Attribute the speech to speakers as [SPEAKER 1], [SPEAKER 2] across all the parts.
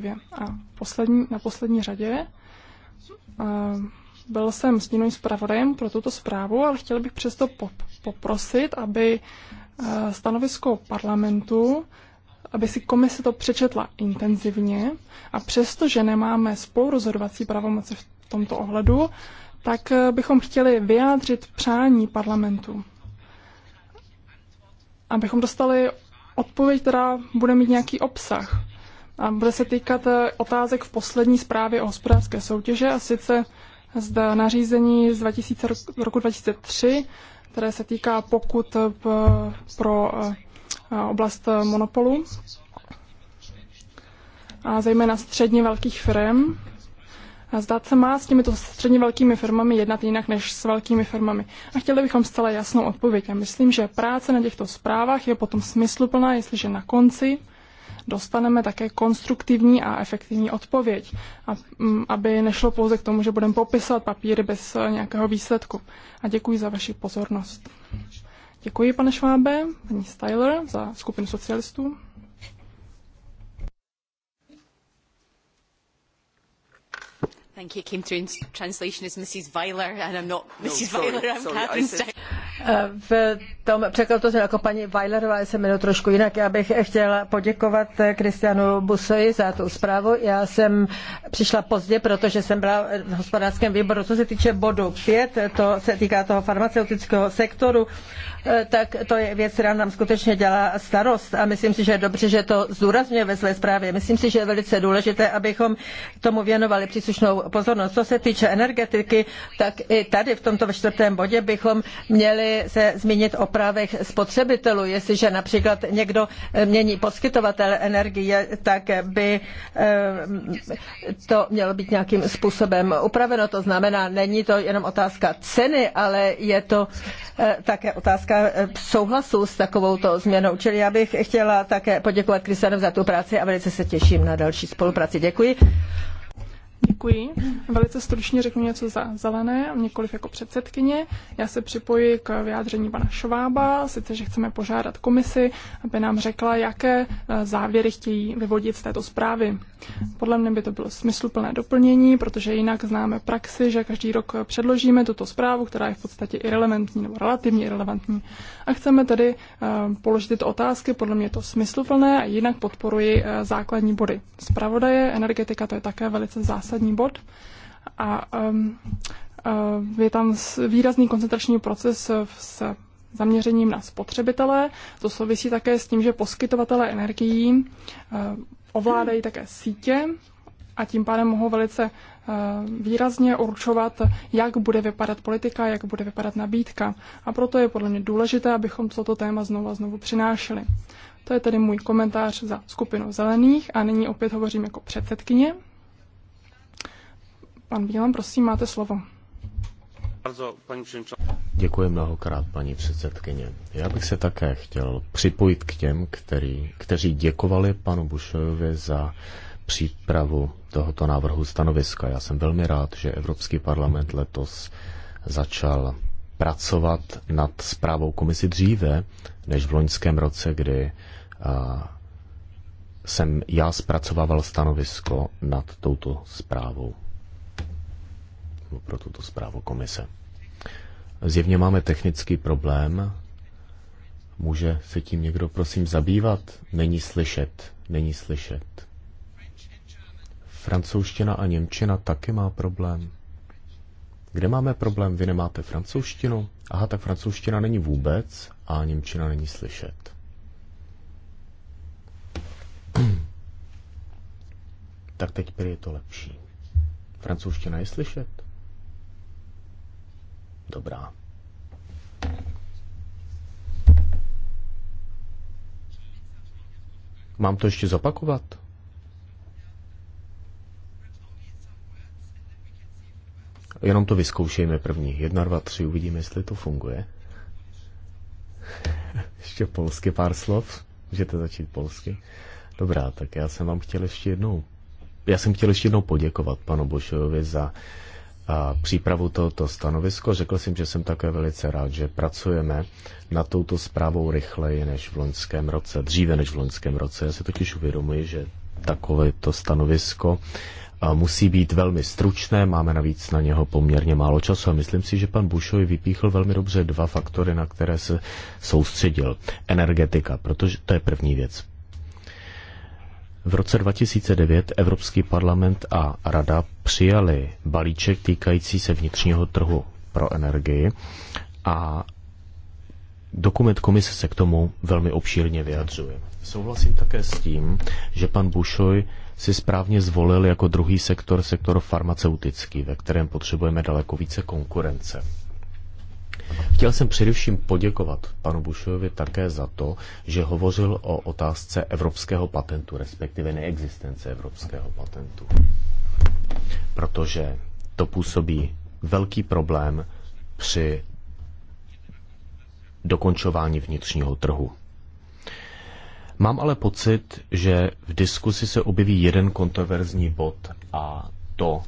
[SPEAKER 1] perspektivě. A poslední, na poslední řadě eh, byl jsem s stínovým zpravodajem pro tuto zprávu, ale chtěl bych přesto poprosit, aby eh, stanovisko parlamentu, aby si komise to přečetla intenzivně a přesto, že nemáme rozhodovací pravomoci v tomto ohledu, tak eh, bychom chtěli vyjádřit přání parlamentu. Abychom dostali odpověď, která bude mít nějaký obsah a bude se týkat eh, otázek v poslední zprávě o hospodářské soutěže a sice zda nařízení z 2000, roku 2003, které se týká pokud eh, pro eh, oblast monopolu a zejména středně velkých firm. A zdát se má s těmito středně velkými firmami jednat jinak než s velkými firmami. A chtěli bychom zcela jasnou odpověď. A myslím, že práce na těchto zprávách je potom smysluplná, jestliže na konci dostaneme také konstruktivní a efektivní odpověď, mm, aby nešlo pouze k tomu, že budeme popisovat papíry bez eh, nějakého výsledku. A děkuji za vaši pozornost. Děkuji, pane Švábe, paní Styler, za skupinu socialistů.
[SPEAKER 2] Thank you. It came through in translation as Mrs. Weiler, and I'm not Mrs. No, sorry, Weiler, I'm sorry, Catherine
[SPEAKER 3] eh, V tom překladu jsem jako paní Weilerová, se jmenuji trošku jinak. Já bych chtěla poděkovat Kristianu eh, Busoji za tu zprávu. Já jsem přišla pozdě, protože jsem byla v hospodářském výboru. Co se týče bodu 5, to se týká toho farmaceutického sektoru, eh, tak to je věc, která nám skutečně dělá starost a myslím si, že je dobře, že to zdůrazňuje ve své zprávě. Myslím si, že je velice důležité, abychom tomu věnovali příslušnou pozornost. Co se týče energetiky, tak i tady v tomto čtvrtém bodě bychom měli se zmínit o právech spotřebitelů. Jestliže například někdo eh, mění poskytovatele energie, tak by eh, to mělo být nějakým způsobem upraveno. To znamená, není to jenom otázka ceny, ale je to eh, také otázka souhlasu s takovouto změnou. Čili já bych chtěla také poděkovat Kristianu za tu práci a velice se těším na další spolupráci. Děkuji.
[SPEAKER 1] Děkuji. Velice stručně řeknu něco za zelené, nikoliv jako předsedkyně. Já se připoji k vyjádření pana Švába, sice, že chceme požádat komisi, aby nám řekla, jaké e, závěry chtějí vyvodit z této zprávy. Podle mě by to bylo smysluplné doplnění, protože jinak známe praxi, že každý rok předložíme tuto zprávu, která je v podstatě irrelevantní nebo relativně irrelevantní. A chceme tedy eh, položit tyto otázky, podle mě je to smysluplné a jinak podporuji eh, základní body. Zpravodaje, energetika, to je také velice zásadní bod. A um, je tam výrazný koncentrační proces s zaměřením na spotřebitele. To souvisí také s tím, že poskytovatele energií ovládají také sítě a tím pádem mohou velice eh, výrazně určovat, jak bude vypadat politika, jak bude vypadat nabídka. A proto je podle mě důležité, abychom toto téma znovu a znovu přinášeli. To je tedy můj komentář za skupinu zelených a nyní opět hovořím jako předsedkyně. Pan Bílan, prosím, máte slovo.
[SPEAKER 4] Děkuji mnohokrát, paní předsedkyně. Já bych se také chtěl připojit k těm, který, kteří děkovali panu Bušovi za přípravu tohoto návrhu stanoviska. Já jsem velmi rád, že Evropský parlament letos začal pracovat nad zprávou komisi dříve, než v loňském roce, kdy a, jsem já zpracovával stanovisko nad touto zprávou pro tuto zprávu komise. Zjevně máme technický problém. Může se tím někdo prosím zabývat? Není slyšet, není slyšet. Francouzština a Němčina taky má problém. Kde máme problém? Vy nemáte francouzštinu? Aha, tak francouzština není vůbec a Němčina není slyšet. tak teď prý je to lepší. Francouzština je slyšet? dobrá. Mám to ještě zopakovat? Jenom to vyzkoušejme první. Jedna, dva, tři, uvidíme, jestli to funguje. ještě polsky pár slov. Můžete začít polsky. Dobrá, tak já jsem vám chtěl ještě jednou já jsem chtěl ještě jednou poděkovat panu Bošojovi za přípravu tohoto stanovisko. Řekl jsem, že jsem také velice rád, že pracujeme na touto zprávou rychleji než v loňském roce, dříve než v loňském roce. Já si totiž uvědomuji, že takovéto stanovisko musí být velmi stručné, máme navíc na něho poměrně málo času a myslím si, že pan Bušovi vypíchl velmi dobře dva faktory, na které se soustředil. Energetika, protože to je první věc. V roce 2009 Evropský parlament a Rada přijali balíček týkající se vnitřního trhu pro energii a dokument komise se k tomu velmi obšírně vyjadřuje. Souhlasím také s tím, že pan Bušoj si správně zvolil jako druhý sektor sektor farmaceutický, ve kterém potřebujeme daleko více konkurence. Chtěl jsem především poděkovat panu Bušovi také za to, že hovořil o otázce evropského patentu, respektive neexistence evropského patentu. Protože to působí velký problém při dokončování vnitřního trhu. Mám ale pocit, že v diskusi se objeví jeden kontroverzní bod a to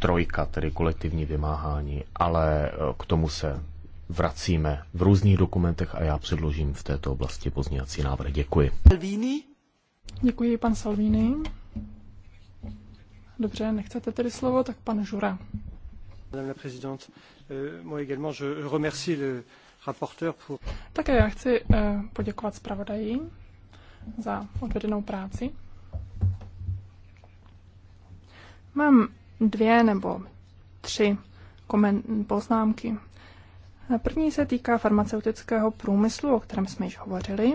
[SPEAKER 4] trojka, tedy kolektivní vymáhání, ale eh, k tomu se vracíme v různých dokumentech a já předložím v této oblasti pozněvací návrh. Děkuji.
[SPEAKER 1] Salvini? Děkuji, pan Salvini. Dobře, nechcete tedy slovo, tak pan Žura.
[SPEAKER 2] Madame la présidente, euh, moi également je remercie le rapporteur pour...
[SPEAKER 1] Také já chci eh, poděkovat zpravodaji za odvedenou práci. Mám dvě nebo tři poznámky. První se týká farmaceutického průmyslu, o kterém jsme již hovořili.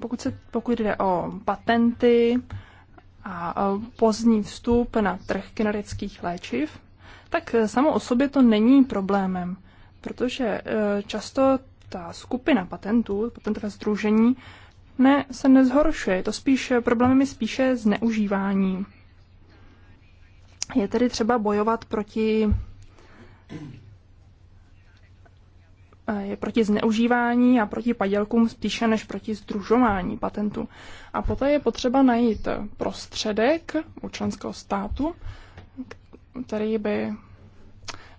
[SPEAKER 1] Pokud, se, pokud jde o patenty a pozdní vstup na trh generických léčiv, tak samo o sobě to není problémem, protože e, často ta skupina patentů, patentové združení, ne, se nezhoršuje, to spíš problémy je spíše zneužívání. Je tedy třeba bojovat proti eh, je proti zneužívání a proti padělkům spíše než proti združování patentu. A poté je potřeba najít prostředek u členského státu, který by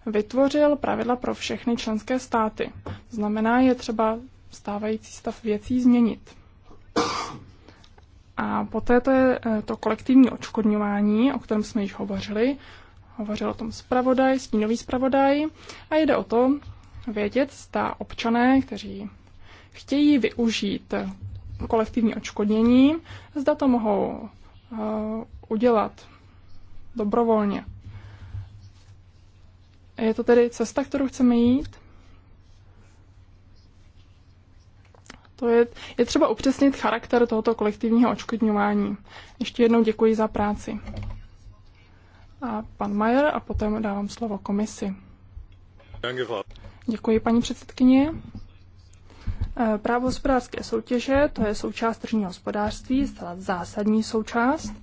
[SPEAKER 1] vytvořil pravidla pro všechny členské státy. Znamená, je třeba stávající stav věcí změnit. A poté to je eh, to kolektivní očkodňování, o kterém jsme již hovořili. Hovořil o tom zpravodaj, stínový zpravodaj. A jde o to vědět, zda občané, kteří chtějí využít kolektivní očkodnění, zda to mohou uh, udělat dobrovolně. Je to tedy cesta, kterou chceme jít? To je, je třeba upřesnit charakter tohoto kolektivního očkodňování. Ještě jednou děkuji za práci. A pan Majer a potom dávám slovo komisi. Děkuji, paní předsedkyně. E, právo hospodářské soutěže, to je součást tržního hospodářství, zcela zásadní součást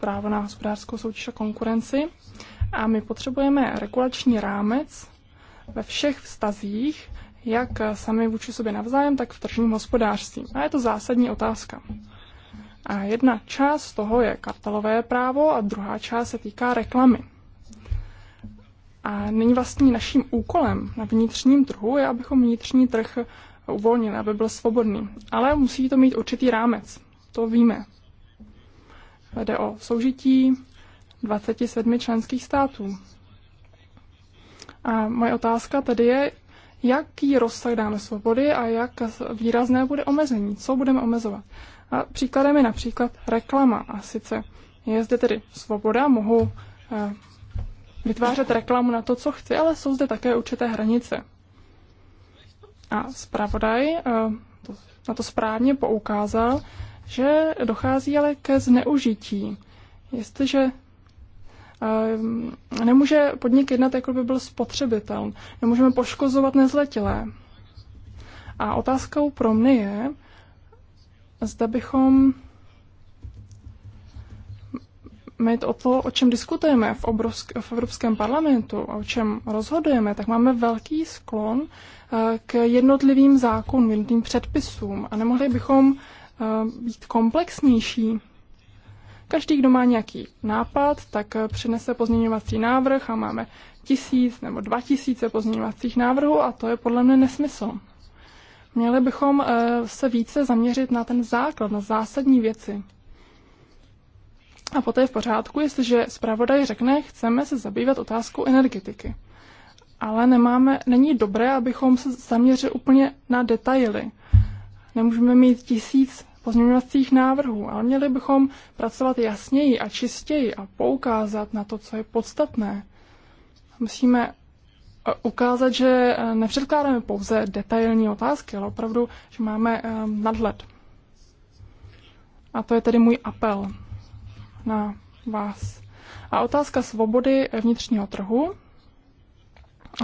[SPEAKER 1] právo na hospodářskou soutěž a konkurenci. A my potřebujeme regulační rámec ve všech vztazích, jak sami vůči sobě navzájem, tak v tržním hospodářství. A je to zásadní otázka. A jedna část toho je kartelové právo a druhá část se týká reklamy. A nyní vlastně naším úkolem na vnitřním trhu je, abychom vnitřní trh uvolnili, aby byl svobodný. Ale musí to mít určitý rámec. To víme. Jde o soužití 27 členských států. A moje otázka tedy je, jaký rozsah dáme svobody a jak výrazné bude omezení, co budeme omezovat. A příkladem je například reklama. A sice je zde tedy svoboda, mohu eh, vytvářet reklamu na to, co chci, ale jsou zde také určité hranice. A zpravodaj eh, na to správně poukázal, že dochází ale ke zneužití. Jestliže Ehm, nemůže podnik jednat, jako by byl spotřebitel. Nemůžeme poškozovat nezletilé. A otázkou pro mě je, zda bychom mít o to, o čem diskutujeme v, obrovsk- v Evropském parlamentu, o čem rozhodujeme, tak máme velký sklon eh, k jednotlivým zákonům, jednotlivým předpisům a nemohli bychom eh, být komplexnější Každý, kdo má nějaký nápad, tak eh, přinese pozměňovací návrh a máme tisíc nebo dva tisíce pozměňovacích návrhů a to je podle mě nesmysl. Měli bychom eh, se více zaměřit na ten základ, na zásadní věci. A poté je v pořádku, jestliže zpravodaj řekne, chceme se zabývat otázkou energetiky. Ale nemáme, není dobré, abychom se zaměřili úplně na detaily. Nemůžeme mít tisíc pozměňovacích návrhů, ale měli bychom pracovat jasněji a čistěji a poukázat na to, co je podstatné. Musíme eh, ukázat, že eh, nepředkládáme pouze detailní otázky, ale opravdu, že máme eh, nadhled. A to je tedy můj apel na vás. A otázka svobody vnitřního trhu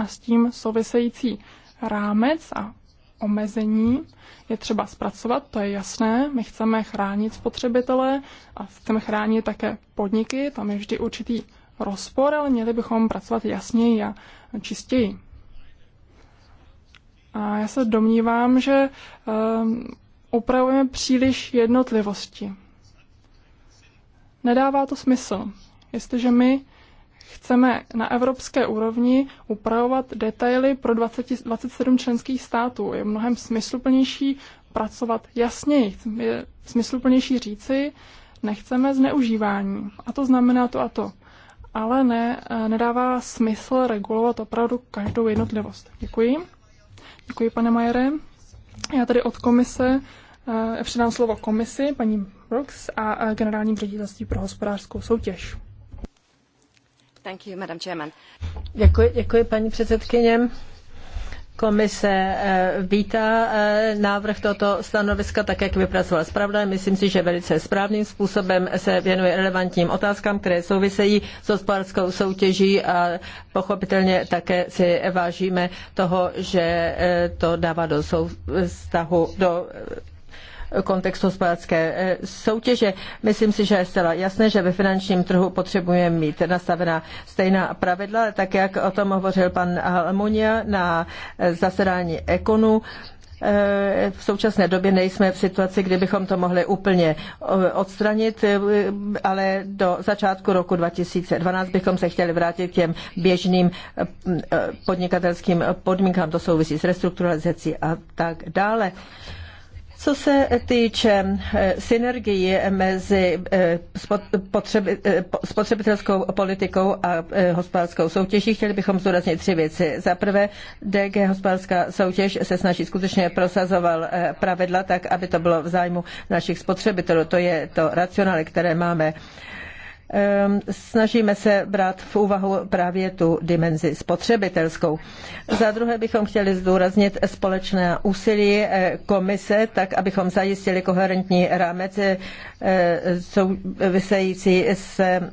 [SPEAKER 1] a s tím související rámec a omezení je třeba zpracovat, to je jasné. My chceme chránit spotřebitele a chceme chránit také podniky, tam je vždy určitý rozpor, ale měli bychom pracovat jasněji a čistěji. A já se domnívám, že um, upravujeme příliš jednotlivosti. Nedává to smysl. Jestliže my chceme na evropské úrovni upravovat detaily pro 20, 27 členských států. Je mnohem smysluplnější pracovat jasněji, je smysluplnější říci, nechceme zneužívání. A to znamená to a to. Ale ne, nedává smysl regulovat opravdu každou jednotlivost. Děkuji. Děkuji, pane Majere. Já tady od komise eh, předám slovo komisi, paní Brooks a eh, generálním ředitelství pro hospodářskou soutěž.
[SPEAKER 3] Děkuji, paní předsedkyně. Komise eh, vítá eh, návrh tohoto stanoviska, tak jak vypracoval zpravodaj. Myslím si, že velice správným způsobem se věnuje relevantním otázkám, které souvisejí s hospodářskou soutěží a pochopitelně také si vážíme toho, že eh, to dává do vztahu, do kontextu hospodářské eh, soutěže. Myslím si, že je zcela jasné, že ve finančním trhu potřebujeme mít nastavená stejná pravidla, tak jak o tom hovořil pan Almunia na eh, zasedání Ekonu eh, v současné době nejsme v situaci, kdy bychom to mohli úplně odstranit, ale do začátku roku 2012 bychom se chtěli vrátit k těm běžným podnikatelským podmínkám. To souvisí s restrukturalizací a tak dále. Co se týče eh, synergii mezi eh, eh, spotřebitelskou politikou a hospodářskou soutěží, chtěli bychom zdůraznit tři věci. Za prvé, DG hospodářská soutěž se snaží skutečně prosazovat pravidla tak, aby to bylo v zájmu našich spotřebitelů. To je to racionále, které máme. Ehm, snažíme se brát v úvahu právě tu dimenzi spotřebitelskou. Za druhé bychom chtěli zdůraznit společné úsilí eh, komise, tak abychom zajistili koherentní rámec eh, eh, související se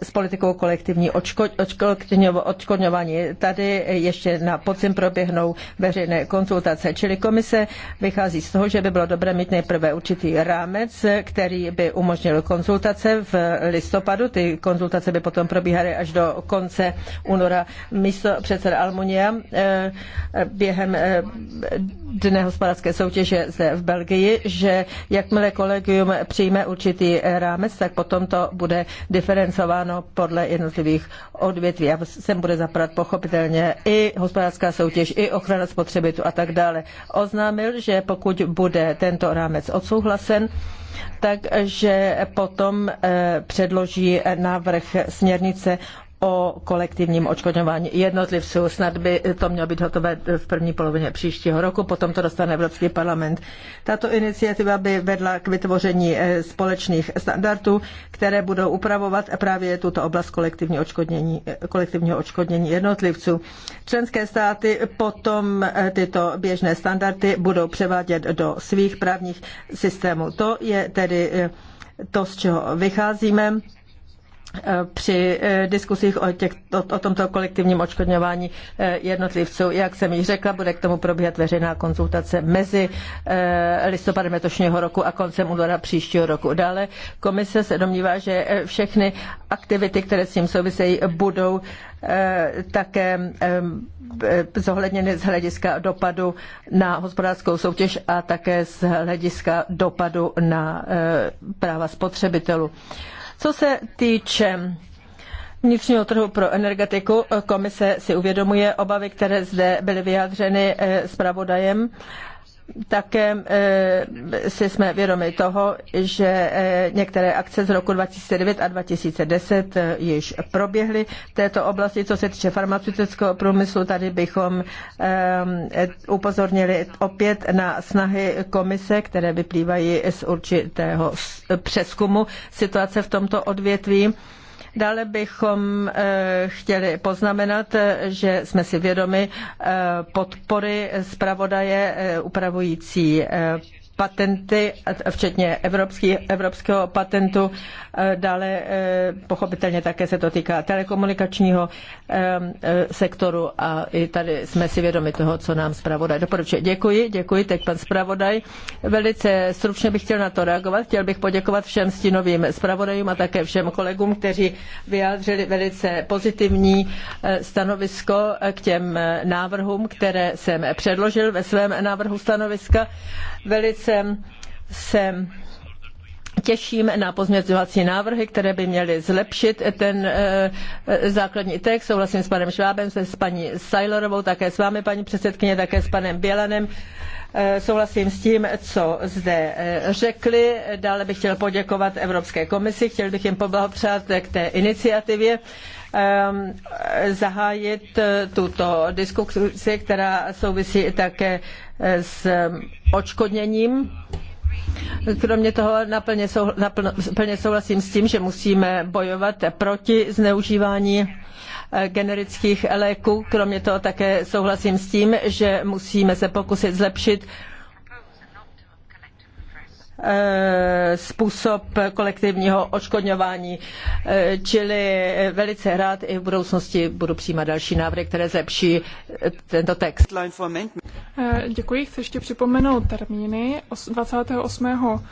[SPEAKER 3] s politikou kolektivní odškodňování. Tady ještě na podzim proběhnou veřejné konzultace, čili komise vychází z toho, že by bylo dobré mít nejprve určitý rámec, který by umožnil konzultace v listopadu. Ty konzultace by potom probíhaly až do konce února. Místo předseda Almunia eh, během eh, dne hospodářské soutěže zde v Belgii, že jakmile kolegium přijme určitý rámec, tak potom to bude diferencovat rozdělováno podle jednotlivých odvětví. A sem bude zapadat pochopitelně i hospodářská soutěž, i ochrana spotřebitu a tak dále. Oznámil, že pokud bude tento rámec odsouhlasen, takže potom eh, předloží návrh směrnice o kolektivním očkodňování jednotlivců. Snad by to mělo být hotové v první polovině příštího roku, potom to dostane Evropský parlament. Tato iniciativa by vedla k vytvoření eh, společných standardů, které budou upravovat právě tuto oblast kolektivní očkodnění, eh, kolektivního očkodnění jednotlivců. Členské státy potom eh, tyto běžné standardy budou převádět do svých právních systémů. To je tedy to, z čeho vycházíme. Eh, při eh, diskusích o, těch, o, o tomto kolektivním očkodňování eh, jednotlivců. Jak jsem již řekla, bude k tomu probíhat veřejná konzultace mezi listopadem letošního roku a koncem února příštího roku. Dále komise se domnívá, že všechny aktivity, které s tím souvisejí, budou také zohledněny z hlediska dopadu na hospodářskou soutěž a také z hlediska dopadu na práva spotřebitelů. Co se týče vnitřního trhu pro energetiku, komise si uvědomuje obavy, které zde byly vyjádřeny eh, zpravodajem. pravodajem také eh, si jsme vědomi toho, že eh, některé akce z roku 2009 a 2010 eh, již proběhly v této oblasti. Co se týče farmaceutického průmyslu, tady bychom upozornili opět na snahy komise, které vyplývají z určitého přeskumu situace v tomto odvětví. Dále bychom eh, chtěli poznamenat, eh, že jsme si vědomi eh, podpory zpravodaje upravující patenty, včetně evropský, evropského patentu. Eh, dále eh, pochopitelně také se to týká telekomunikačního eh, sektoru a i tady jsme si vědomi toho, co nám zpravodaj doporučuje. Děkuji, děkuji, teď pan zpravodaj. Velice stručně bych chtěl na to reagovat. Chtěl bych poděkovat všem stínovým zpravodajům a také všem kolegům, kteří vyjádřili velice pozitivní stanovisko k těm návrhům, které jsem předložil ve svém návrhu stanoviska. Velice velice se těším na pozměňovací návrhy, které by měly zlepšit ten eh, eh, základní text. Souhlasím s panem Švábem, se s paní Sajlorovou, také s vámi, paní předsedkyně, také s panem Bělanem. Eh, souhlasím s tím, co zde řekli. Dále bych chtěl poděkovat Evropské komisi, chtěl bych jim poblahopřát k té iniciativě ehm, zahájit tuto diskusi, která souvisí také s očkodněním. Kromě toho naplně, souhla, naplně souhlasím s tím, že musíme bojovat proti zneužívání eh, generických léků. Kromě toho také souhlasím s tím, že musíme se pokusit zlepšit Eh, způsob kolektivního odškodňování. Eh, čili velice rád i v budoucnosti budu přijímat další návrhy, které zlepší eh, tento text.
[SPEAKER 1] Děkuji. Chci ještě připomenout termíny 28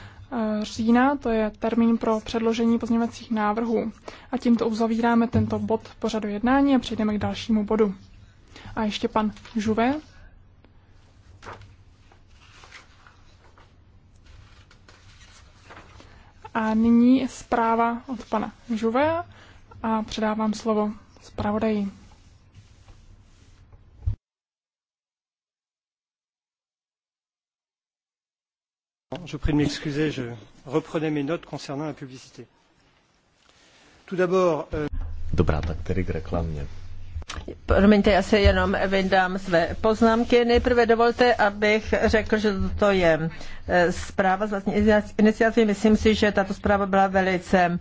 [SPEAKER 1] října, to je termín pro předložení pozměňovacích návrhů. A tímto uzavíráme tento bod pořadu jednání a přejdeme k dalšímu bodu. A ještě pan Žuve A nyní zpráva od pana Žuvea a předávám slovo zpravodaji.
[SPEAKER 3] Je prie de m'excuser, je reprenais mes notes concernant la publicité. Tout d'abord... Euh...
[SPEAKER 4] Dobrá, tak tedy k reklamě.
[SPEAKER 3] Promiňte, já se jenom vyndám své poznámky. Nejprve dovolte, abych řekl, že toto je eh, zpráva z vlastní iniciativy. Myslím si, že tato zpráva byla velice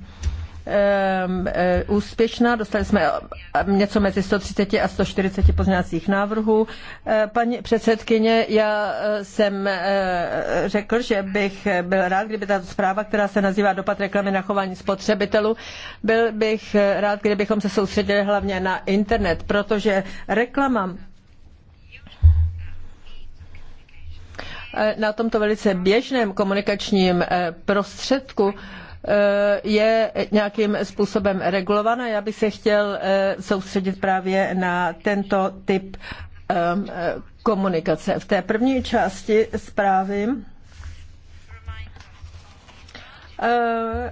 [SPEAKER 3] Ehm, eh, úspěšná. Dostali jsme eh, něco mezi 130 a 140 pozměňovacích návrhů. Eh, paní předsedkyně, já jsem řekl, že bych byl rád, kdyby ta zpráva, která se nazývá dopad reklamy na chování spotřebitelů, byl bych rád, kdybychom se soustředili hlavně na internet, protože reklama na tomto velice běžném komunikačním prostředku Eh, je nějakým způsobem regulována. Já bych se chtěl eh, soustředit právě na tento typ eh, komunikace. V té první části zprávy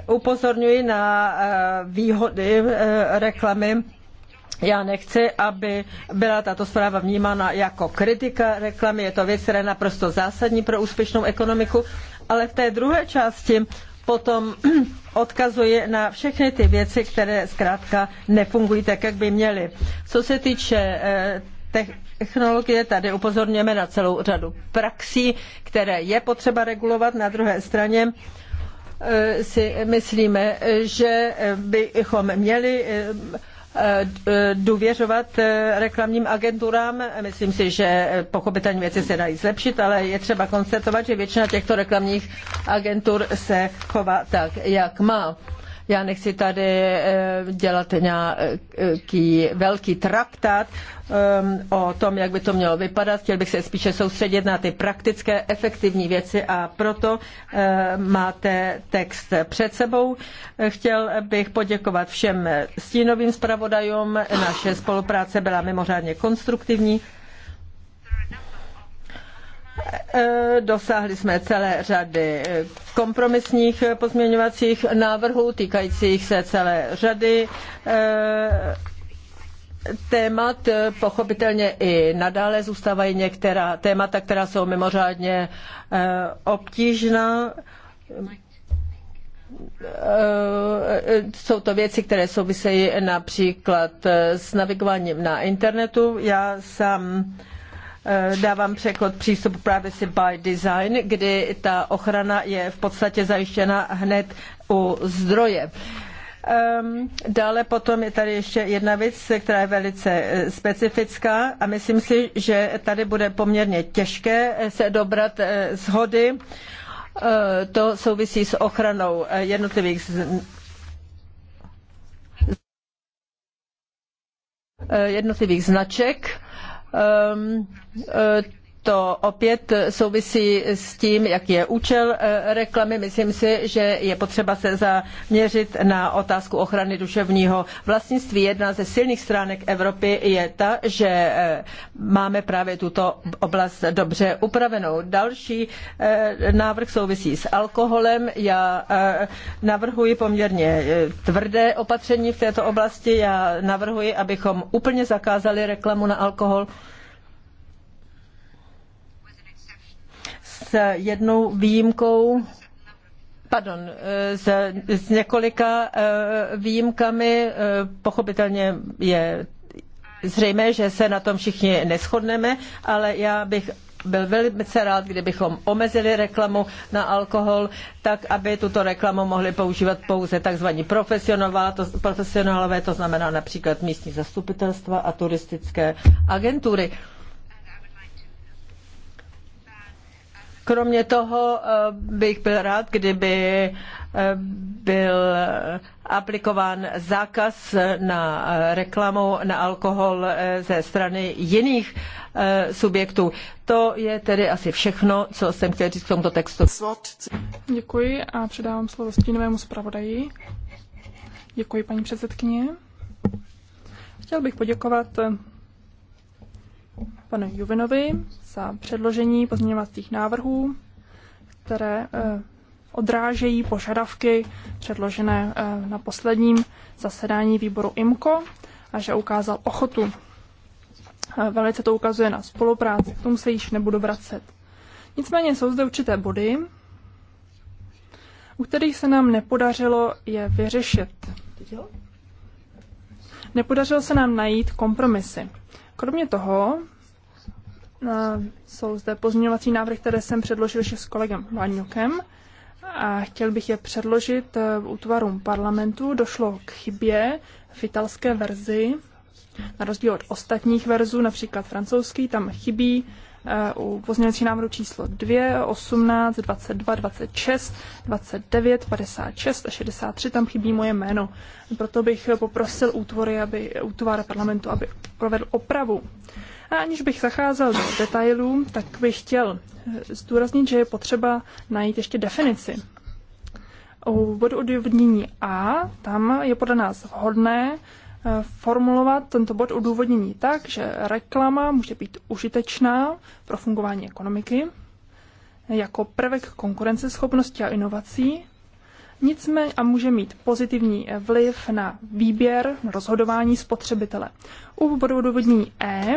[SPEAKER 3] upozorňuji na výhody reklamy já nechci, aby byla tato zpráva vnímána jako kritika reklamy. Je to věc, která je naprosto zásadní pro úspěšnou ekonomiku. Ale v té druhé části potom odkazuje na všechny ty věci, které zkrátka nefungují tak, jak by měly. Co se týče eh, technologie, tady upozorněme na celou řadu praxí, které je potřeba regulovat. Na druhé straně eh, si myslíme, že bychom měli eh, Eh, důvěřovat eh, reklamním agenturám. Myslím si, že eh, pochopitelně věci se dají zlepšit, ale je třeba konstatovat, že většina těchto reklamních agentur se chová tak, jak má. Já nechci tady eh, dělat nějaký velký traktát ehm, o tom, jak by to mělo vypadat. Chtěl bych se spíše soustředit na ty praktické, efektivní věci a proto eh, máte text před sebou. Chtěl bych poděkovat všem stínovým zpravodajům. Naše spolupráce byla mimořádně konstruktivní. Eh, dosáhli jsme celé řady eh, kompromisních pozměňovacích návrhů týkajících se celé řady eh, témat. Pochopitelně i nadále zůstávají některá témata, která jsou mimořádně obtížná jsou to věci, které souvisejí například s navigováním na internetu. Já sám Eh, dávám překlad přístupu Privacy by Design, kdy ta ochrana je v podstatě zajištěna hned u zdroje. Ehm, dále potom je tady ještě jedna věc, která je velice eh, specifická a myslím si, že tady bude poměrně těžké eh, se dobrat shody. To souvisí s ochranou jednotlivých jednotlivých značek um, uh, to opět souvisí s tím, jaký je účel eh, reklamy. Myslím si, že je potřeba se zaměřit na otázku ochrany duševního vlastnictví. Jedna ze silných stránek Evropy je ta, že eh, máme právě tuto oblast dobře upravenou. Další eh, návrh souvisí s alkoholem. Já navrhuji poměrně tvrdé opatření v této oblasti. Já navrhuji, abychom úplně zakázali reklamu na alkohol. s jednou výjimkou pardon, s, s několika eh, výjimkami. Eh, pochopitelně je zřejmé, že se na tom všichni neschodneme, ale já bych byl velice rád, kdybychom omezili reklamu na alkohol, tak aby tuto reklamu mohli používat pouze tzv. profesionálové, to znamená například místní zastupitelstva a turistické agentury. Kromě toho eh, bych byl rád, kdyby eh, byl aplikován zákaz na eh, reklamu na alkohol ze strany jiných subjektů. To je tedy asi všechno, co jsem chtěl říct k tomuto textu.
[SPEAKER 1] Děkuji a předávám slovo stínovému zpravodaji. Děkuji, paní předsedkyně. Chtěl bych poděkovat panu Juvinovi za předložení pozměňovacích návrhů, které eh, odrážejí požadavky předložené eh, na posledním zasedání výboru IMCO a že ukázal ochotu. Eh, velice to ukazuje na spolupráci, k tomu se již nebudu vracet. Nicméně jsou zde určité body, u kterých se nám nepodařilo je vyřešit. Nepodařilo se nám najít kompromisy. Kromě toho jsou zde pozměňovací návrhy, které jsem předložil ještě s kolegem Váňukem a chtěl bych je předložit e, útvarům parlamentu. Došlo k chybě v italské verzi, na rozdíl od ostatních verzů, například francouzský, tam chybí Eh, u pozměňovacích návrhů číslo 2, 18, 22, 26, 29, 56 a 63. Tam chybí moje jméno. Proto bych poprosil útvory, aby, útvar parlamentu, aby provedl opravu. A aniž bych zacházel do detailů, tak bych chtěl eh, zdůraznit, že je potřeba najít ještě definici. U bodu odůvodnění A, tam je podle nás vhodné formulovat tento bod odůvodnění tak, že reklama může být užitečná pro fungování ekonomiky jako prvek konkurenceschopnosti a inovací, nicméně a může mít pozitivní vliv na výběr, na rozhodování spotřebitele. U bodu odůvodnění E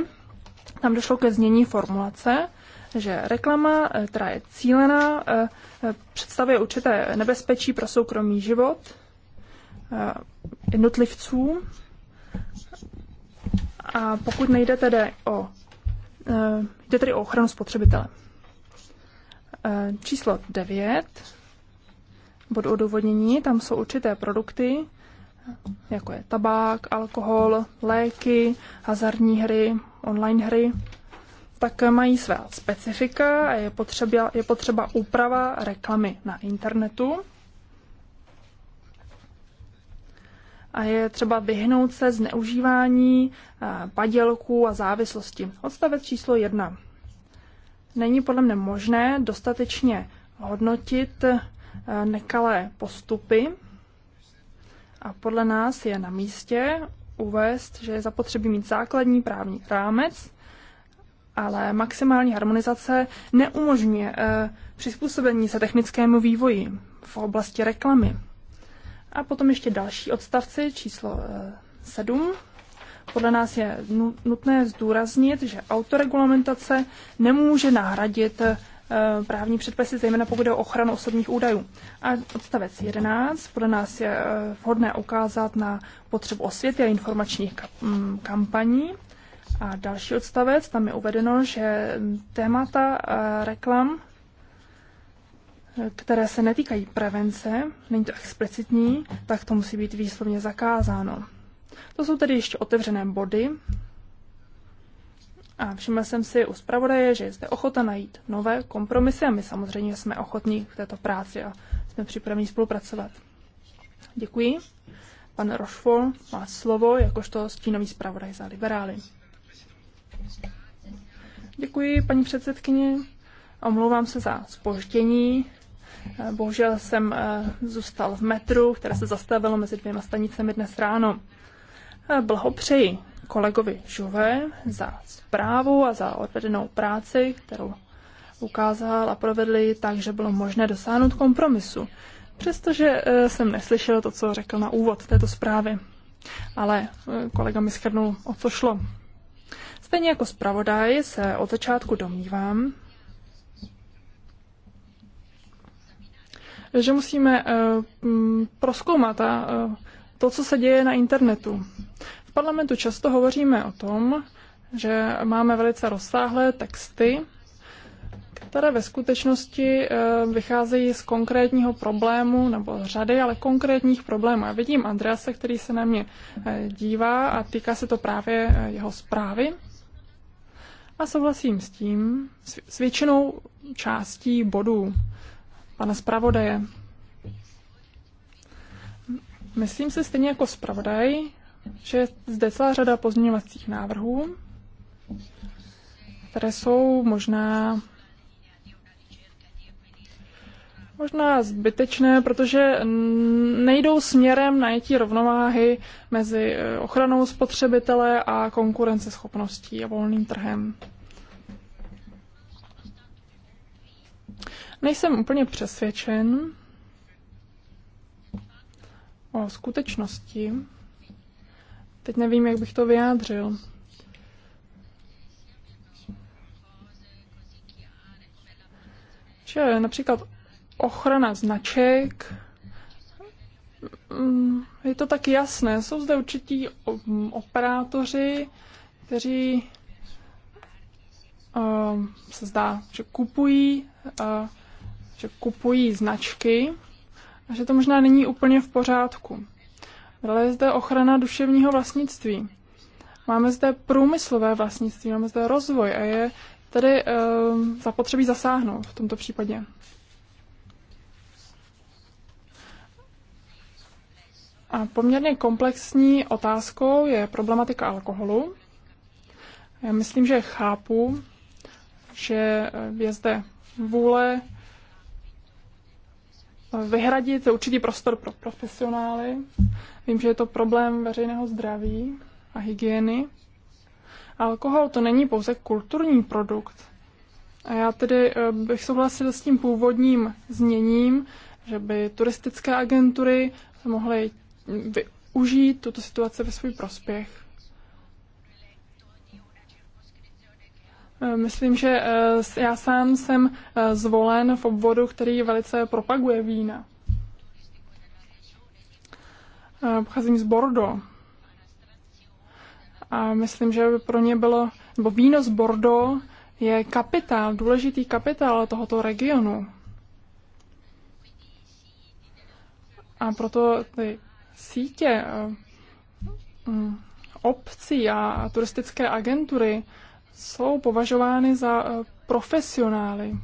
[SPEAKER 1] tam došlo ke změní formulace, že reklama, eh, která je cílená, eh, představuje určité nebezpečí pro soukromý život eh, jednotlivců a pokud nejde tedy o, eh, jde tedy o ochranu spotřebitele. Eh, číslo 9, bod odůvodnění, tam jsou určité produkty, jako je tabák, alkohol, léky, hazardní hry, online hry, tak mají své specifika a je potřeba, je potřeba úprava reklamy na internetu. a je třeba vyhnout se zneužívání eh, padělků a závislosti. Odstavec číslo jedna. Není podle mě možné dostatečně hodnotit eh, nekalé postupy a podle nás je na místě uvést, že je zapotřebí mít základní právní rámec, ale maximální harmonizace neumožňuje eh, přizpůsobení se technickému vývoji v oblasti reklamy. A potom ještě další odstavci, číslo 7. Eh, podle nás je nutné zdůraznit, že autoregulamentace nemůže nahradit eh, právní předpisy, zejména pokud je o ochranu osobních údajů. A odstavec 11 podle nás je eh, vhodné ukázat na potřebu osvěty a informačních mm, kampaní. A další odstavec, tam je uvedeno, že témata reklam které se netýkají prevence, není to explicitní, tak to musí být výslovně zakázáno. To jsou tedy ještě otevřené body. A všiml jsem si u zpravodaje, že je zde ochota najít nové kompromisy a my samozřejmě jsme ochotní k této práci a jsme připraveni spolupracovat. Děkuji. Pan Rochefort má slovo jakožto stínový zpravodaj za liberály. Děkuji, paní předsedkyně. Omlouvám se za spoždění. Bohužel jsem eh, zůstal v metru, které se zastavilo mezi dvěma stanicemi dnes ráno. Eh, blahopřeji kolegovi Žuve za zprávu a za odvedenou práci, kterou ukázal a provedli tak, že bylo možné dosáhnout kompromisu. Přestože eh, jsem neslyšel to, co řekl na úvod této zprávy. Ale kolega mi schrnul, o co šlo. Stejně jako zpravodaj se od začátku domnívám, že musíme eh, mm, proskoumat eh, to, co se děje na internetu. V parlamentu často hovoříme o tom, že máme velice rozsáhlé texty, které ve skutečnosti eh, vycházejí z konkrétního problému nebo řady, ale konkrétních problémů. Já vidím Andrease, který se na mě dívá a týká se to právě jeho zprávy. A souhlasím s tím, s většinou částí bodů pana zpravodaje. Myslím si stejně jako zpravodaj, že je zde celá řada pozměňovacích návrhů, které jsou možná možná zbytečné, protože nejdou směrem najetí rovnováhy mezi eh, ochranou spotřebitele a konkurenceschopností a volným trhem. Nejsem úplně přesvědčen o skutečnosti. Teď nevím, jak bych to vyjádřil. Že například ochrana značek, mm, je to tak jasné. Jsou zde určití operátoři, kteří eh, se zdá, že kupují eh, že kupují značky a že to možná není úplně v pořádku. Dále je zde ochrana duševního vlastnictví. Máme zde průmyslové vlastnictví, máme zde rozvoj a je tedy e, zapotřebí zasáhnout v tomto případě. A poměrně komplexní otázkou je problematika alkoholu. Já myslím, že chápu, že je zde vůle vyhradit určitý prostor pro profesionály. Vím, že je to problém veřejného zdraví a hygieny. Alkohol to není pouze kulturní produkt. A já tedy eh, bych souhlasil s tím původním zněním, že by turistické agentury mohly využít tuto situaci ve svůj prospěch. Eh, myslím, že eh, já sám jsem eh, zvolen v obvodu, který velice propaguje vína. Pocházím z Bordeaux. A myslím, že pro ně bylo, nebo víno z Bordeaux je kapitál, důležitý kapitál tohoto regionu. A proto ty sítě mm, obcí a turistické agentury jsou považovány za eh, profesionály.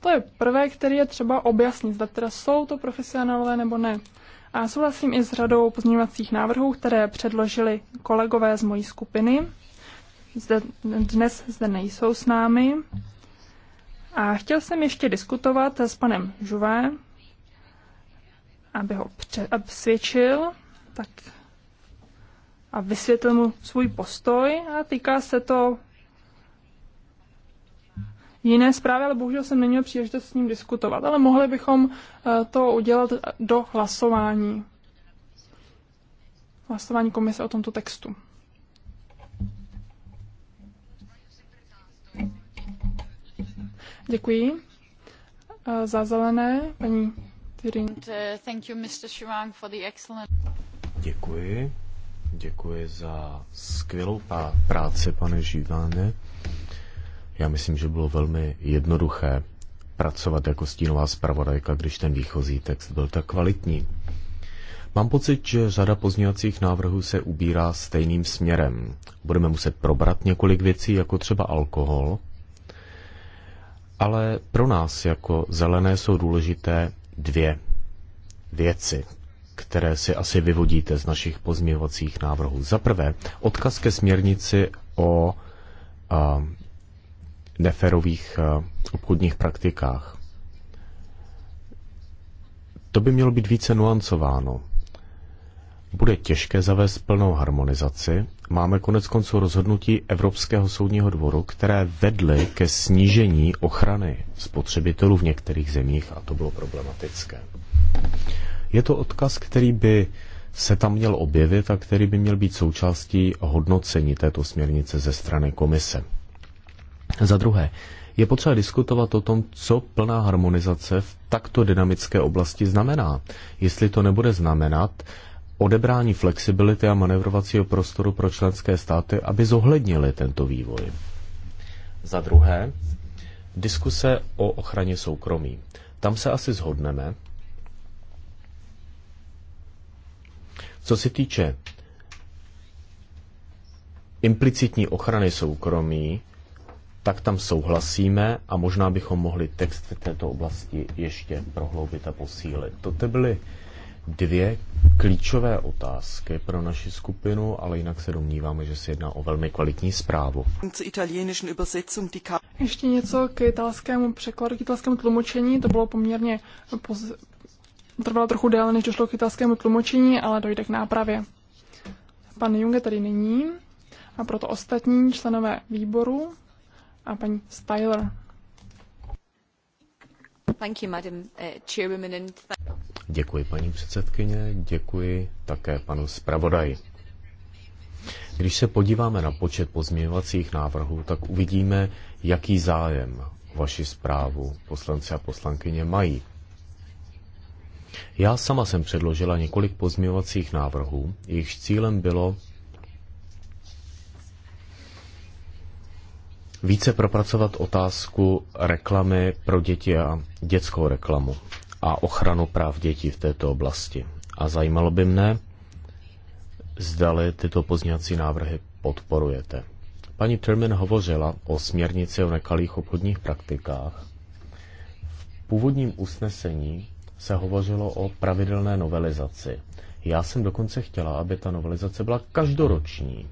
[SPEAKER 1] To je prvé, který je třeba objasnit, zda teda jsou to profesionálové nebo ne. A souhlasím i s řadou pozměňovacích návrhů, které předložili kolegové z mojí skupiny. Zde, dnes zde nejsou s námi. A chtěl jsem ještě diskutovat s panem Žuvé, aby ho přesvědčil, tak a vysvětlil mu svůj postoj a týká se to jiné zprávy, ale bohužel jsem neměl příležitost s ním diskutovat. Ale mohli bychom eh, to udělat do hlasování. Hlasování komise o tomto textu. Děkuji. Eh, za zelené,
[SPEAKER 3] paní Tyrin. Eh,
[SPEAKER 4] Děkuji Děkuji za skvělou práci, pane Živáne. Já myslím, že bylo velmi jednoduché pracovat jako stínová zpravodajka, když ten výchozí text byl tak kvalitní. Mám pocit, že řada pozměňovacích návrhů se ubírá stejným směrem. Budeme muset probrat několik věcí, jako třeba alkohol, ale pro nás jako zelené jsou důležité dvě věci které si asi vyvodíte z našich pozměňovacích návrhů. Za prvé, odkaz ke směrnici o a, neferových a, obchodních praktikách. To by mělo být více nuancováno. Bude těžké zavést plnou harmonizaci. Máme konec konců rozhodnutí Evropského soudního dvoru, které vedly ke snížení ochrany spotřebitelů v některých zemích a to bylo problematické. Je to odkaz, který by se tam měl objevit a který by měl být součástí hodnocení této směrnice ze strany komise. Za druhé, je potřeba diskutovat o tom, co plná harmonizace v takto dynamické oblasti znamená. Jestli to nebude znamenat odebrání flexibility a manevrovacího prostoru pro členské státy, aby zohlednili tento vývoj. Za druhé, diskuse o ochraně soukromí. Tam se asi zhodneme, Co se týče implicitní ochrany soukromí, tak tam souhlasíme a možná bychom mohli text v této oblasti ještě prohloubit a posílit. To byly dvě klíčové otázky pro naši skupinu, ale jinak se domníváme, že se jedná o velmi kvalitní zprávu.
[SPEAKER 1] Ještě něco k italskému překladu, k italskému tlumočení. To bylo poměrně trvalo trochu déle, než došlo k italskému tlumočení, ale dojde k nápravě. Pan Junge tady není a proto ostatní členové výboru a paní Styler. Uh,
[SPEAKER 4] děkuji, paní předsedkyně, děkuji také panu zpravodaji. Když se podíváme na počet pozměňovacích návrhů, tak uvidíme, jaký zájem vaši zprávu poslanci a poslankyně mají. Já sama jsem předložila několik pozměňovacích návrhů, jejichž cílem bylo více propracovat otázku reklamy pro děti a dětskou reklamu a ochranu práv dětí v této oblasti. A zajímalo by mne, zdali tyto pozněcí návrhy podporujete. Paní Termin hovořila o směrnici o nekalých obchodních praktikách. V původním usnesení se hovořilo o pravidelné novelizaci. Já jsem dokonce chtěla, aby ta novelizace byla každoroční.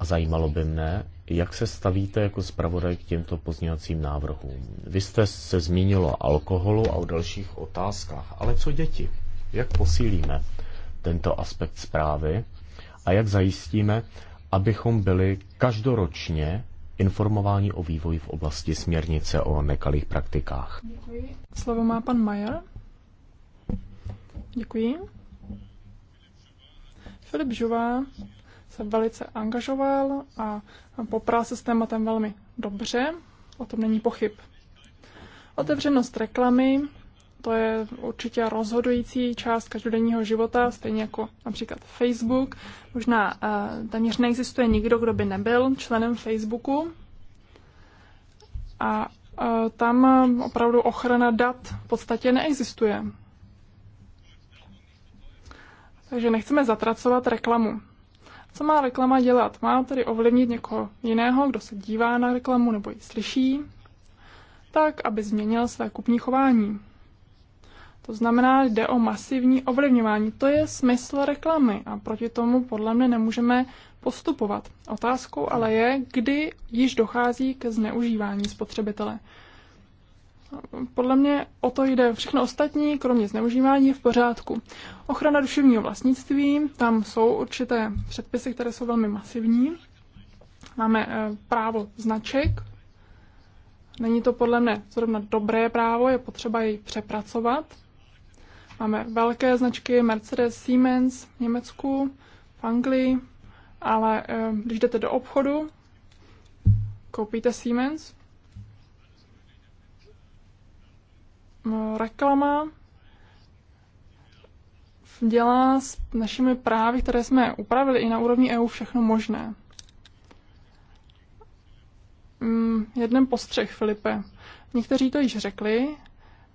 [SPEAKER 4] A zajímalo by mne, jak se stavíte jako zpravodaj k těmto pozněvacím návrhům. Vy jste se zmínilo o alkoholu a o dalších otázkách, ale co děti? Jak posílíme tento aspekt zprávy a jak zajistíme, abychom byli každoročně Informování o vývoji v oblasti směrnice o nekalých praktikách.
[SPEAKER 1] Děkuji. Slovo má pan Majer. Děkuji. Filip Žová se velice angažoval a popral se s tématem velmi dobře, o tom není pochyb. Otevřenost reklamy to je určitě rozhodující část každodenního života, stejně jako například Facebook. Možná eh, téměř neexistuje nikdo, kdo by nebyl členem Facebooku. A eh, tam eh, opravdu ochrana dat v podstatě neexistuje. Takže nechceme zatracovat reklamu. Co má reklama dělat? Má tedy ovlivnit někoho jiného, kdo se dívá na reklamu nebo ji slyší, tak, aby změnil své kupní chování. To znamená, jde o masivní ovlivňování. To je smysl reklamy a proti tomu podle mě nemůžeme postupovat. Otázkou ale je, kdy již dochází k zneužívání spotřebitele. Podle mě o to jde všechno ostatní, kromě zneužívání, je v pořádku. Ochrana duševního vlastnictví, tam jsou určité předpisy, které jsou velmi masivní. Máme eh, právo značek, není to podle mě zrovna dobré právo, je potřeba jej přepracovat. Máme velké značky Mercedes, Siemens v Německu, v Anglii, ale eh, když jdete do obchodu, koupíte Siemens, eh, reklama dělá s našimi právy, které jsme upravili i na úrovni EU, všechno možné. Mm, jeden postřeh, Filipe. Někteří to již řekli,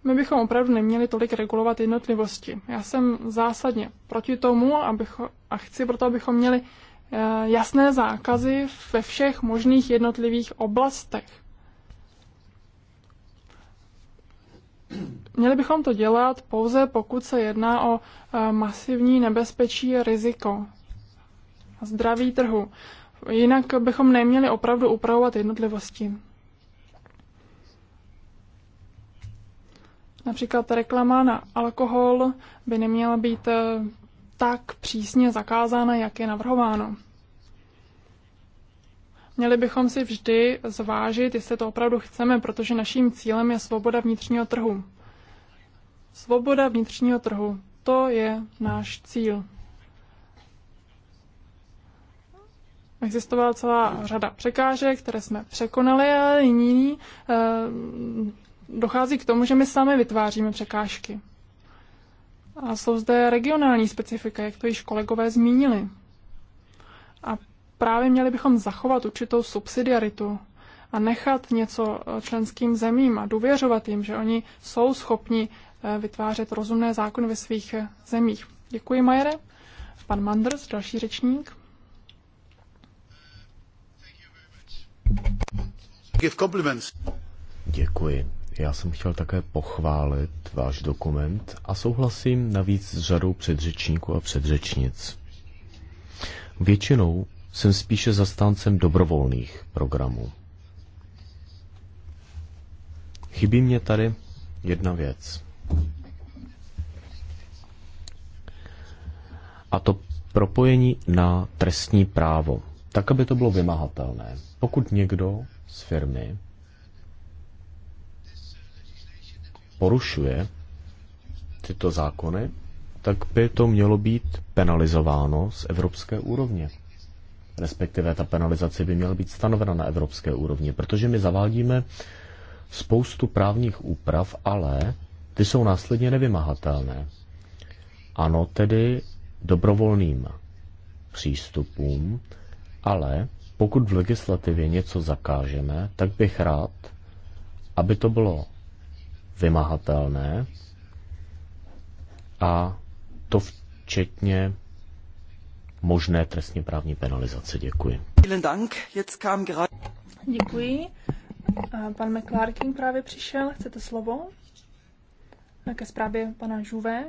[SPEAKER 1] my bychom opravdu neměli tolik regulovat jednotlivosti. Já jsem zásadně proti tomu abychom, a chci proto, abychom měli eh, jasné zákazy ve všech možných jednotlivých oblastech. Měli bychom to dělat pouze, pokud se jedná o eh, masivní nebezpečí a riziko zdraví trhu. Jinak bychom neměli opravdu upravovat jednotlivosti. Například reklama na alkohol by neměla být eh, tak přísně zakázána, jak je navrhováno. Měli bychom si vždy zvážit, jestli to opravdu chceme, protože naším cílem je svoboda vnitřního trhu. Svoboda vnitřního trhu, to je náš cíl. Existovala celá řada překážek, které jsme překonali a nyní eh, dochází k tomu, že my sami vytváříme překážky. A jsou zde regionální specifika, jak to již kolegové zmínili. A právě měli bychom zachovat určitou subsidiaritu a nechat něco členským zemím a důvěřovat jim, že oni jsou schopni eh, vytvářet rozumné zákony ve svých eh, zemích. Děkuji, Majere. Pan Manders, další řečník.
[SPEAKER 4] Give compliments. Děkuji. Já jsem chtěl také pochválit váš dokument a souhlasím navíc s řadou předřečníků a předřečnic. Většinou jsem spíše zastáncem dobrovolných programů. Chybí mě tady jedna věc. A to propojení na trestní právo, tak aby to bylo vymahatelné. Pokud někdo z firmy porušuje tyto zákony, tak by to mělo být penalizováno z evropské úrovně. Respektive ta penalizace by měla být stanovena na evropské úrovni, protože my zavádíme spoustu právních úprav, ale ty jsou následně nevymahatelné. Ano, tedy dobrovolným přístupům, ale pokud v legislativě něco zakážeme, tak bych rád, aby to bylo vymahatelné a to včetně možné trestně právní penalizace. Děkuji.
[SPEAKER 2] Děkuji.
[SPEAKER 1] Pan McClarkin právě přišel. Chcete slovo? Ke zprávě pana Žuve.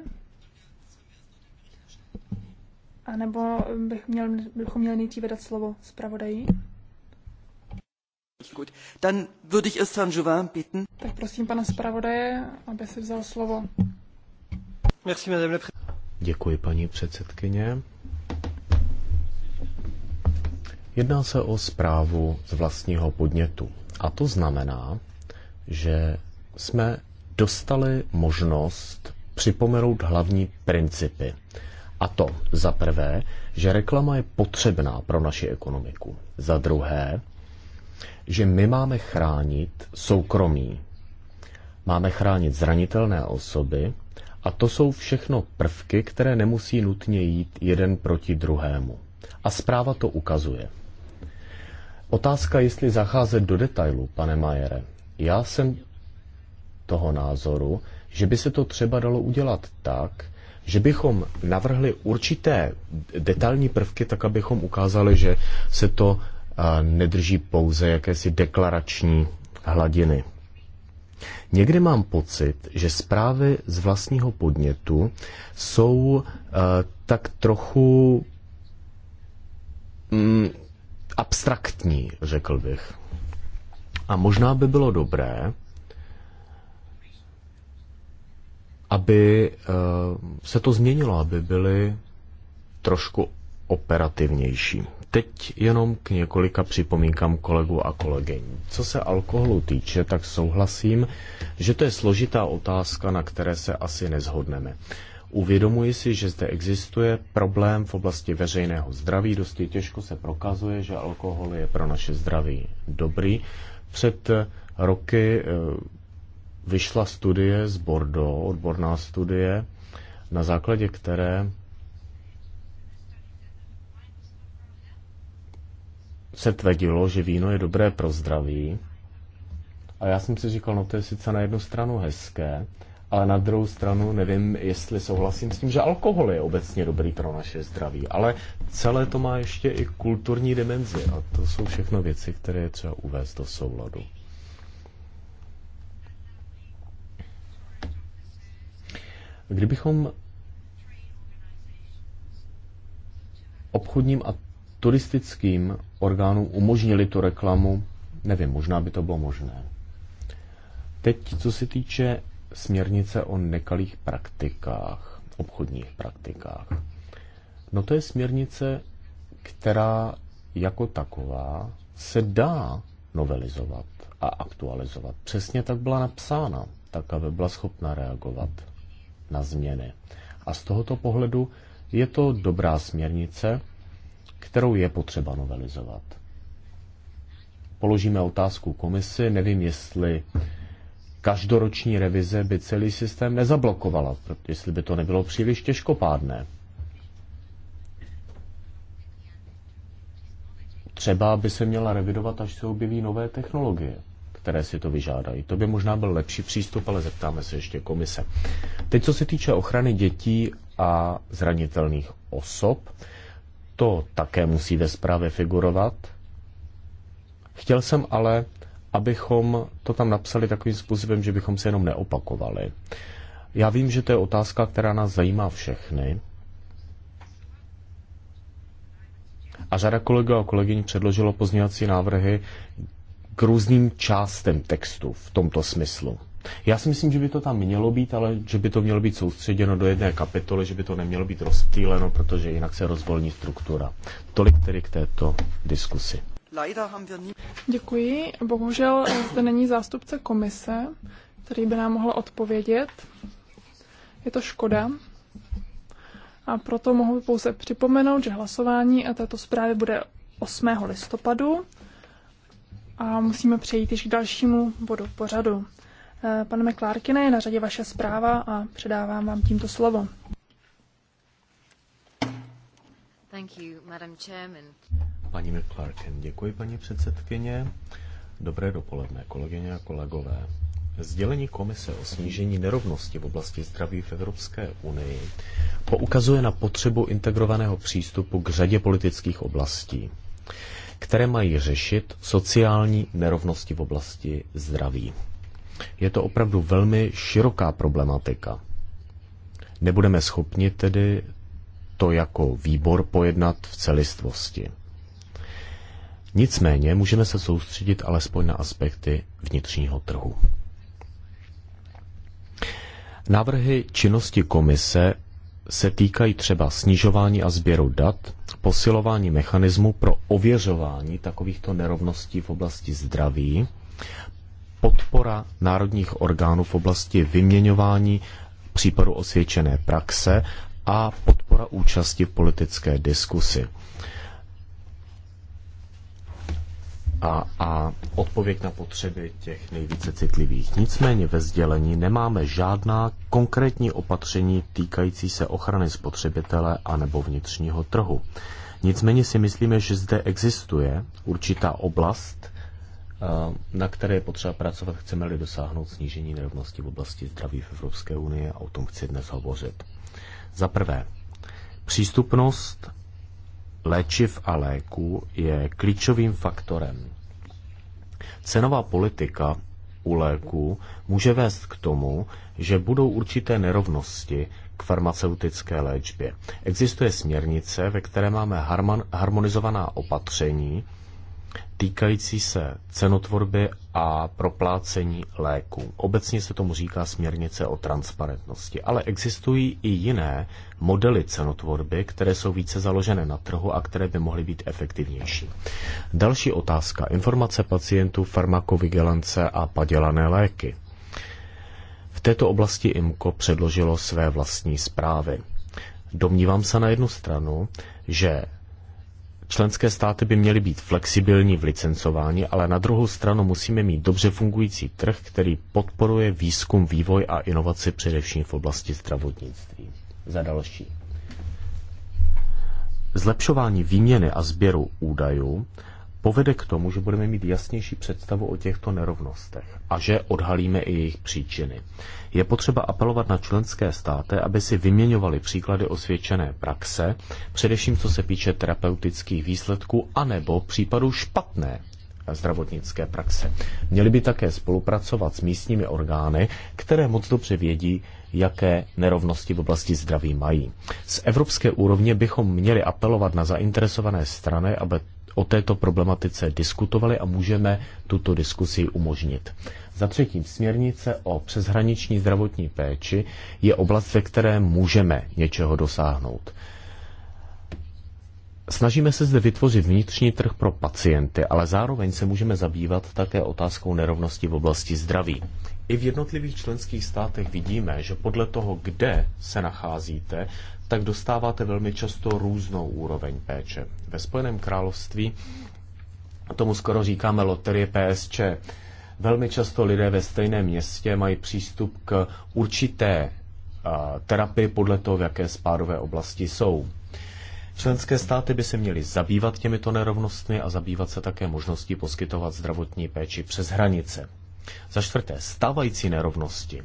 [SPEAKER 1] A nebo bych měl, bychom měli nejdříve dát slovo zpravodaji?
[SPEAKER 2] Gut. Dann würde ich erst Herrn Jouvin
[SPEAKER 4] bitten.
[SPEAKER 1] Tak prosím pana zpravodaje, aby si vzal slovo.
[SPEAKER 2] Merci, madame
[SPEAKER 4] Děkuji, paní předsedkyně. Jedná se o zprávu z vlastního podnětu. A to znamená, že jsme dostali možnost připomenout hlavní principy. A to za prvé, že reklama je potřebná pro naši ekonomiku. Za druhé, že my máme chránit soukromí. Máme chránit zranitelné osoby a to jsou všechno prvky, které nemusí nutně jít jeden proti druhému. A zpráva to ukazuje. Otázka, jestli zacházet do detailu, pane Majere. Já jsem toho názoru, že by se to třeba dalo udělat tak, že bychom navrhli určité detailní prvky, tak abychom ukázali, že se to nedrží pouze jakési deklarační hladiny. Někdy mám pocit, že zprávy z vlastního podnětu jsou eh, tak trochu mm, abstraktní, řekl bych. A možná by bylo dobré, aby eh, se to změnilo, aby byly trošku operativnější. Teď jenom k několika připomínkám kolegů a kolegyň. Co se alkoholu týče, tak souhlasím, že to je složitá otázka, na které se asi nezhodneme. Uvědomuji si, že zde existuje problém v oblasti veřejného zdraví. Dosti těžko se prokazuje, že alkohol je pro naše zdraví dobrý. Před roky eh, vyšla studie z Bordeaux, odborná studie, na základě které se tvrdilo, že víno je dobré pro zdraví. A já jsem si říkal, no to je sice na jednu stranu hezké, ale na druhou stranu nevím, jestli souhlasím s tím, že alkohol je obecně dobrý pro naše zdraví. Ale celé to má ještě i kulturní dimenzi a to jsou všechno věci, které je třeba uvést do souladu. Kdybychom obchodním a turistickým orgánů umožnili tu reklamu, nevím, možná by to bylo možné. Teď, co se týče směrnice o nekalých praktikách, obchodních praktikách. No to je směrnice, která jako taková se dá novelizovat a aktualizovat. Přesně tak byla napsána, tak aby byla schopna reagovat na změny. A z tohoto pohledu je to dobrá směrnice, kterou je potřeba novelizovat. Položíme otázku komisi, nevím, jestli každoroční revize by celý systém nezablokovala, jestli by to nebylo příliš těžkopádné. Třeba by se měla revidovat, až se objeví nové technologie, které si to vyžádají. To by možná byl lepší přístup, ale zeptáme se ještě komise. Teď, co se týče ochrany dětí a zranitelných osob, to také musí ve zprávě figurovat. Chtěl jsem ale, abychom to tam napsali takovým způsobem, že bychom se jenom neopakovali. Já vím, že to je otázka, která nás zajímá všechny. A řada kolega a kolegyň předložilo pozměňovací návrhy k různým částem textu v tomto smyslu. Já si myslím, že by to tam mělo být, ale že by to mělo být soustředěno do jedné kapitoly, že by to nemělo být rozptýleno, protože jinak se rozvolní struktura. Tolik tedy k této diskusi.
[SPEAKER 1] Děkuji. Bohužel eh, zde není zástupce komise, který by nám mohl odpovědět. Je to škoda. A proto mohu pouze připomenout, že hlasování a eh, této zprávy bude 8. listopadu. A musíme přejít již k dalšímu bodu pořadu. Eh, pane McClarkine, je na řadě vaše zpráva a předávám vám tímto slovo.
[SPEAKER 4] Thank
[SPEAKER 2] you, Madam Chairman.
[SPEAKER 4] Paní McClarkin, děkuji paní předsedkyně. Dobré dopoledne, kolegyně a kolegové. Sdělení komise o snížení nerovnosti v oblasti zdraví v Evropské unii poukazuje na potřebu integrovaného přístupu k řadě politických oblastí, které mají řešit sociální nerovnosti v oblasti zdraví. Je to opravdu velmi široká problematika. Nebudeme schopni tedy to jako výbor pojednat v celistvosti. Nicméně můžeme se soustředit alespoň na aspekty vnitřního trhu. Návrhy činnosti komise se týkají třeba snižování a sběru dat, posilování mechanismu pro ověřování takovýchto nerovností v oblasti zdraví, podpora národních orgánů v oblasti vyměňování případu osvědčené praxe a podpora účasti v politické diskusi. a, a odpověď na potřeby těch nejvíce citlivých. Nicméně ve sdělení nemáme žádná konkrétní opatření týkající se ochrany spotřebitele anebo vnitřního trhu. Nicméně si myslíme, že zde existuje určitá oblast, na které je potřeba pracovat, chceme-li dosáhnout snížení nerovnosti v oblasti zdraví v Evropské unii a o tom chci dnes hovořit. Za prvé, přístupnost léčiv a léků je klíčovým faktorem. Cenová politika u léků může vést k tomu, že budou určité nerovnosti k farmaceutické léčbě. Existuje směrnice, ve které máme harmonizovaná opatření, týkající se cenotvorby a proplácení léků. Obecně se tomu říká směrnice o transparentnosti, ale existují i jiné modely cenotvorby, které jsou více založené na trhu a které by mohly být efektivnější. Další otázka. Informace pacientů, farmakovigilance a padělané léky. V této oblasti IMCO předložilo své vlastní zprávy. Domnívám se na jednu stranu, že Členské státy by měly být flexibilní v licencování, ale na druhou stranu musíme mít dobře fungující trh, který podporuje výzkum, vývoj a inovaci především v oblasti zdravotnictví. Za další. Zlepšování výměny a sběru údajů povede k tomu, že budeme mít jasnější představu o těchto nerovnostech a že odhalíme i jejich příčiny. Je potřeba apelovat na členské státy, aby si vyměňovali příklady osvědčené praxe, především co se týče terapeutických výsledků anebo případů špatné zdravotnické praxe. Měli by také spolupracovat s místními orgány, které moc dobře vědí, jaké nerovnosti v oblasti zdraví mají. Z evropské úrovně bychom měli apelovat na zainteresované strany, aby o této problematice diskutovali a můžeme tuto diskusi umožnit. Za třetí, směrnice o přeshraniční zdravotní péči je oblast, ve které můžeme něčeho dosáhnout. Snažíme se zde vytvořit vnitřní trh pro pacienty, ale zároveň se můžeme zabývat také otázkou nerovnosti v oblasti zdraví. I v jednotlivých členských státech vidíme, že podle toho, kde se nacházíte, tak dostáváte velmi často různou úroveň péče. Ve Spojeném království tomu skoro říkáme loterie PSČ. Velmi často lidé ve stejném městě mají přístup k určité terapii podle toho, v jaké spádové oblasti jsou. Členské státy by se měly zabývat těmito nerovnostmi a zabývat se také možností poskytovat zdravotní péči přes hranice. Za čtvrté, stávající nerovnosti.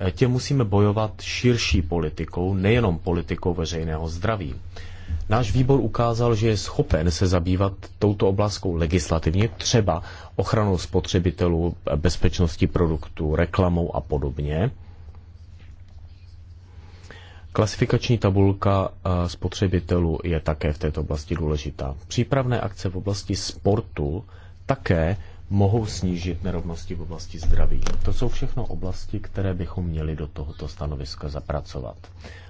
[SPEAKER 4] E, tě musíme bojovat širší politikou, nejenom politikou veřejného zdraví. Náš výbor ukázal, že je schopen se zabývat touto oblastkou legislativně, třeba ochranou spotřebitelů, bezpečností produktů, reklamou a podobně. Klasifikační tabulka eh, spotřebitelů je také v této oblasti důležitá. Přípravné akce v oblasti sportu také mohou snížit nerovnosti v oblasti zdraví. To jsou všechno oblasti, které bychom měli do tohoto stanoviska zapracovat.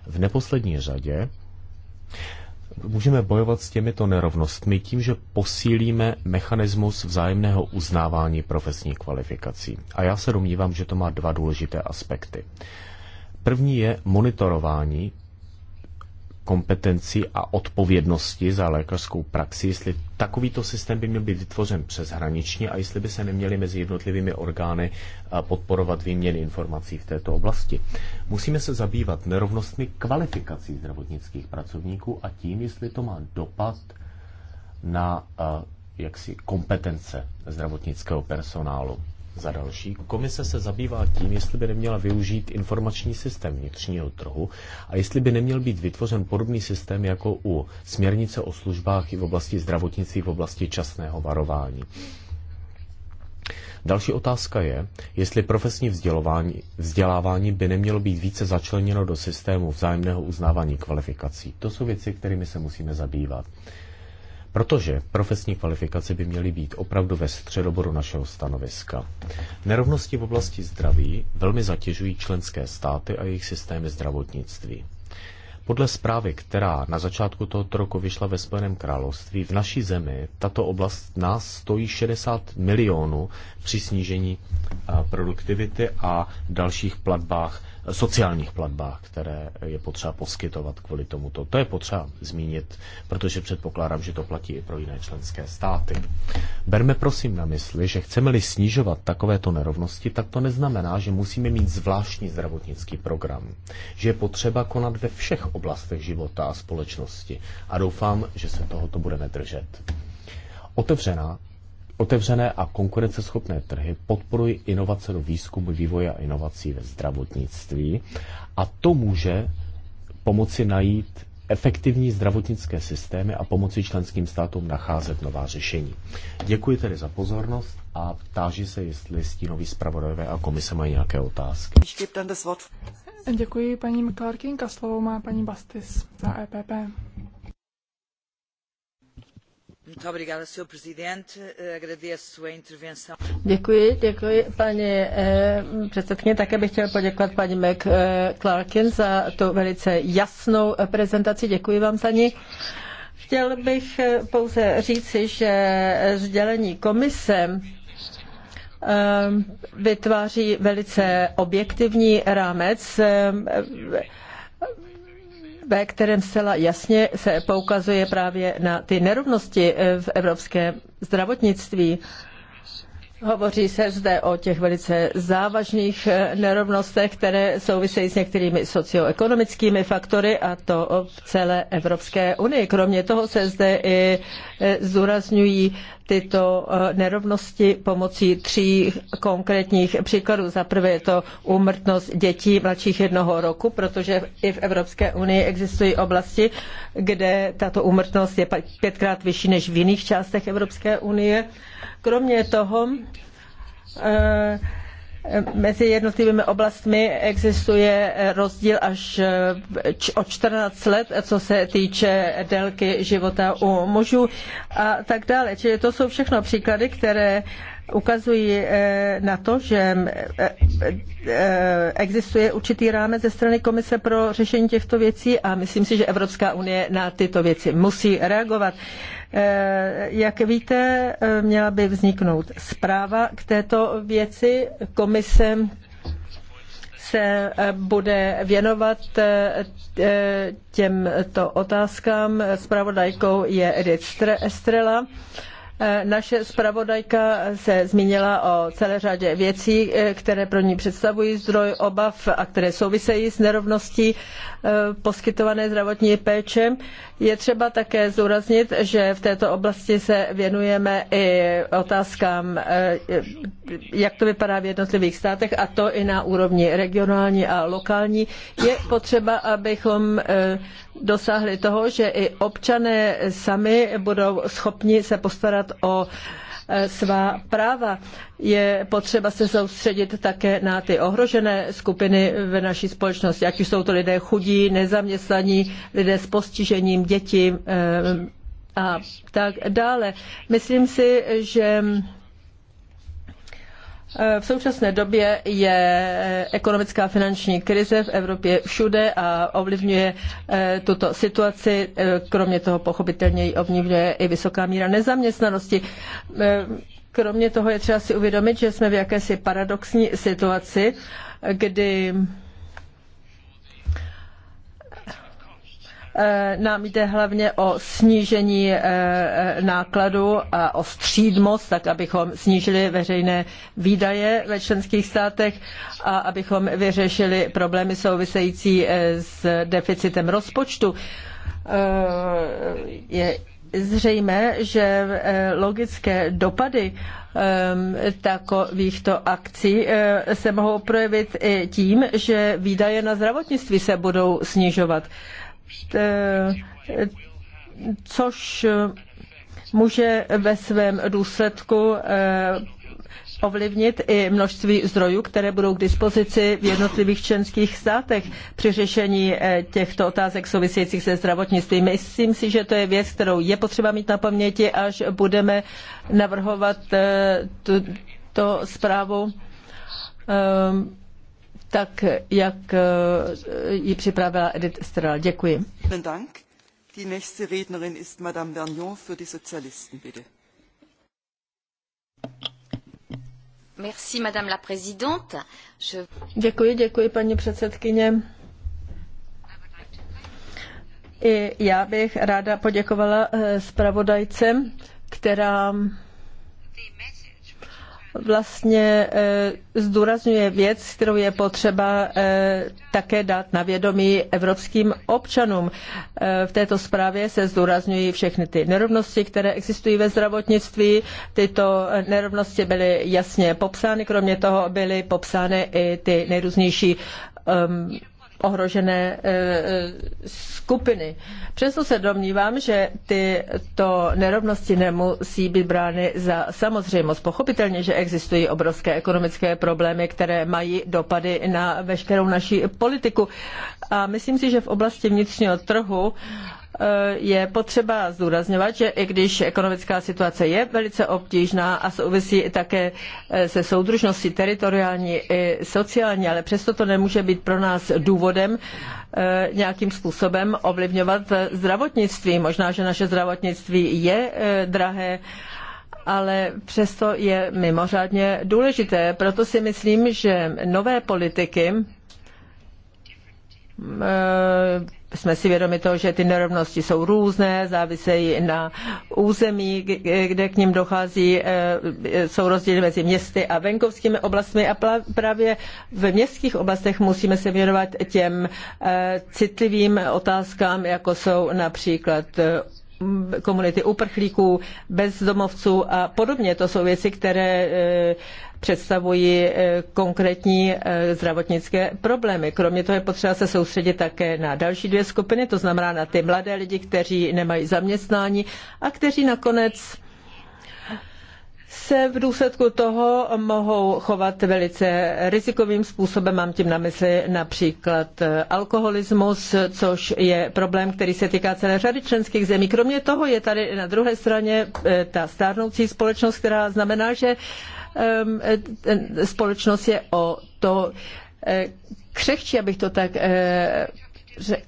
[SPEAKER 4] V neposlední řadě můžeme bojovat s těmito nerovnostmi tím, že posílíme mechanismus vzájemného uznávání profesních kvalifikací. A já se domnívám, že to má dva důležité aspekty. První je monitorování kompetenci a odpovědnosti za lékařskou praxi, jestli takovýto systém by měl být vytvořen přeshraničně a jestli by se neměly mezi jednotlivými orgány eh, podporovat výměny informací v této oblasti. Musíme se zabývat nerovnostmi kvalifikací zdravotnických pracovníků a tím, jestli to má dopad na eh, jaksi kompetence zdravotnického personálu. Za další, komise se zabývá tím, jestli by neměla využít informační systém vnitřního trhu a jestli by neměl být vytvořen podobný systém jako u směrnice o službách i v oblasti zdravotnictví, v oblasti časného varování. Další otázka je, jestli profesní vzdělávání by nemělo být více začleněno do systému vzájemného uznávání kvalifikací. To jsou věci, kterými se musíme zabývat. Protože profesní kvalifikace by měly být opravdu ve středoboru našeho stanoviska. Nerovnosti v oblasti zdraví velmi zatěžují členské státy a jejich systémy zdravotnictví. Podle zprávy, která na začátku tohoto roku vyšla ve Spojeném království, v naší zemi tato oblast nás stojí 60 milionů při snížení produktivity a dalších platbách sociálních platbách, které je potřeba poskytovat kvůli tomuto. To je potřeba zmínit, protože předpokládám, že to platí i pro jiné členské státy. Berme prosím na mysli, že chceme-li snižovat takovéto nerovnosti, tak to neznamená, že musíme mít zvláštní zdravotnický program. Že je potřeba konat ve všech oblastech života a společnosti. A doufám, že se tohoto budeme držet. Otevřená Otevřené a konkurenceschopné trhy podporují inovace do výzkumu, vývoje a inovací ve zdravotnictví a to může pomoci najít efektivní zdravotnické systémy a pomoci členským státům nacházet nová řešení. Děkuji tedy za pozornost a táži se, jestli stínoví zpravodajové a komise mají nějaké otázky.
[SPEAKER 1] Děkuji paní McClarkin a slovo má paní Bastis za EPP.
[SPEAKER 3] Eh, děkuji, děkuji paní eh, předsedkyně. Také bych chtěl poděkovat paní McClarkin eh, za tu velice jasnou eh, prezentaci. Děkuji vám za ní. Chtěl bych pouze říci, že sdělení komise vytváří velice objektivní rámec ve kterém zcela jasně se poukazuje právě na ty nerovnosti eh, v evropském zdravotnictví. Hovoří se zde o těch velice závažných eh, nerovnostech, které souvisejí s některými socioekonomickými faktory a to v celé Evropské unii. Kromě toho se zde i eh, zdůrazňují tyto eh, nerovnosti pomocí tří konkrétních příkladů. Za prvé je to úmrtnost dětí mladších jednoho roku, protože i v Evropské unii existují oblasti, kde tato úmrtnost je pětkrát vyšší než v jiných částech Evropské unie. Kromě toho, eh, Eh, mezi jednotlivými oblastmi existuje eh, rozdíl až eh, o 14 let, co se týče délky života u mužů a tak dále. Čili to jsou všechno příklady, které ukazují na to, že existuje určitý rámec ze strany Komise pro řešení těchto věcí a myslím si, že Evropská unie na tyto věci musí reagovat. Eh, jak víte, eh, měla by vzniknout zpráva k této věci. Komise se eh, bude věnovat těmto otázkám. Spravodajkou je Edith Estrela. Naše zpravodajka se zmínila o celé řadě věcí, které pro ní představují zdroj obav a které souvisejí s nerovností Eh, poskytované zdravotní péče. Je třeba také zdůraznit, že v této oblasti se věnujeme i otázkám, eh, jak to vypadá v jednotlivých státech, a to i na úrovni regionální a lokální. Je potřeba, abychom eh, dosáhli toho, že i občané sami budou schopni se postarat o Eh, svá práva. Je potřeba se soustředit také na ty ohrožené skupiny ve naší společnosti, ať už jsou to lidé chudí, nezaměstnaní, lidé s postižením, děti eh, a tak dále. Myslím si, že E, v současné době je e, ekonomická finanční krize v Evropě všude a ovlivňuje e, tuto situaci. Kromě toho pochopitelně ji ovlivňuje i vysoká míra nezaměstnanosti. Kromě toho je třeba si uvědomit, že jsme v jakési paradoxní situaci, kdy Eh, nám jde hlavně o snížení eh, eh, nákladů a o střídmost, tak abychom snížili veřejné výdaje ve členských státech a abychom vyřešili problémy související s deficitem rozpočtu. Je zřejmé, že logické dopady ehm, takovýchto akcí se mohou projevit i tím, že výdaje na zdravotnictví se budou snižovat což může ve svém důsledku eh, ovlivnit i množství zdrojů, které budou k dispozici v jednotlivých členských státech při řešení eh, těchto otázek souvisejících se zdravotnictvím. Myslím si, že to je věc, kterou je potřeba mít na paměti, až budeme navrhovat eh, tuto zprávu. Um, tak jak eh, ji připravila Edith Strel. Děkuji.
[SPEAKER 2] Die nächste Rednerin ist Madame Vergnon für die Sozialisten, bitte.
[SPEAKER 3] Merci, Madame la Présidente. Je... Děkuji, děkuji, paní předsedkyně. I já bych ráda poděkovala eh, zpravodajcem, která vlastně eh, zdůrazňuje věc, kterou je potřeba eh, také dát na vědomí evropským občanům. Eh, v této zprávě se zdůrazňují všechny ty nerovnosti, které existují ve zdravotnictví. Tyto nerovnosti byly jasně popsány, kromě toho byly popsány i ty nejrůznější ehm, ohrožené e, e, skupiny. Přesto se domnívám, že tyto nerovnosti nemusí být brány za samozřejmost. Pochopitelně, že existují obrovské ekonomické problémy, které mají dopady na veškerou naši politiku. A myslím si, že v oblasti vnitřního trhu je potřeba zdůrazňovat, že i když ekonomická situace je velice obtížná a souvisí také eh, se soudržností teritoriální i sociální, ale přesto to nemůže být pro nás důvodem eh, nějakým způsobem ovlivňovat zdravotnictví. Možná, že naše zdravotnictví je eh, drahé, ale přesto je mimořádně důležité. Proto si myslím, že nové politiky jsme si vědomi toho, že ty nerovnosti jsou různé, závisejí na území, kde k ním dochází, eh, jsou rozdíly mezi městy a venkovskými oblastmi a právě ve městských oblastech musíme se věnovat těm eh, citlivým otázkám, jako jsou například eh, komunity uprchlíků, bezdomovců a podobně. To jsou věci, které představují eh, konkrétní eh, zdravotnické problémy. Kromě toho je potřeba se soustředit také na další dvě skupiny, to znamená na ty mladé lidi, kteří nemají zaměstnání a kteří nakonec se v důsledku toho mohou chovat velice rizikovým způsobem. Mám tím na mysli například eh, alkoholismus, což je problém, který se týká celé řady členských zemí. Kromě toho je tady na druhé straně ta stárnoucí společnost, která znamená, že Ehm, e, společnost je o to e, křehčí, abych to tak e, řekl.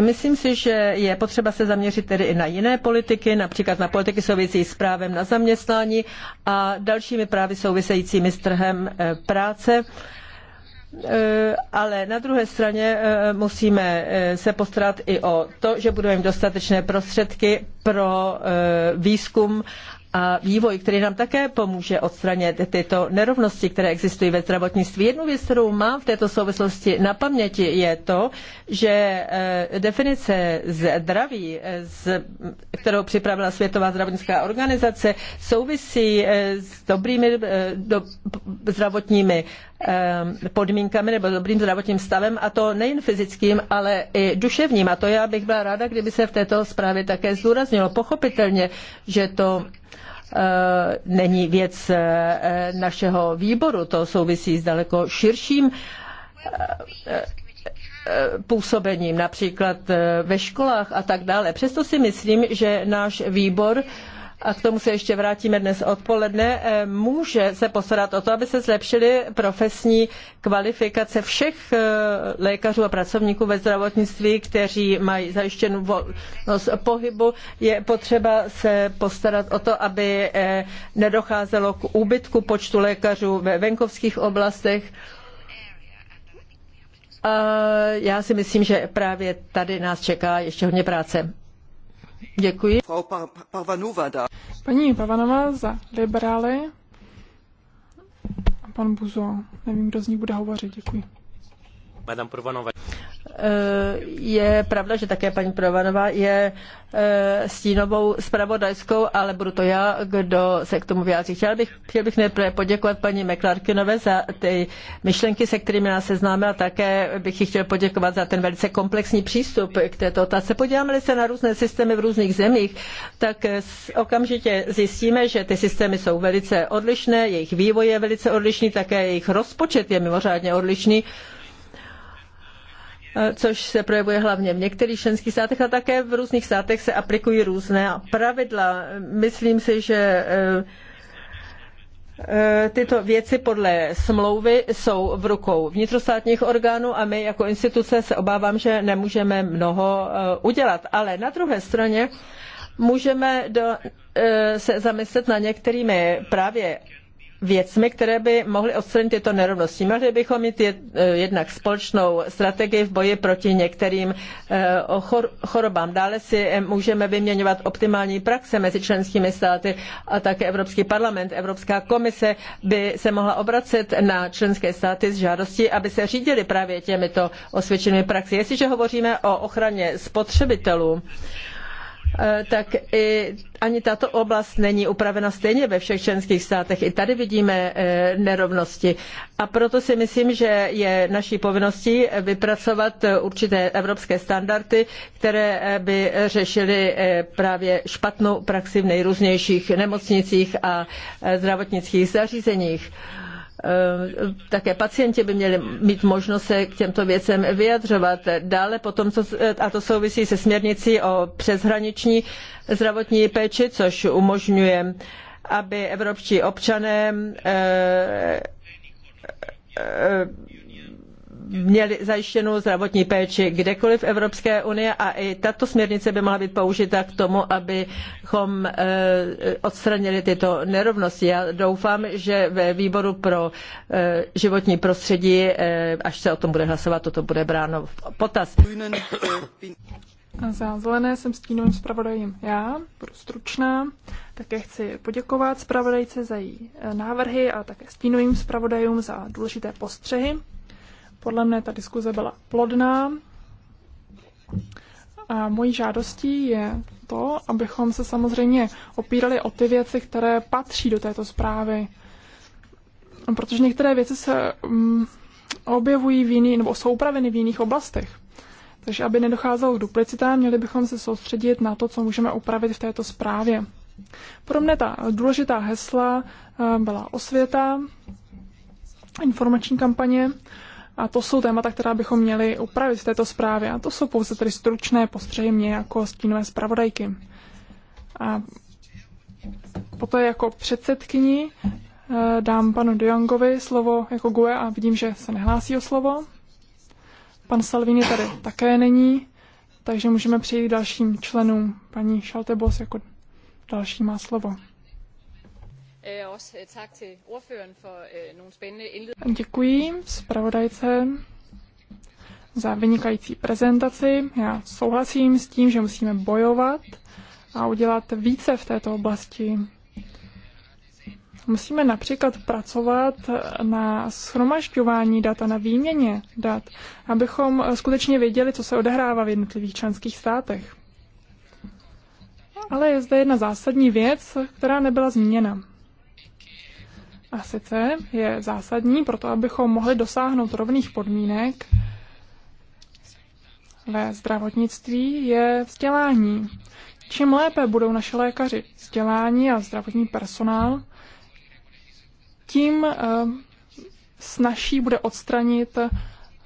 [SPEAKER 3] Myslím si, že je potřeba se zaměřit tedy i na jiné politiky, například na politiky související s právem na zaměstnání a dalšími právy souvisejícími s trhem práce. Ale na druhé straně musíme se postarat i o to, že budeme mít dostatečné prostředky pro výzkum a vývoj, který nám také pomůže odstranit tyto nerovnosti, které existují ve zdravotnictví. Jednu věc, kterou mám v této souvislosti na paměti, je to, že eh, definice zdraví, eh, kterou připravila Světová zdravotnická organizace, souvisí eh, s dobrými do, zdravotními podmínkami nebo dobrým zdravotním stavem, a to nejen fyzickým, ale i duševním. A to já bych byla ráda, kdyby se v této zprávě také zdůraznilo. Pochopitelně, že to Eh, není věc eh, eh, našeho výboru, to souvisí s daleko širším působením, například ve školách a tak dále. Přesto si myslím, že náš výbor a k tomu se ještě vrátíme dnes odpoledne, eh, může se postarat o to, aby se zlepšily profesní kvalifikace všech eh, lékařů a pracovníků ve zdravotnictví, kteří mají zajištěnou volnost pohybu. Je potřeba se postarat o to, aby eh, nedocházelo k úbytku počtu lékařů ve venkovských oblastech. A já si myslím, že právě tady nás čeká ještě hodně práce. Děkuji. Paní Pavanová za liberály.
[SPEAKER 1] A pan Buzo, nevím, kdo z nich bude hovořit. Děkuji.
[SPEAKER 3] Eh, je pravda, že také paní Provanová je eh, stínovou spravodajskou, ale budu to já, kdo se k tomu vyjádří. Chtěl bych, chtěl bych nejprve poděkovat paní McClarkinové za ty myšlenky, se kterými nás seznámila, také bych jí chtěl poděkovat za ten velice komplexní přístup k této otázce. Podíváme-li se na různé systémy v různých zemích, tak eh, okamžitě zjistíme, že ty systémy jsou velice odlišné, jejich vývoj je velice odlišný, také jejich rozpočet je mimořádně odlišný. Eh, což se projevuje hlavně v některých členských státech a také v různých státech se aplikují různé pravidla. Myslím si, že eh, eh, Tyto věci podle smlouvy jsou v rukou vnitrostátních orgánů a my jako instituce se obávám, že nemůžeme mnoho udělat. Ale na druhé straně můžeme do, se zamyslet na některými právě věcmi, které by mohly odstranit tyto nerovnosti. Mohli bychom mít eh, jednak společnou strategii v boji proti některým eh, chorobám. Dále si eh, můžeme vyměňovat optimální praxe mezi členskými státy a také Evropský parlament. Evropská komise by se mohla obracet na členské státy s žádostí, aby se řídili právě těmito osvědčenými praxi. Jestliže hovoříme o ochraně spotřebitelů, Eh, tak i ani tato oblast není upravena stejně ve všech členských státech. I tady vidíme eh, nerovnosti. A proto si myslím, že je naší povinností vypracovat eh, určité evropské standardy, které by řešily právě špatnou praxi v nejrůznějších nemocnicích a zdravotnických zařízeních. Eh, také pacienti by měli mít možnost se k těmto věcem vyjadřovat. Dále potom, a to souvisí se směrnicí o přeshraniční zdravotní péči, což umožňuje, aby evropští občané eh, eh, měli zajištěnou zdravotní péči kdekoliv v Evropské unii a i tato směrnice by mohla být použita k tomu, abychom eh, odstranili tyto nerovnosti. Já doufám, že ve výboru pro eh, životní prostředí, eh, až se o tom bude hlasovat, toto bude bráno v potaz.
[SPEAKER 1] Za zelené jsem stínovým zpravodajem já, budu stručná. Také chci poděkovat zpravodajce za její návrhy a také stínovým zpravodajům za důležité postřehy. Podle mne ta diskuze byla plodná. A mojí žádostí je to, abychom se samozřejmě opírali o ty věci, které patří do této zprávy. Protože některé věci se um, objevují v jiných, nebo jsou upraveny v jiných oblastech. Takže aby nedocházelo k duplicitám, měli bychom se soustředit na to, co můžeme upravit v této zprávě. Pro mě ta důležitá hesla eh, byla osvěta, informační kampaně a to jsou témata, která bychom měli upravit v této zprávě. A to jsou pouze tedy stručné postřehy mě jako stínové zpravodajky. A poté jako předsedkyni eh, dám panu Diongovi slovo jako GUE a vidím, že se nehlásí o slovo. Pan Salvini tady také není, takže můžeme přejít dalším členům. Paní Šaltebos jako další má slovo. Øh, øh, øh, Děkuji zpravodajce za vynikající prezentaci. Já souhlasím s tím, že musíme bojovat a udělat více v této oblasti. Musíme například pracovat na schromažďování dat a na výměně dat, abychom skutečně věděli, co se odehrává v jednotlivých členských státech. Ale je zde jedna zásadní věc, která nebyla zmíněna. A sice je zásadní pro to, abychom mohli dosáhnout rovných podmínek ve zdravotnictví, je vzdělání. Čím lépe budou naše lékaři vzdělání a zdravotní personál, tím eh, snažší bude odstranit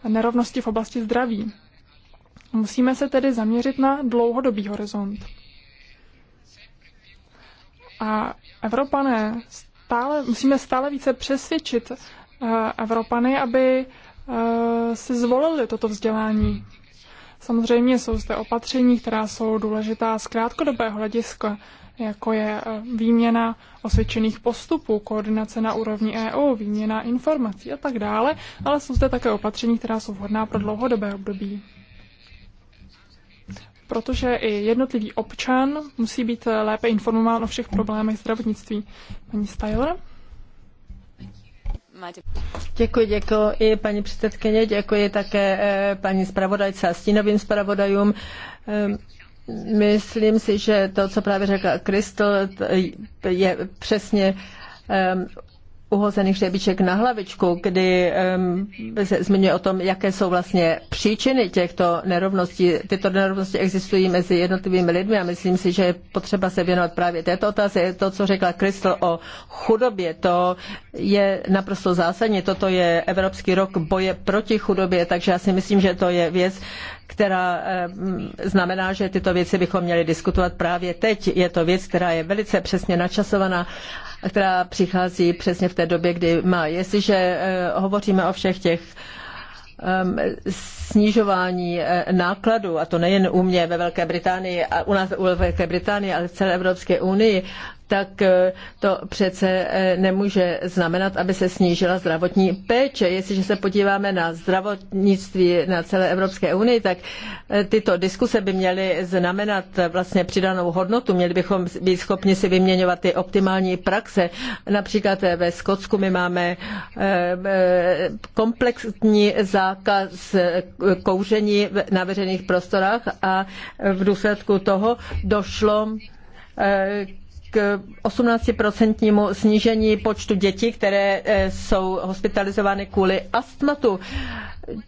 [SPEAKER 1] nerovnosti v oblasti zdraví. Musíme se tedy zaměřit na dlouhodobý horizont. A Evropané stále, musíme stále více přesvědčit eh, Evropany, aby eh, si zvolili toto vzdělání. Samozřejmě jsou zde opatření, která jsou důležitá z krátkodobého hlediska, jako je eh, výměna osvědčených postupů, koordinace na úrovni EU, výměna informací a tak dále, ale jsou zde také opatření, která jsou vhodná pro dlouhodobé období protože i jednotlivý občan musí být
[SPEAKER 3] lépe informován o všech problémech zdravotnictví. Paní Styler? Děkuji, děkuji i paní předsedkyně, děkuji také eh, paní zpravodajce a stínovým zpravodajům. Eh, myslím si, že to, co právě řekla Kristol, je přesně eh, uhozených hřebíček na hlavičku, kdy se zmiňuje o tom, jaké jsou vlastně příčiny těchto nerovností. Tyto nerovnosti existují mezi jednotlivými lidmi a myslím si, že je potřeba se věnovat právě této otázce. To, co řekla Kristl o chudobě, to je naprosto zásadní. Toto je Evropský rok boje proti chudobě, takže já si myslím, že to je věc, která znamená, že tyto věci bychom měli diskutovat právě teď. Je to věc, která je velice přesně načasovaná která přichází přesně v té době, kdy má. Jestliže eh, hovoříme o všech těch ehm, snižování eh, nákladů, a to nejen u mě ve Velké Británii, a u nás u Velké Británii, ale v celé Evropské unii, tak eh, to přece eh, nemůže znamenat, aby se snížila zdravotní péče. Jestliže se podíváme na zdravotnictví na celé Evropské unii, tak eh, tyto diskuse by měly znamenat vlastně přidanou hodnotu. Měli bychom být schopni si vyměňovat ty optimální praxe. Například ve Skotsku my máme komplexní zákaz kouření na veřejných prostorách a v důsledku toho došlo k 18% snížení počtu dětí, které eh, jsou hospitalizovány kvůli astmatu.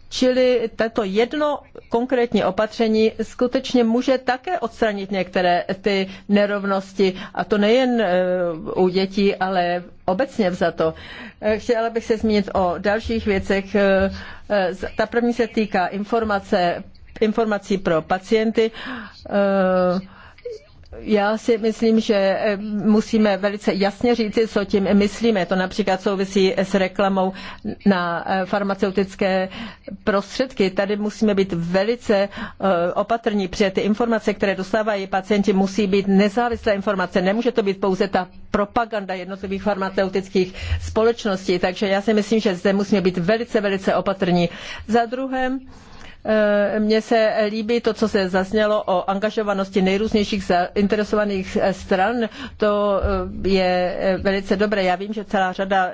[SPEAKER 3] Čili tato jedno konkrétní opatření skutečně může také odstranit některé ty nerovnosti, a to nejen eh, u dětí, ale obecně vzato. Eh, chtěla bych se zmínit o dalších věcech. Ta první se týká informace, informací pro pacienty. Uh, já si myslím, že eh, musíme velice jasně říci, co tím myslíme. To například souvisí s reklamou na eh, farmaceutické prostředky. Tady musíme být velice eh, opatrní, protože ty informace, které dostávají pacienti, musí být nezávislé informace. Nemůže to být pouze ta propaganda jednotlivých farmaceutických společností. Takže já si myslím, že zde musíme být velice, velice opatrní. Za druhé, Eh, mně se líbí to, co se zaznělo o angažovanosti nejrůznějších zainteresovaných eh, stran. To eh, je velice dobré. Já vím, že celá řada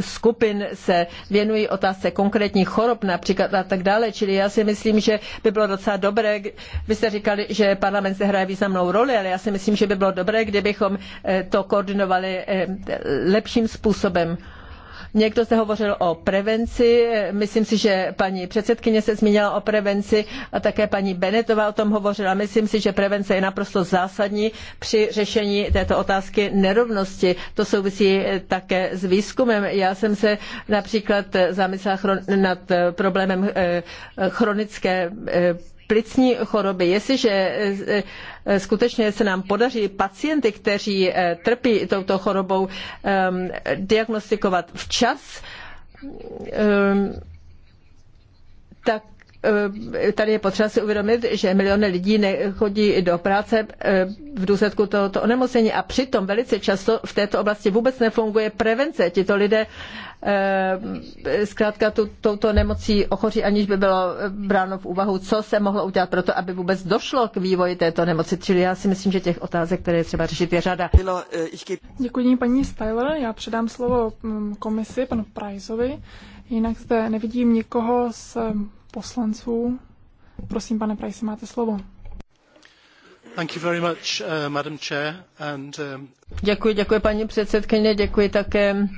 [SPEAKER 3] skupin se věnují otázce konkrétních chorob například a tak dále, čili já si myslím, že by bylo docela dobré, vy jste říkali, že parlament se hraje významnou roli, ale já si myslím, že by bylo dobré, kdybychom to koordinovali lepším způsobem. Někdo se hovořil o prevenci, myslím si, že paní předsedkyně se zmínila o prevenci a také paní Benetová o tom hovořila. Myslím si, že prevence je naprosto zásadní při řešení této otázky nerovnosti. To souvisí také s výzkumem. Já jsem se například zamyslela nad problémem eh, chronické eh, plicní choroby. Jestliže eh, eh, skutečně se nám podaří pacienty, kteří eh, trpí touto chorobou, ehm, diagnostikovat včas, ehm, tak tady je potřeba si uvědomit, že miliony lidí nechodí do práce v důsledku tohoto onemocnění a přitom velice často v této oblasti vůbec nefunguje prevence. Tito lidé Eh, zkrátka touto nemocí ochoří, aniž by bylo eh, bráno v úvahu, co se mohlo udělat pro to, aby vůbec došlo k vývoji této nemoci. Čili já si myslím, že těch otázek, které je třeba řešit, je řada.
[SPEAKER 1] Děkuji paní Styler, já předám slovo mm, komisi, panu Priceovi. Jinak zde nevidím nikoho z mm, poslanců.
[SPEAKER 3] Prosím, pane Prajsi, máte slovo.
[SPEAKER 4] Uh, um,
[SPEAKER 3] děkuji, děkuji paní předsedkyně, děkuji také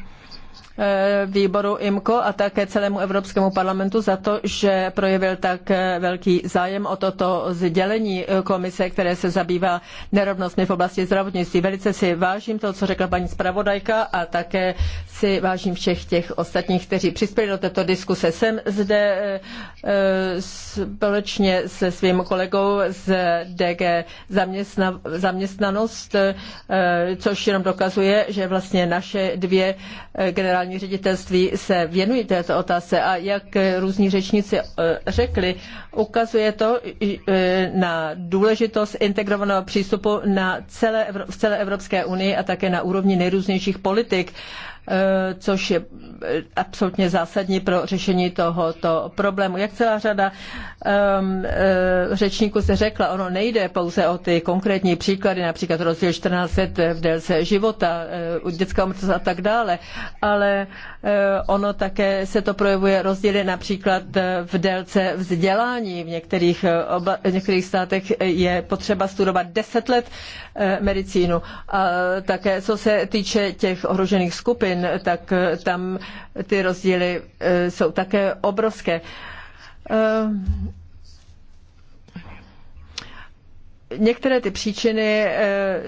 [SPEAKER 3] Eh, výboru IMCO a také celému Evropskému parlamentu za to, že projevil tak eh, velký zájem o toto sdělení eh, komise, které se zabývá nerovnostmi v oblasti zdravotnictví. Velice si vážím toho, co řekla paní zpravodajka a také si vážím všech těch ostatních, kteří přispěli do této diskuse. Jsem zde společně se svým kolegou z DG zaměstnanost, což jenom dokazuje, že vlastně naše dvě generální generální ředitelství se věnují této otázce a jak různí řečníci eh, řekli, ukazuje to eh, na důležitost integrovaného přístupu na celé, v celé Evropské unii a také na úrovni nejrůznějších politik. Eh, což je eh, absolutně zásadní pro řešení tohoto problému. Jak celá řada ehm, eh, řečníků se řekla, ono nejde pouze o ty konkrétní příklady, například rozdíl 14 let v délce života, u dětská umrtnost a tak dále, ale ono také se to projevuje rozdíly například v délce vzdělání. V některých, v některých státech je potřeba studovat 10 let Eh, medicínu. A také co se týče těch ohrožených skupin, tak eh, tam ty rozdíly eh, jsou také obrovské. Některé ty příčiny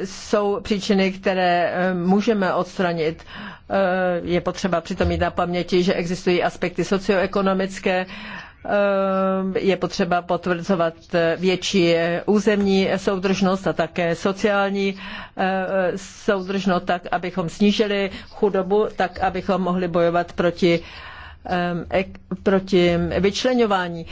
[SPEAKER 3] jsou příčiny, které můžeme odstranit. Je potřeba přitom mít na paměti, že existují aspekty socioekonomické, Eh, je potřeba potvrzovat větší územní soudržnost a také sociální eh, soudržnost, tak abychom snížili chudobu, tak abychom mohli bojovat proti, eh, proti vyčlenování.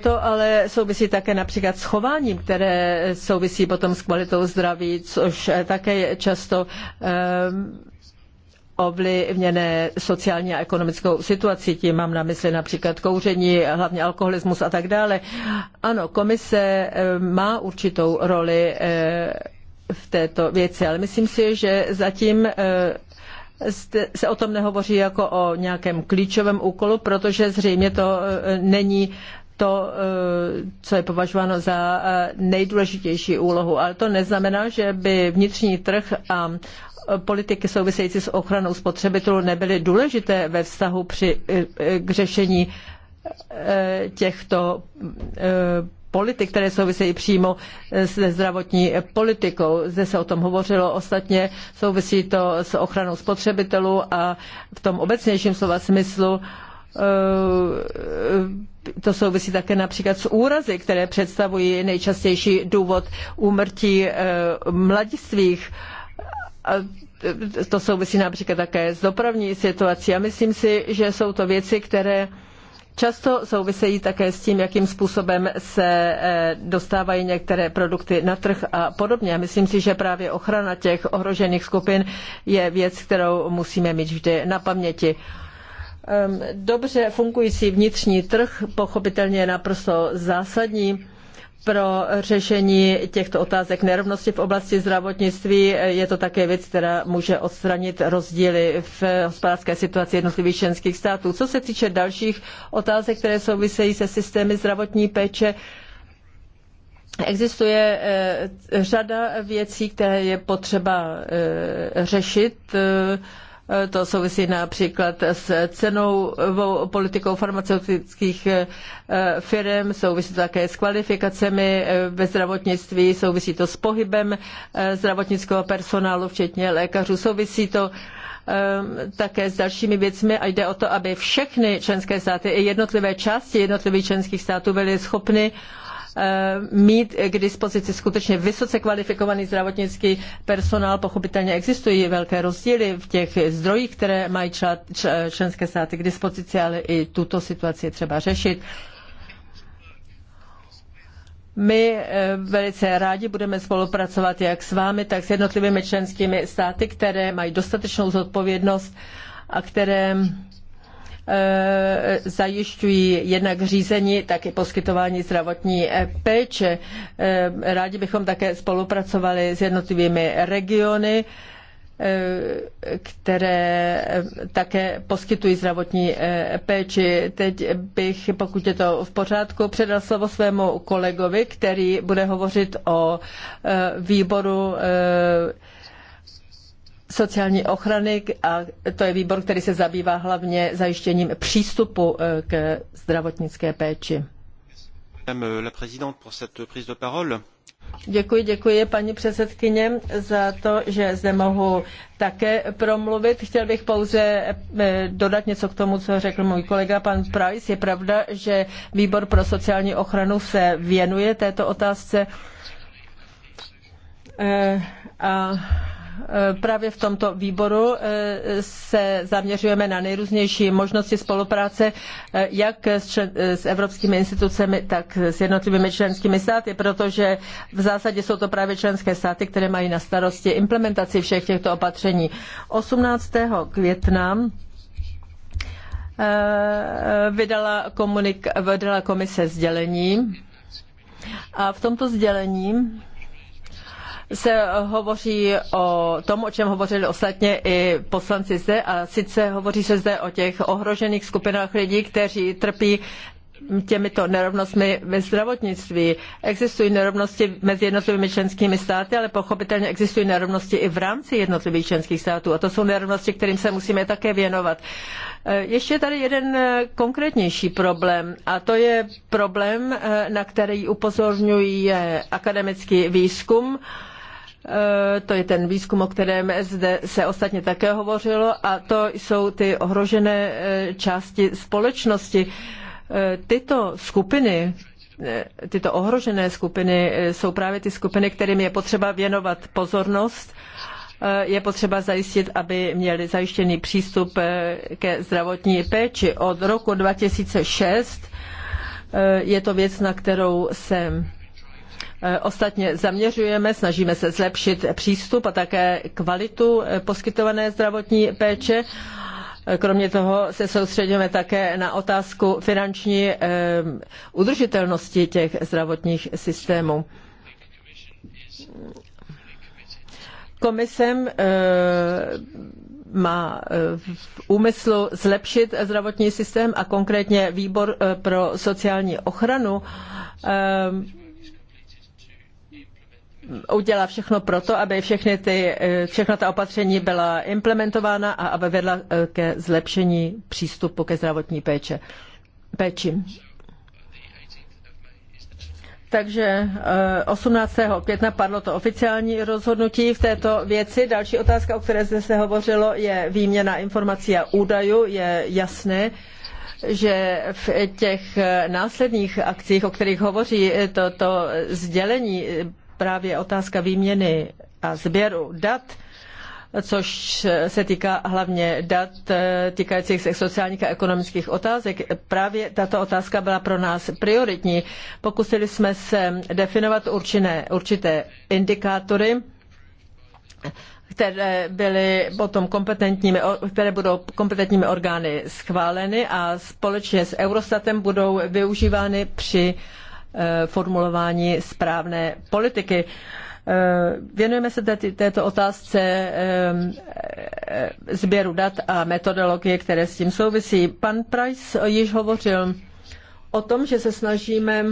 [SPEAKER 3] To ale souvisí také například s chováním, které souvisí potom s kvalitou zdraví, což také je často ovlivněné sociální a ekonomickou situací, tím mám na mysli například kouření, hlavně alkoholismus a tak dále. Ano, komise eh, má určitou roli eh, v této věci, ale myslím si, že zatím eh, se o tom nehovoří jako o nějakém klíčovém úkolu, protože zřejmě to není to, co je považováno za nejdůležitější úlohu. Ale to neznamená, že by vnitřní trh a politiky související s ochranou spotřebitelů nebyly důležité ve vztahu při, eh, k řešení eh, těchto eh, politik, které souvisejí přímo se zdravotní politikou. Zde se o tom hovořilo ostatně, souvisí to s ochranou spotřebitelů a v tom obecnějším slova smyslu to souvisí také například s úrazy, které představují nejčastější důvod úmrtí mladistvých E, to souvisí například také s dopravní situací. A myslím si, že jsou to věci, které často souvisejí také s tím, jakým způsobem se e, dostávají některé produkty na trh a podobně. A myslím si, že právě ochrana těch ohrožených skupin je věc, kterou musíme mít vždy na paměti. Dobře fungující vnitřní trh pochopitelně je naprosto zásadní pro řešení těchto otázek nerovnosti v oblasti zdravotnictví. Je to také věc, která může odstranit rozdíly v hospodářské situaci jednotlivých členských států. Co se týče dalších otázek, které souvisejí se systémy zdravotní péče, Existuje eh, řada věcí, které je potřeba eh, řešit. Eh, to souvisí například s cenou politikou farmaceutických eh, firm, souvisí to také s kvalifikacemi eh, ve zdravotnictví, souvisí to s pohybem eh, zdravotnického personálu, včetně lékařů, souvisí to také s dalšími věcmi a jde o to, aby všechny členské státy i jednotlivé části jednotlivých členských států byly schopny Eh, mít k dispozici skutečně vysoce kvalifikovaný zdravotnický personál. Pochopitelně existují velké rozdíly v těch zdrojích, které mají členské státy k dispozici, ale i tuto situaci je třeba řešit. My eh, velice rádi budeme spolupracovat jak s vámi, tak s jednotlivými členskými státy, které mají dostatečnou zodpovědnost a které Eh, zajišťují jednak řízení, tak i poskytování zdravotní eh, péče. Eh, rádi bychom také spolupracovali s jednotlivými regiony, které také poskytují zdravotní péči. Teď bych, pokud je to v pořádku, předal slovo svému kolegovi, který bude hovořit o výboru sociální ochrany a to je výbor, který se zabývá hlavně zajištěním přístupu eh, k zdravotnické péči. Děkuji, děkuji paní předsedkyně za to, že zde mohu také promluvit. Chtěl bych pouze eh, dodat něco k tomu, co řekl můj kolega pan Price. Je pravda, že výbor pro sociální ochranu se věnuje této otázce. Eh, a Eh, právě v tomto výboru eh, se zaměřujeme na nejrůznější možnosti spolupráce eh, jak s, evropskými institucemi, tak s jednotlivými členskými státy, protože v zásadě jsou to právě členské státy, které mají na starosti implementaci všech těchto opatření. 18. května vydala, komunik- vydala komise sdělení a v tomto sdělení se hovoří o tom, o čem hovořili ostatně i poslanci zde, a sice hovoří se zde o těch ohrožených skupinách lidí, kteří trpí těmito nerovnostmi ve zdravotnictví. Existují nerovnosti mezi jednotlivými členskými státy, ale pochopitelně existují nerovnosti i v rámci jednotlivých členských států. A to jsou nerovnosti, kterým se musíme také věnovat. Eh, ještě je tady jeden eh, konkrétnější problém a to je problém, eh, na který upozorňuje akademický výzkum. Eh, to je ten výzkum, o kterém zde se ostatně také hovořilo, a to jsou ty ohrožené eh, části společnosti. Eh, tyto skupiny, tyto ohrožené skupiny jsou právě ty skupiny, kterým je potřeba věnovat pozornost. Je potřeba zajistit, aby měli zajištěný přístup ke zdravotní péči. Od roku 2006 je to věc, na kterou jsem E, ostatně zaměřujeme, snažíme se zlepšit přístup a také kvalitu e, poskytované zdravotní péče. E, kromě toho se soustředíme také na otázku finanční udržitelnosti těch zdravotních systémů. Komisem má v úmyslu zlepšit zdravotní systém a konkrétně výbor pro sociální ochranu udělá všechno pro to, aby všechny ty, eh, všechna ta opatření byla implementována a aby vedla eh, ke zlepšení přístupu ke zdravotní péče. péči. Takže 18. Eh, května padlo to oficiální rozhodnutí v této věci. Další otázka, o které zde se hovořilo, je výměna informací a údajů. Je jasné, že v těch následných akcích, o kterých hovoří toto sdělení, právě otázka výměny a sběru dat, což se týká hlavně dat eh, týkajících se sociálních a ekonomických otázek. Právě tato otázka byla pro nás prioritní. Pokusili jsme se definovat určité, určité indikátory, které, byly potom kompetentními, které budou kompetentními orgány schváleny a společně s Eurostatem budou využívány při uh, Eh, formulování správné politiky. Eh, věnujeme se této otázce eh, sběru dat a metodologie, které s tím souvisí. Pan Price již hovořil o tom, že se snažíme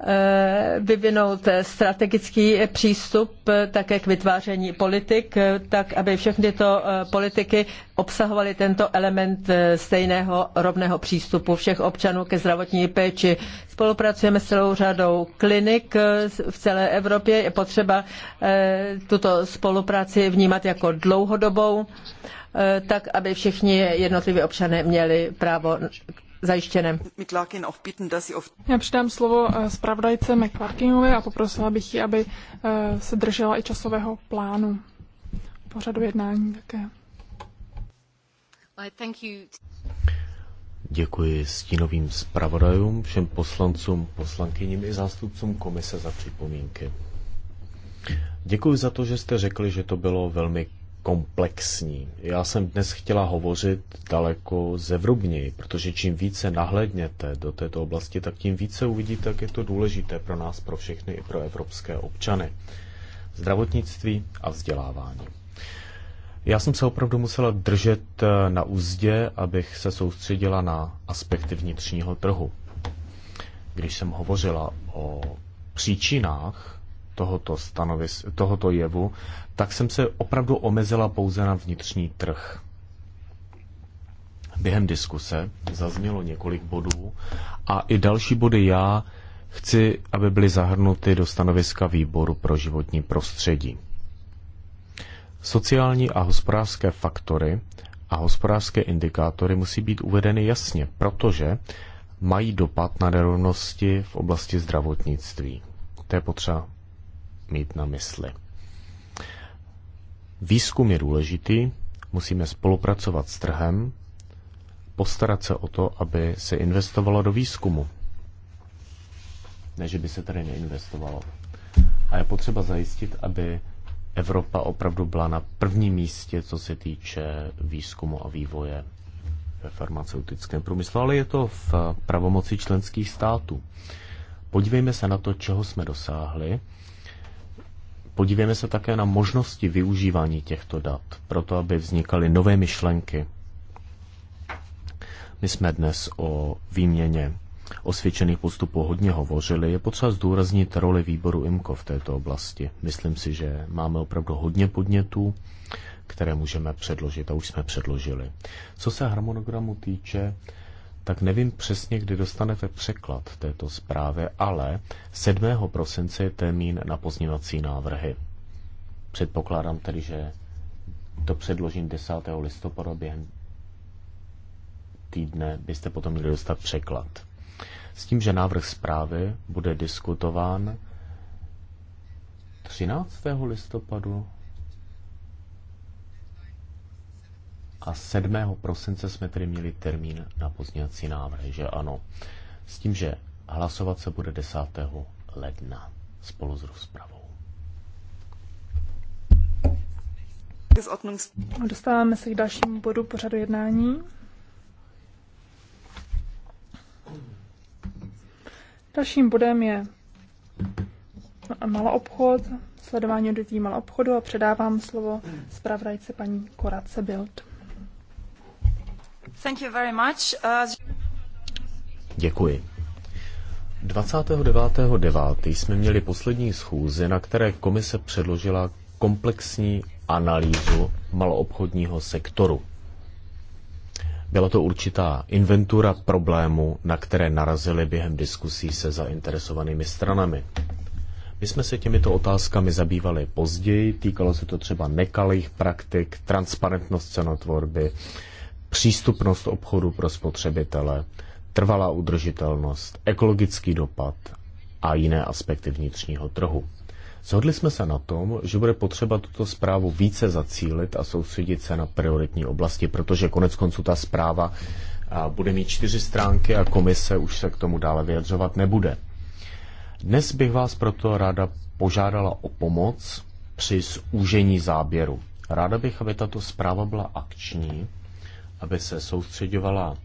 [SPEAKER 3] Eh, vyvinout strategický přístup eh, také k vytváření politik, eh, tak aby všechny tyto politiky obsahovaly tento element stejného rovného přístupu všech občanů ke zdravotní péči. Spolupracujeme s celou řadou klinik v celé Evropě. Je potřeba tuto spolupráci vnímat jako dlouhodobou tak aby všichni jednotliví občané měli právo zajištěné.
[SPEAKER 1] Já přidám slovo eh, zpravodajce McClarkinové a poprosila bych ji, aby eh, se držela i časového plánu pořadu jednání také.
[SPEAKER 4] Děkuji stínovým zpravodajům, všem poslancům, poslankyním i zástupcům komise za připomínky. Děkuji za to, že jste řekli, že to bylo velmi komplexní. Já jsem dnes chtěla hovořit daleko zevrubněji, protože čím více nahledněte do této oblasti, tak tím více uvidíte, jak je to důležité pro nás, pro všechny i pro evropské občany. Zdravotnictví a vzdělávání. Já jsem se opravdu musela držet eh, na úzdě, abych se soustředila na aspekty vnitřního trhu. Když jsem hovořila o příčinách tohoto, stanovis, tohoto jevu, tak jsem se opravdu omezila pouze na vnitřní trh. Během diskuse zaznělo několik bodů a i další body já chci, aby byly zahrnuty do stanoviska výboru pro životní prostředí. Sociální a hospodářské faktory a hospodářské indikátory musí být uvedeny jasně, protože mají dopad na nerovnosti v oblasti zdravotnictví. To je potřeba mít na mysli. Výzkum je důležitý, musíme spolupracovat s trhem, postarat se o to, aby se investovalo do výzkumu. Ne, že by se tady neinvestovalo. A je potřeba zajistit, aby Evropa opravdu byla na prvním místě, co se týče výzkumu a vývoje ve farmaceutickém průmyslu, ale je to v pravomoci členských států. Podívejme se na to, čeho jsme dosáhli Podívejme se také na možnosti využívání těchto dat, proto aby vznikaly nové myšlenky. My jsme dnes o výměně osvědčených postupů hodně hovořili. Je potřeba zdůraznit roli výboru IMCO v této oblasti. Myslím si, že máme opravdu hodně podnětů, které můžeme předložit a už jsme předložili. Co se harmonogramu týče, tak nevím přesně, kdy dostanete překlad této zprávy, ale 7. prosince je termín na pozměvací návrhy. Předpokládám tedy, že to předložím 10. listopadu během týdne byste potom měli dostat překlad. S tím, že návrh zprávy bude diskutován 13. listopadu A 7. prosince jsme tedy měli termín na pozněcí návrhy, že ano. S tím, že hlasovat se bude 10. ledna spolu s rozpravou.
[SPEAKER 1] Dostáváme se k dalšímu bodu pořadu jednání. Dalším bodem je obchod, sledování odvětví obchodu a předávám slovo zpravodajce paní Korace Bild.
[SPEAKER 3] Uh,
[SPEAKER 4] Děkuji. 29.9. jsme měli poslední schůzi, na které komise předložila komplexní analýzu maloobchodního sektoru. Byla to určitá inventura problémů, na které narazili během diskusí se zainteresovanými stranami. My jsme se těmito otázkami zabývali později, týkalo se to třeba nekalých praktik, transparentnost cenotvorby, přístupnost obchodu pro spotřebitele, trvalá udržitelnost, ekologický dopad a jiné aspekty vnitřního trhu. Zhodli jsme se na tom, že bude potřeba tuto zprávu více zacílit a soustředit se na prioritní oblasti, protože konec konců ta zpráva bude mít čtyři stránky a komise už se k tomu dále vyjadřovat nebude. Dnes bych vás proto ráda požádala o pomoc při zúžení záběru. Ráda bych, aby tato zpráva byla akční aby se soustředovala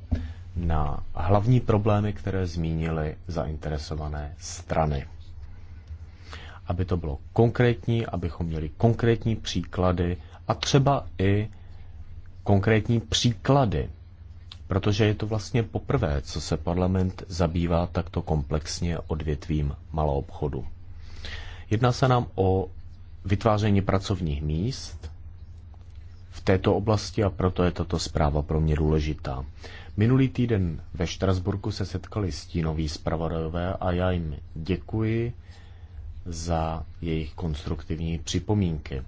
[SPEAKER 4] na hlavní problémy, které zmínily zainteresované strany. Aby to bylo konkrétní, abychom měli konkrétní příklady a třeba i konkrétní příklady, protože je to vlastně poprvé, co se parlament zabývá takto komplexně odvětvím malou obchodu. Jedná se nám o vytváření pracovních míst, v této oblasti a proto je tato zpráva pro mě důležitá. Minulý týden ve Štrasburku se setkali stínoví zpravodajové a já jim děkuji za jejich konstruktivní připomínky.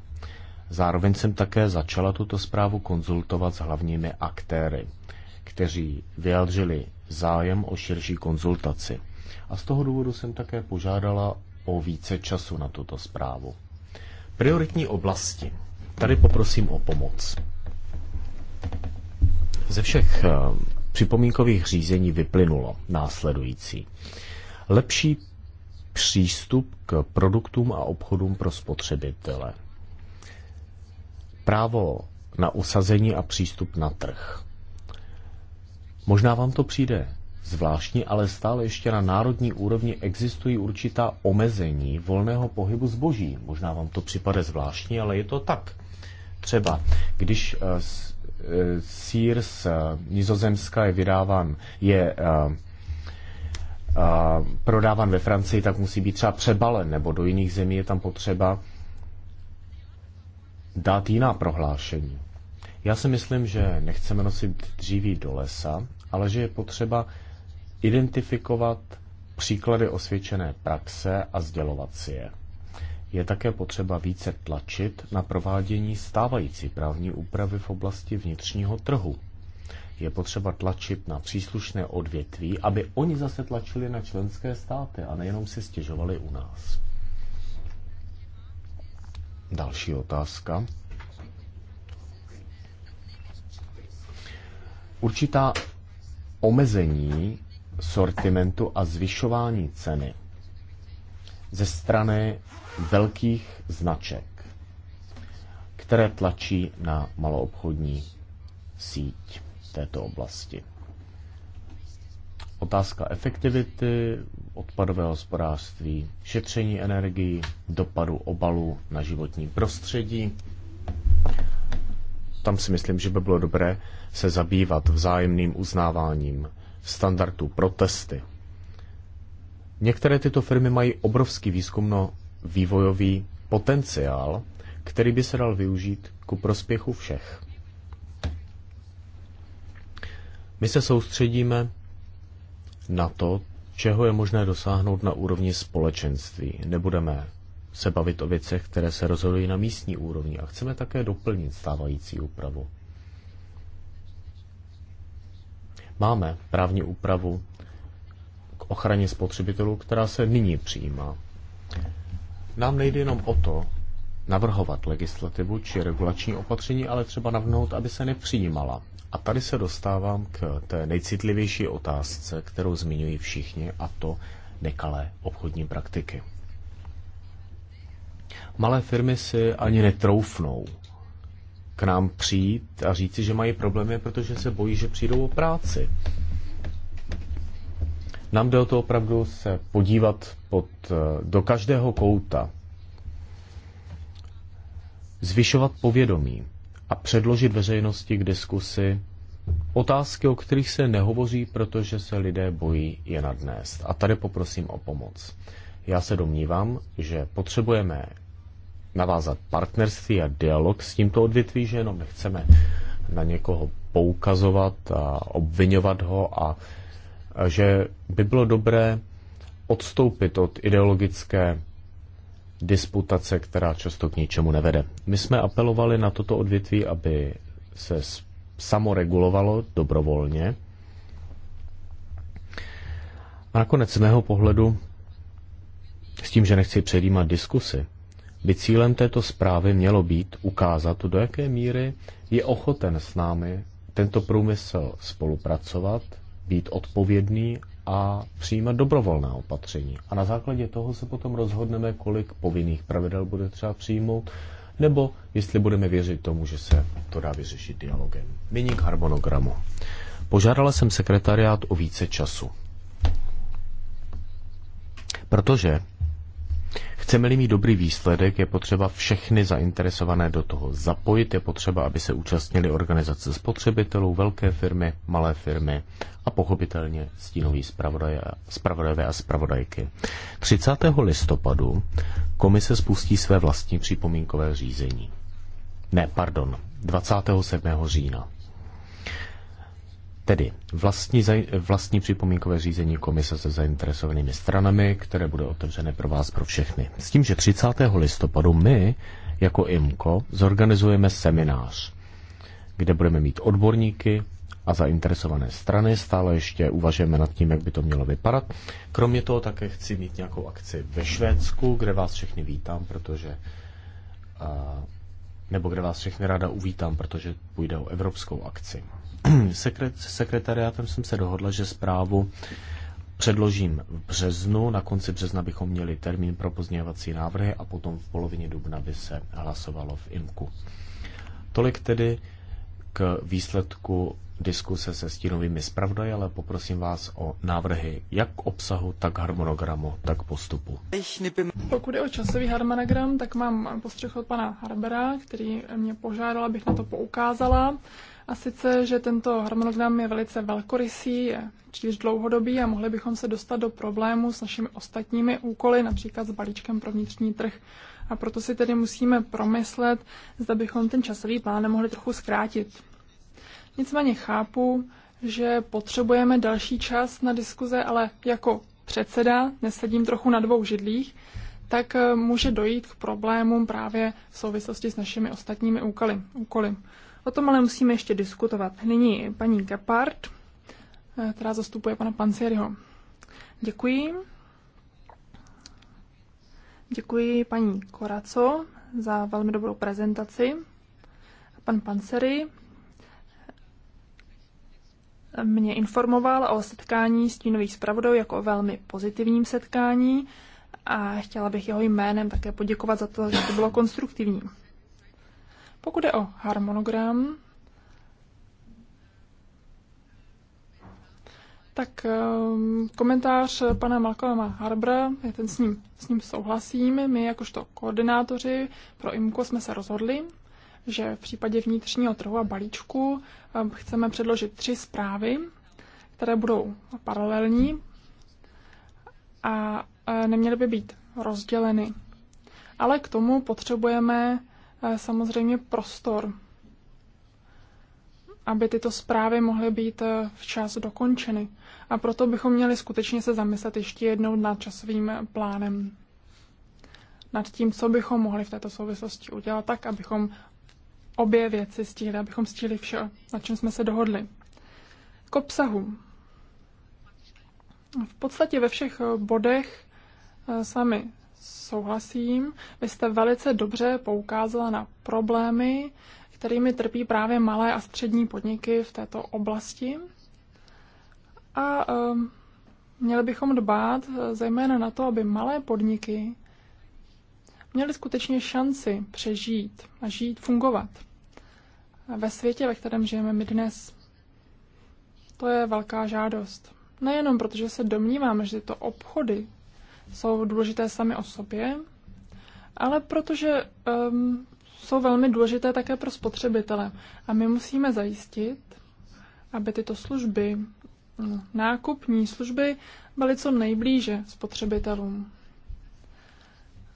[SPEAKER 4] Zároveň jsem také začala tuto zprávu konzultovat s hlavními aktéry, kteří vyjádřili zájem o širší konzultaci. A z toho důvodu jsem také požádala o více času na tuto zprávu. Prioritní oblasti. Tady poprosím o pomoc. Ze všech eh, připomínkových řízení vyplynulo následující. Lepší přístup k produktům a obchodům pro spotřebitele. Právo na usazení a přístup na trh. Možná vám to přijde zvláštní, ale stále ještě na národní úrovni existují určitá omezení volného pohybu zboží. Možná vám to připade zvláštní, ale je to tak. Třeba když eh, eh, sír z eh, Nizozemska je vydáván, je prodáván ve Francii, tak musí být třeba přebalen, nebo do jiných zemí je tam potřeba dát jiná prohlášení. Já si myslím, že nechceme nosit dříví do lesa, ale že je potřeba identifikovat příklady osvědčené praxe a sdělovat si je. Je také potřeba více tlačit na provádění stávající právní úpravy v oblasti vnitřního trhu. Je potřeba tlačit na příslušné odvětví, aby oni zase tlačili na členské státy a nejenom si stěžovali u nás. Další otázka. Určitá omezení sortimentu a zvyšování ceny ze strany velkých značek, které tlačí na maloobchodní síť této oblasti. Otázka efektivity, odpadového hospodářství, šetření energií, dopadu obalů na životní prostředí. Tam si myslím, že by bylo dobré se zabývat vzájemným uznáváním standardů pro testy. Některé tyto firmy mají obrovský výzkumno-vývojový potenciál, který by se dal využít ku prospěchu všech. My se soustředíme na to, čeho je možné dosáhnout na úrovni společenství. Nebudeme se bavit o věcech, které se rozhodují na místní úrovni a chceme také doplnit stávající úpravu. Máme právní úpravu k ochraně spotřebitelů, která se nyní přijímá. Nám nejde jenom o to, navrhovat legislativu či regulační opatření, ale třeba navrhnout, aby se nepřijímala. A tady se dostávám k té nejcitlivější otázce, kterou zmiňují všichni, a to nekalé obchodní praktiky. Malé firmy si ani netroufnou k nám přijít a říci, že mají problémy, protože se bojí, že přijdou o práci. Nám jde o to opravdu se podívat pod, eh, do každého kouta, zvyšovat povědomí a předložit veřejnosti k diskusi otázky, o kterých se nehovoří, protože se lidé bojí je nadnést. A tady poprosím o pomoc. Já se domnívám, že potřebujeme navázat partnerství a dialog s tímto odvětví, že jenom nechceme na někoho poukazovat a obvinovat ho a že by bylo dobré odstoupit od ideologické disputace, která často k ničemu nevede. My jsme apelovali na toto odvětví, aby se samoregulovalo dobrovolně. A nakonec z mého pohledu, s tím, že nechci předjímat diskusy, by cílem této zprávy mělo být ukázat, do jaké míry je ochoten s námi tento průmysl spolupracovat, být odpovědný a přijímat dobrovolná opatření. A na základě toho se potom rozhodneme, kolik povinných pravidel bude třeba přijmout, nebo jestli budeme věřit tomu, že se to dá vyřešit dialogem. Nyní k harmonogramu. Požádala jsem sekretariát o více času. Protože Chceme-li mít dobrý výsledek, je potřeba všechny zainteresované do toho zapojit, je potřeba, aby se účastnili organizace spotřebitelů, velké firmy, malé firmy a pochopitelně stínoví zpravodajové a zpravodajky. 30. listopadu komise spustí své vlastní připomínkové řízení. Ne, pardon, 27. října. Tedy vlastní, vlastní připomínkové řízení komise se zainteresovanými stranami, které bude otevřené pro vás, pro všechny. S tím, že 30. listopadu my, jako IMKO, zorganizujeme seminář, kde budeme mít odborníky a zainteresované strany. Stále ještě uvažujeme nad tím, jak by to mělo vypadat. Kromě toho také chci mít nějakou akci ve Švédsku, kde vás všechny vítám, protože nebo kde vás všechny ráda uvítám, protože půjde o evropskou akci. se sekretariátem jsem se dohodla, že zprávu předložím v březnu. Na konci března bychom měli termín pro pozměňovací návrhy a potom v polovině dubna by se hlasovalo v IMKU. Tolik tedy k výsledku diskuse se stínovými zpravdaji, ale poprosím vás o návrhy jak obsahu, tak harmonogramu, tak postupu.
[SPEAKER 1] Pokud je o časový harmonogram, tak mám postřeh od pana Harbera, který mě požádal, abych na to poukázala. A sice, že tento harmonogram je velice velkorysý, je příliš dlouhodobý a mohli bychom se dostat do problému s našimi ostatními úkoly, například s balíčkem pro vnitřní trh. A proto si tedy musíme promyslet, zda bychom ten časový plán nemohli trochu zkrátit. Nicméně chápu, že potřebujeme další čas na diskuze, ale jako předseda, nesedím trochu na dvou židlích, tak eh, může dojít k problémům právě v souvislosti s našimi ostatními úkoly. úkoly. O tom ale musíme ještě diskutovat. Nyní paní Gepard, eh, která zastupuje pana Pancieriho. Děkuji. Děkuji paní Koraco za velmi dobrou prezentaci. Pan Panseri mě informoval o setkání stínových zpravodajů jako o velmi pozitivním setkání a chtěla bych jeho jménem také poděkovat za to, že to bylo konstruktivní. Pokud je o harmonogram, Tak ehm, komentář pana Malcolma Harbra, ten s ním, s ním souhlasím. My jakožto koordinátoři pro IMCO jsme se rozhodli, že v případě vnitřního trhu a balíčku ehm, chceme předložit tři zprávy, které budou paralelní a e, neměly by být rozděleny. Ale k tomu potřebujeme samozřejmě prostor, aby tyto zprávy mohly být eh, včas dokončeny. A proto bychom měli skutečně se zamyslet ještě jednou nad časovým eh, plánem. Nad tím, co bychom mohli v této souvislosti udělat, tak abychom obě věci stihli, abychom stihli vše, na čem jsme se dohodli. K obsahu. V podstatě ve všech eh, bodech s vámi souhlasím. Vy jste velice dobře poukázala na problémy, kterými trpí právě malé a střední podniky v této oblasti. A um, měli bychom dbát eh, zejména na to, aby malé podniky měly skutečně šanci přežít a žít, fungovat ve světě, ve kterém žijeme my dnes. To je velká žádost. Nejenom protože se domníváme, že to obchody jsou důležité sami o sobě, ale protože um, jsou velmi důležité také pro spotřebitele. A my musíme zajistit, aby tyto služby, no, nákupní služby, byly co nejblíže spotřebitelům.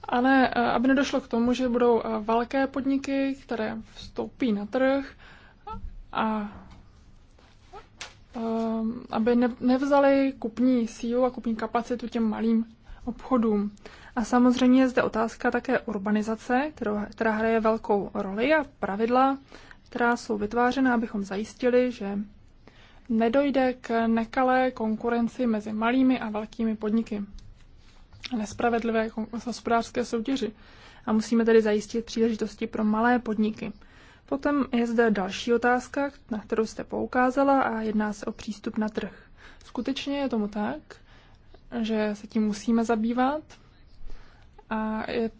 [SPEAKER 1] Ale e, aby nedošlo k tomu, že budou e, velké podniky, které vstoupí na trh a e, aby nevzali kupní sílu a kupní kapacitu těm malým obchodům. A samozřejmě je zde otázka také urbanizace, kterou, která hraje velkou roli a pravidla, která jsou vytvářena, abychom zajistili, že nedojde k nekalé konkurenci mezi malými a velkými podniky, nespravedlivé hospodářské soutěži. A musíme tedy zajistit příležitosti pro malé podniky. Potom je zde další otázka, na kterou jste poukázala, a jedná se o přístup na trh. Skutečně je tomu tak, že se tím musíme zabývat. A je,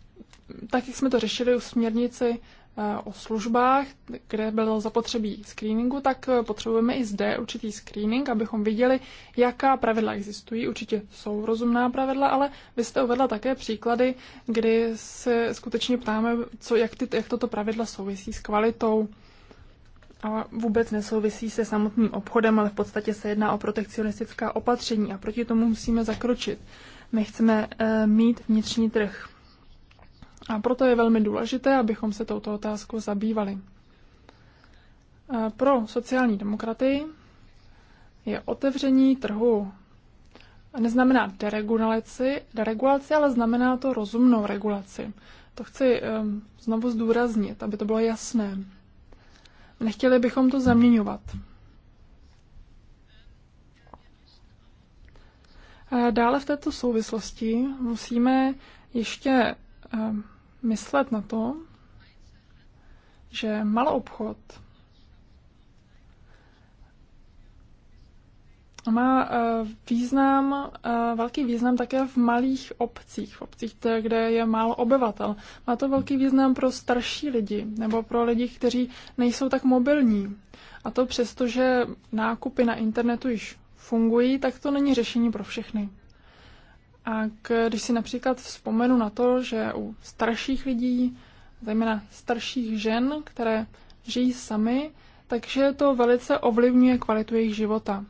[SPEAKER 1] tak, jak jsme to řešili u směrnici eh, o službách, kde bylo zapotřebí screeningu, tak eh, potřebujeme i zde určitý screening, abychom viděli, jaká pravidla existují. Určitě jsou rozumná pravidla, ale vy jste uvedla také příklady, kdy se skutečně ptáme, co, jak, ty, jak toto pravidla souvisí s kvalitou a vůbec nesouvisí se samotným obchodem, ale v podstatě se jedná o protekcionistická opatření a proti tomu musíme zakročit. My chceme eh, mít vnitřní trh. A proto je velmi důležité, abychom se touto otázkou zabývali. Eh, pro sociální demokraty je otevření trhu neznamená deregulaci, deregulaci, ale znamená to rozumnou regulaci. To chci eh, znovu zdůraznit, aby to bylo jasné. Nechtěli bychom to zaměňovat. Eh, dále v této souvislosti musíme ještě eh, myslet na to, že malou obchod má eh, význam, eh, velký význam také v malých obcích, v obcích, kde je málo obyvatel. Má to velký význam pro starší lidi nebo pro lidi, kteří nejsou tak mobilní. A to přesto, že nákupy na internetu již fungují, tak to není řešení pro všechny. A když si například vzpomenu na to, že u starších lidí, zejména starších žen, které žijí sami, takže to velice ovlivňuje kvalitu jejich života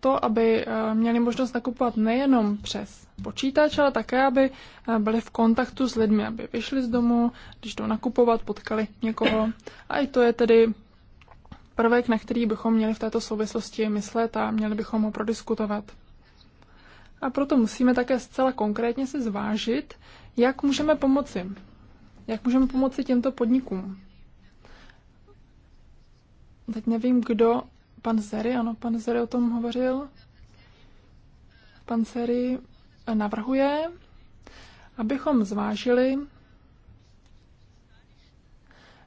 [SPEAKER 1] to, aby eh, měli možnost nakupovat nejenom přes počítač, ale také, aby eh, byli v kontaktu s lidmi, aby vyšli z domu, když jdou nakupovat, potkali někoho. A i to je tedy prvek, na který bychom měli v této souvislosti myslet a měli bychom ho prodiskutovat. A proto musíme také zcela konkrétně si zvážit, jak můžeme pomoci. Jak můžeme pomoci těmto podnikům. Teď nevím, kdo pan Zery, ano, pan Zery o tom hovořil. Pan Zery navrhuje, abychom zvážili,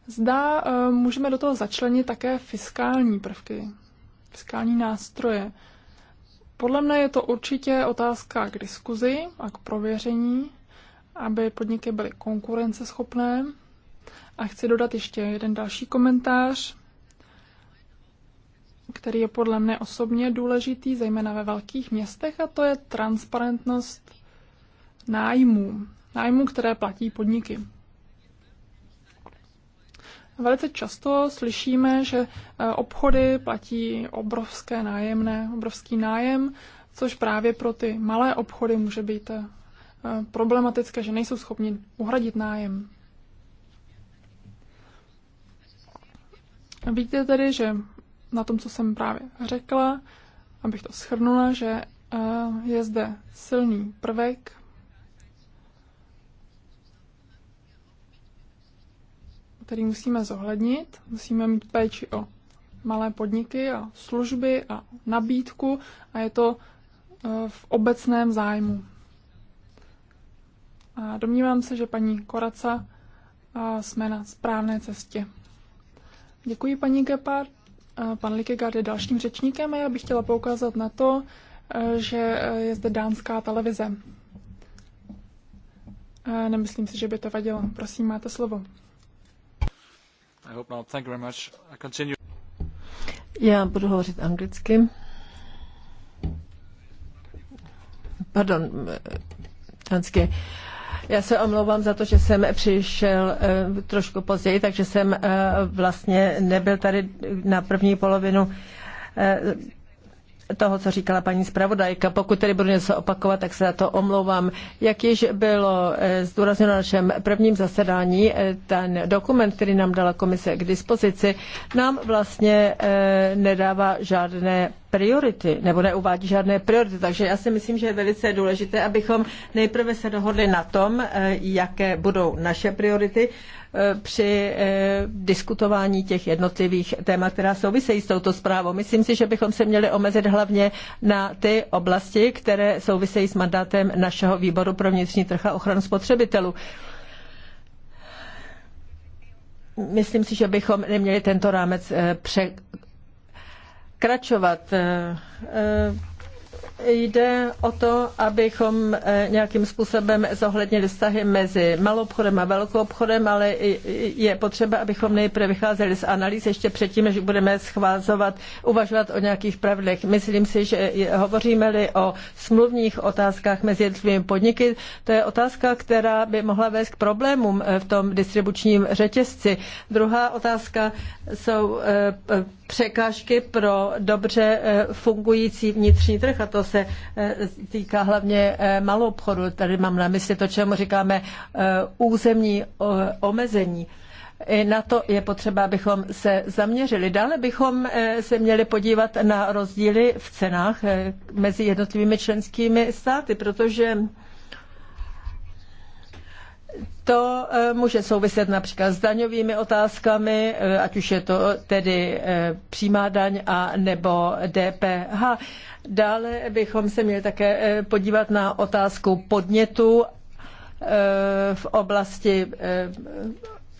[SPEAKER 1] zda eh, můžeme do toho začlenit také fiskální prvky, fiskální nástroje. Podle mne je to určitě otázka k diskuzi a k prověření, aby podniky byly konkurenceschopné. A chci dodat ještě jeden další komentář který je podle mne osobně důležitý, zejména ve velkých městech, a to je transparentnost nájmů. Nájmů, které platí podniky. Velice často slyšíme, že e, obchody platí obrovské nájemné, obrovský nájem, což právě pro ty malé obchody může být e, problematické, že nejsou schopni uhradit nájem. Víte tedy, že na tom, co jsem právě řekla, abych to schrnula, že eh, je zde silný prvek který musíme zohlednit. Musíme mít péči o malé podniky a služby a nabídku a je to eh, v obecném zájmu. A domnívám se, že paní Koraca eh, jsme na správné cestě. Děkuji paní Gepard Pan Likegaard je dalším řečníkem a já bych chtěla poukázat na to, eh, že eh, je zde dánská televize. Nemyslím si, že by to vadilo. Prosím, máte slovo. I hope not. Thank you very much. I continue.
[SPEAKER 3] Já budu hovořit anglicky. Pardon, eh, dánsky. Já se omlouvám za to, že jsem přišel eh, trošku později, takže jsem eh, vlastně nebyl tady na první polovinu eh, toho, co říkala paní zpravodajka. Pokud tedy budu něco opakovat, tak se za to omlouvám. Jak již bylo zdůrazněno na našem prvním zasedání, ten dokument, který nám dala komise k dispozici, nám vlastně nedává žádné priority, nebo neuvádí žádné priority. Takže já si myslím, že je velice důležité, abychom nejprve se dohodli na tom, eh, jaké budou naše priority eh, při eh, diskutování těch jednotlivých témat, která souvisejí s touto zprávou. Myslím si, že bychom se měli omezit hlavně na ty oblasti, které souvisejí s mandátem našeho výboru pro vnitřní trh a ochranu spotřebitelů myslím si, že bychom neměli tento rámec pře, pokračovat. Eh, eh, jde o to, abychom eh, nějakým způsobem zohlednili vztahy mezi malou obchodem a velkou obchodem, ale je potřeba, abychom nejprve vycházeli z analýz ještě předtím, než budeme schvázovat, uvažovat o nějakých pravidlech. Myslím si, že hovoříme-li o smluvních otázkách mezi jednotlivými podniky, to je otázka, která by mohla vést k problémům v tom distribučním řetězci. Druhá otázka jsou překážky pro dobře eh, fungující vnitřní trh a to se eh, týká hlavně eh, malou obchodu. Tady mám na mysli to, čemu říkáme územní omezení. I na to je potřeba, abychom se zaměřili. Dále bychom se měli podívat na rozdíly v cenách mezi jednotlivými členskými státy, protože to eh, může souviset například s daňovými otázkami, eh, ať už je to tedy eh, přímá daň a nebo DPH. Dále bychom se měli také podívat na otázku podnětu v oblasti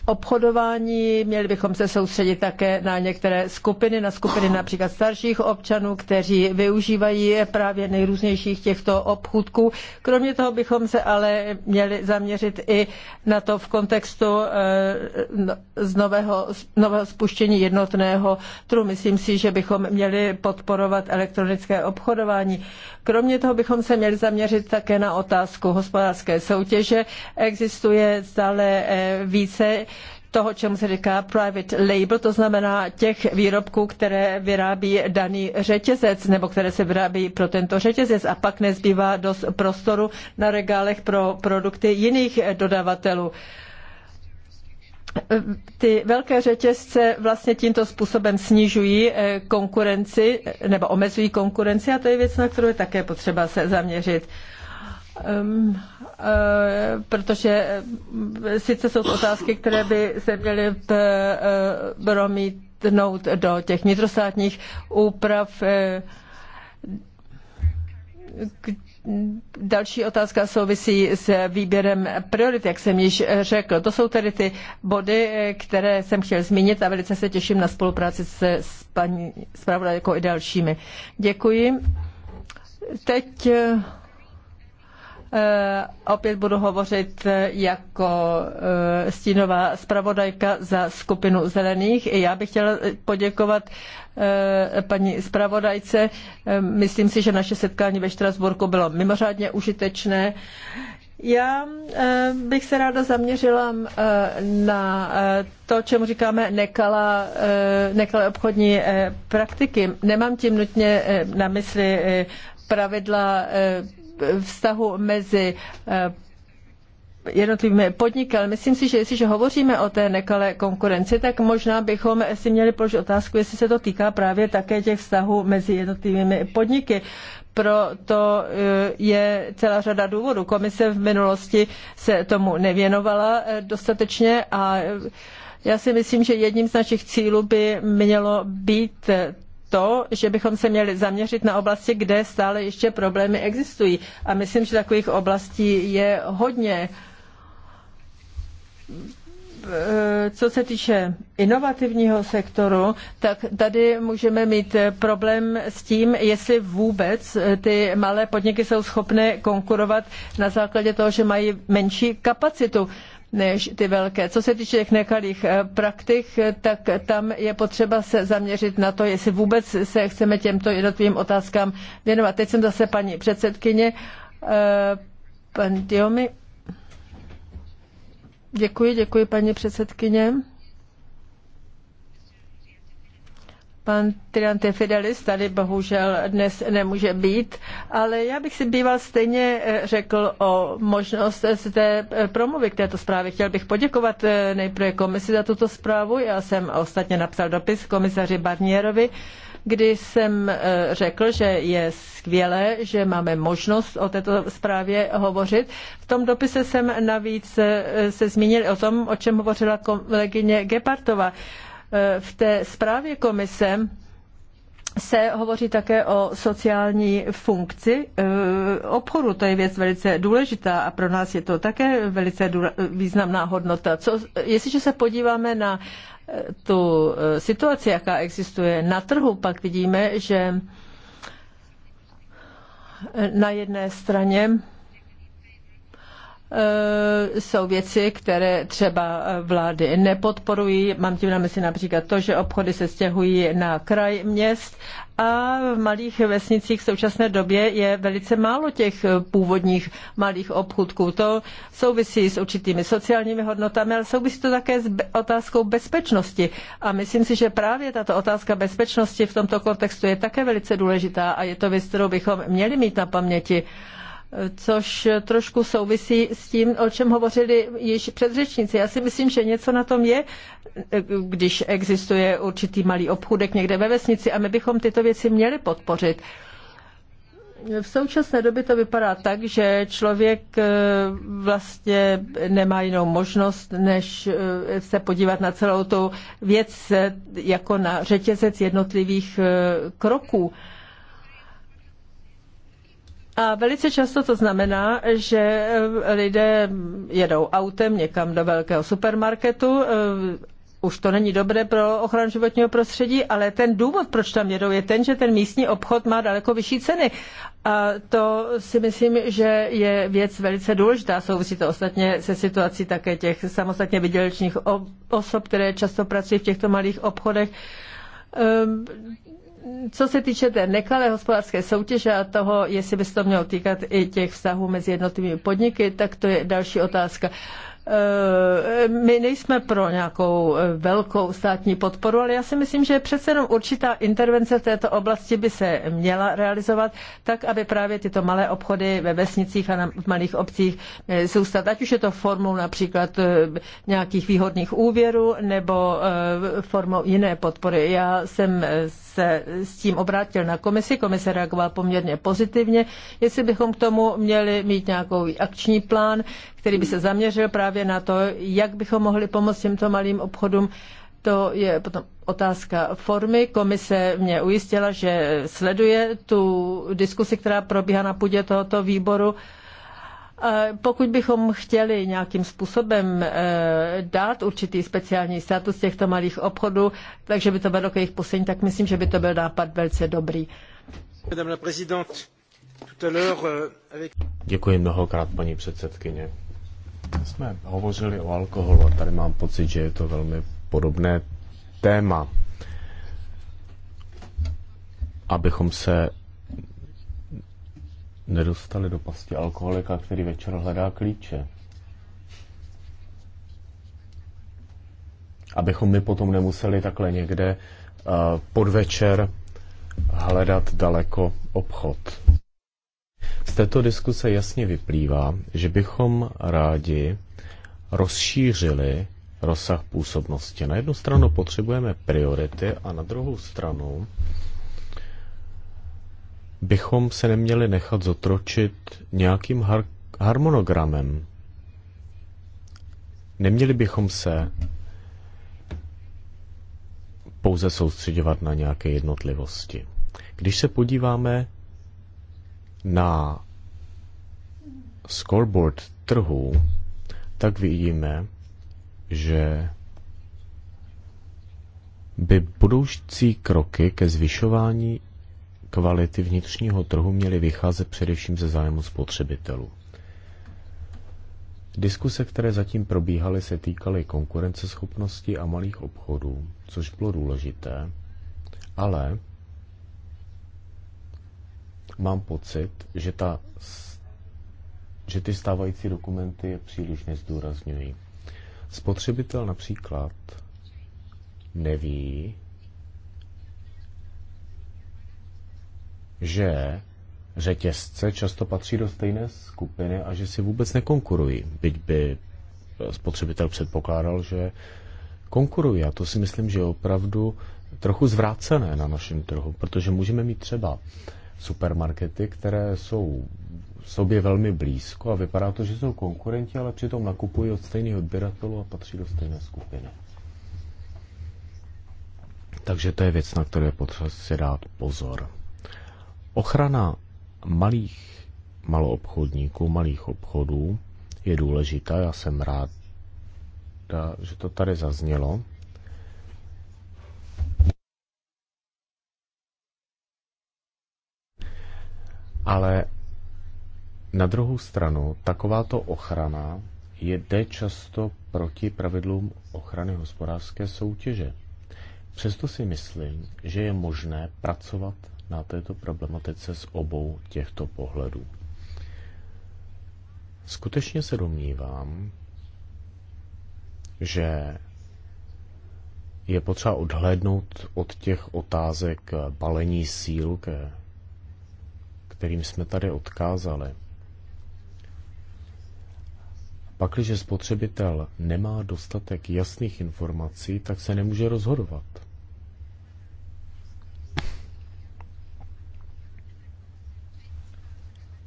[SPEAKER 3] obchodování, měli bychom se soustředit také na některé skupiny, na skupiny například starších občanů, kteří využívají právě nejrůznějších těchto obchůdků. Kromě toho bychom se ale měli zaměřit i na to v kontextu eh, z nového, nového spuštění jednotného trhu. Myslím si, že bychom měli podporovat elektronické obchodování. Kromě toho bychom se měli zaměřit také na otázku hospodářské soutěže. Existuje stále eh, více toho, čemu se říká private label, to znamená těch výrobků, které vyrábí daný řetězec nebo které se vyrábí pro tento řetězec a pak nezbývá dost prostoru na regálech pro produkty jiných dodavatelů ty velké řetězce vlastně tímto způsobem snižují eh, konkurenci nebo omezují konkurenci a to je věc, na kterou je také potřeba se zaměřit. Um, uh, protože eh, sice jsou to otázky, které by se měly eh, promítnout uh, do těch vnitrostátních úprav. Uh, Další otázka souvisí s výběrem priorit, jak jsem již řekl. To jsou tedy ty body, které jsem chtěl zmínit a velice se těším na spolupráci se s paní zpravodajkou i dalšími. Děkuji. Teď Eh, opět budu hovořit eh, jako eh, stínová zpravodajka za skupinu zelených. I já bych chtěla poděkovat paní zpravodajce. Myslím si, že naše setkání ve Štrasburku bylo mimořádně užitečné. Já bych se ráda zaměřila na to, čemu říkáme nekala, nekalé obchodní praktiky. Nemám tím nutně na mysli pravidla vztahu mezi eh, jednotlivými podniky, ale myslím si, že jestliže hovoříme o té nekalé konkurenci, tak možná bychom si měli položit otázku, jestli se to týká právě také těch vztahů mezi jednotlivými podniky. Pro to eh, je celá řada důvodů. Komise v minulosti se tomu nevěnovala eh, dostatečně a já si myslím, že jedním z našich cílů by mělo být to, že bychom se měli zaměřit na oblasti, kde stále ještě problémy existují. A myslím, že takových oblastí je hodně. E, co se týče inovativního sektoru, tak tady můžeme mít problém s tím, jestli vůbec ty malé podniky jsou schopné konkurovat na základě toho, že mají menší kapacitu než ty velké. Co se týče těch nekalých eh, praktik, eh, tak tam je potřeba se zaměřit na to, jestli vůbec se chceme těmto jednotlivým otázkám věnovat. Teď jsem zase paní předsedkyně. Eh, pan Diomi. Děkuji, děkuji paní předsedkyně. Pan Triante Fidelis tady bohužel dnes nemůže být, ale já bych si býval stejně eh, řekl o možnost té eh, promluvy k této zprávě. Chtěl bych poděkovat eh, nejprve komisi za tuto zprávu. Já jsem ostatně napsal dopis komisaři Barnierovi, kdy jsem řekl, že je skvělé, že máme možnost o této zprávě hovořit. V tom dopise jsem navíc se zmínil o tom, o čem hovořila kolegyně Gepartova. Eh, v té zprávě komise se hovoří také o sociální funkci eh, obchodu. To je věc velice důležitá a pro nás je to také velice významná hodnota. Co, jestliže se podíváme na eh, tu situaci, jaká existuje na trhu, pak vidíme, že na jedné straně Eh, jsou věci, které třeba eh, vlády nepodporují. Mám tím na mysli například to, že obchody se stěhují na kraj měst a v malých vesnicích v současné době je velice málo těch eh, původních malých obchůdků. To souvisí s určitými sociálními hodnotami, ale souvisí to také s otázkou bezpečnosti. A myslím si, že právě tato otázka bezpečnosti v tomto kontextu je také velice důležitá a je to věc, kterou bychom měli mít na paměti což trošku souvisí s tím, o čem hovořili již předřečníci. Já si myslím, že něco na tom je, když existuje určitý malý obchůdek někde ve vesnici a my bychom tyto věci měli podpořit. V současné době to vypadá tak, že člověk eh, vlastně nemá jinou možnost, než eh, se podívat na celou tu věc jako na řetězec jednotlivých eh, kroků. A velice často to znamená, že eh, lidé jedou autem někam do velkého supermarketu, eh, už to není dobré pro ochranu životního prostředí, ale ten důvod, proč tam jedou, je ten, že ten místní obchod má daleko vyšší ceny. A to si myslím, že je věc velice důležitá. Souvisí to ostatně se situací také těch samostatně vydělečných osob, které často pracují v těchto malých obchodech. Ehm, co se týče té nekalé hospodářské soutěže a toho, jestli by se to mělo týkat i těch vztahů mezi jednotlivými podniky, tak to je další otázka. Eh, my nejsme pro nějakou eh, velkou státní podporu, ale já si myslím, že přece jenom určitá intervence v této oblasti by se měla realizovat, tak aby právě tyto malé obchody ve vesnicích a na, v malých obcích eh, zůstat. Ať už je to formou například nějakých výhodných úvěrů nebo formou jiné podpory. Já jsem se s tím obrátil na komisi, komise reagoval poměrně pozitivně. Jestli bychom k tomu měli mít nějakou akční plán, který by se zaměřil právě na to, jak bychom mohli pomoct těmto malým obchodům. To je potom otázka formy. Komise mě ujistila, že sleduje tu diskusi, která probíhá na půdě tohoto výboru. Pokud bychom chtěli nějakým způsobem eh, dát určitý speciální status těchto malých obchodů, takže by to bylo k jejich posení, tak myslím, že by to byl nápad velice dobrý. Euh,
[SPEAKER 4] Děkuji mnohokrát, paní předsedkyně jsme hovořili o alkoholu a tady mám pocit, že je to velmi podobné téma. Abychom se nedostali do pasti alkoholika, který večer hledá klíče. Abychom my potom nemuseli takhle někde eh, podvečer hledat daleko obchod. Z této diskuse jasně vyplývá, že bychom rádi rozšířili rozsah působnosti. Na jednu stranu potřebujeme priority a na druhou stranu bychom se neměli nechat zotročit nějakým har- harmonogramem. Neměli bychom se pouze soustředovat na nějaké jednotlivosti. Když se podíváme na scoreboard trhu, tak vidíme, že by budoucí kroky ke zvyšování kvality vnitřního trhu měly vycházet především ze zájmu spotřebitelů. Diskuse, které zatím probíhaly, se týkaly konkurenceschopnosti a malých obchodů, což bylo důležité, ale mám pocit, že, ta, že ty stávající dokumenty je příliš nezdůrazňují. Spotřebitel například neví, že řetězce často patří do stejné skupiny a že si vůbec nekonkurují, byť by spotřebitel předpokládal, že konkurují. A to si myslím, že je opravdu trochu zvrácené na našem trhu, protože můžeme mít třeba supermarkety, které jsou sobě velmi blízko a vypadá to, že jsou konkurenti, ale přitom nakupují od stejných odběratelů a patří do stejné skupiny. Takže to je věc, na kterou je potřeba si dát pozor. Ochrana malých maloobchodníků, malých obchodů je důležitá. Já jsem rád, že to tady zaznělo. Ale na druhou stranu, takováto ochrana jde často proti pravidlům ochrany hospodářské soutěže. Přesto si myslím, že je možné pracovat na této problematice z obou těchto pohledů. Skutečně se domnívám, že je potřeba odhlédnout od těch otázek balení síl ke kterým jsme tady odkázali. Pakliže spotřebitel nemá dostatek jasných informací, tak se nemůže rozhodovat.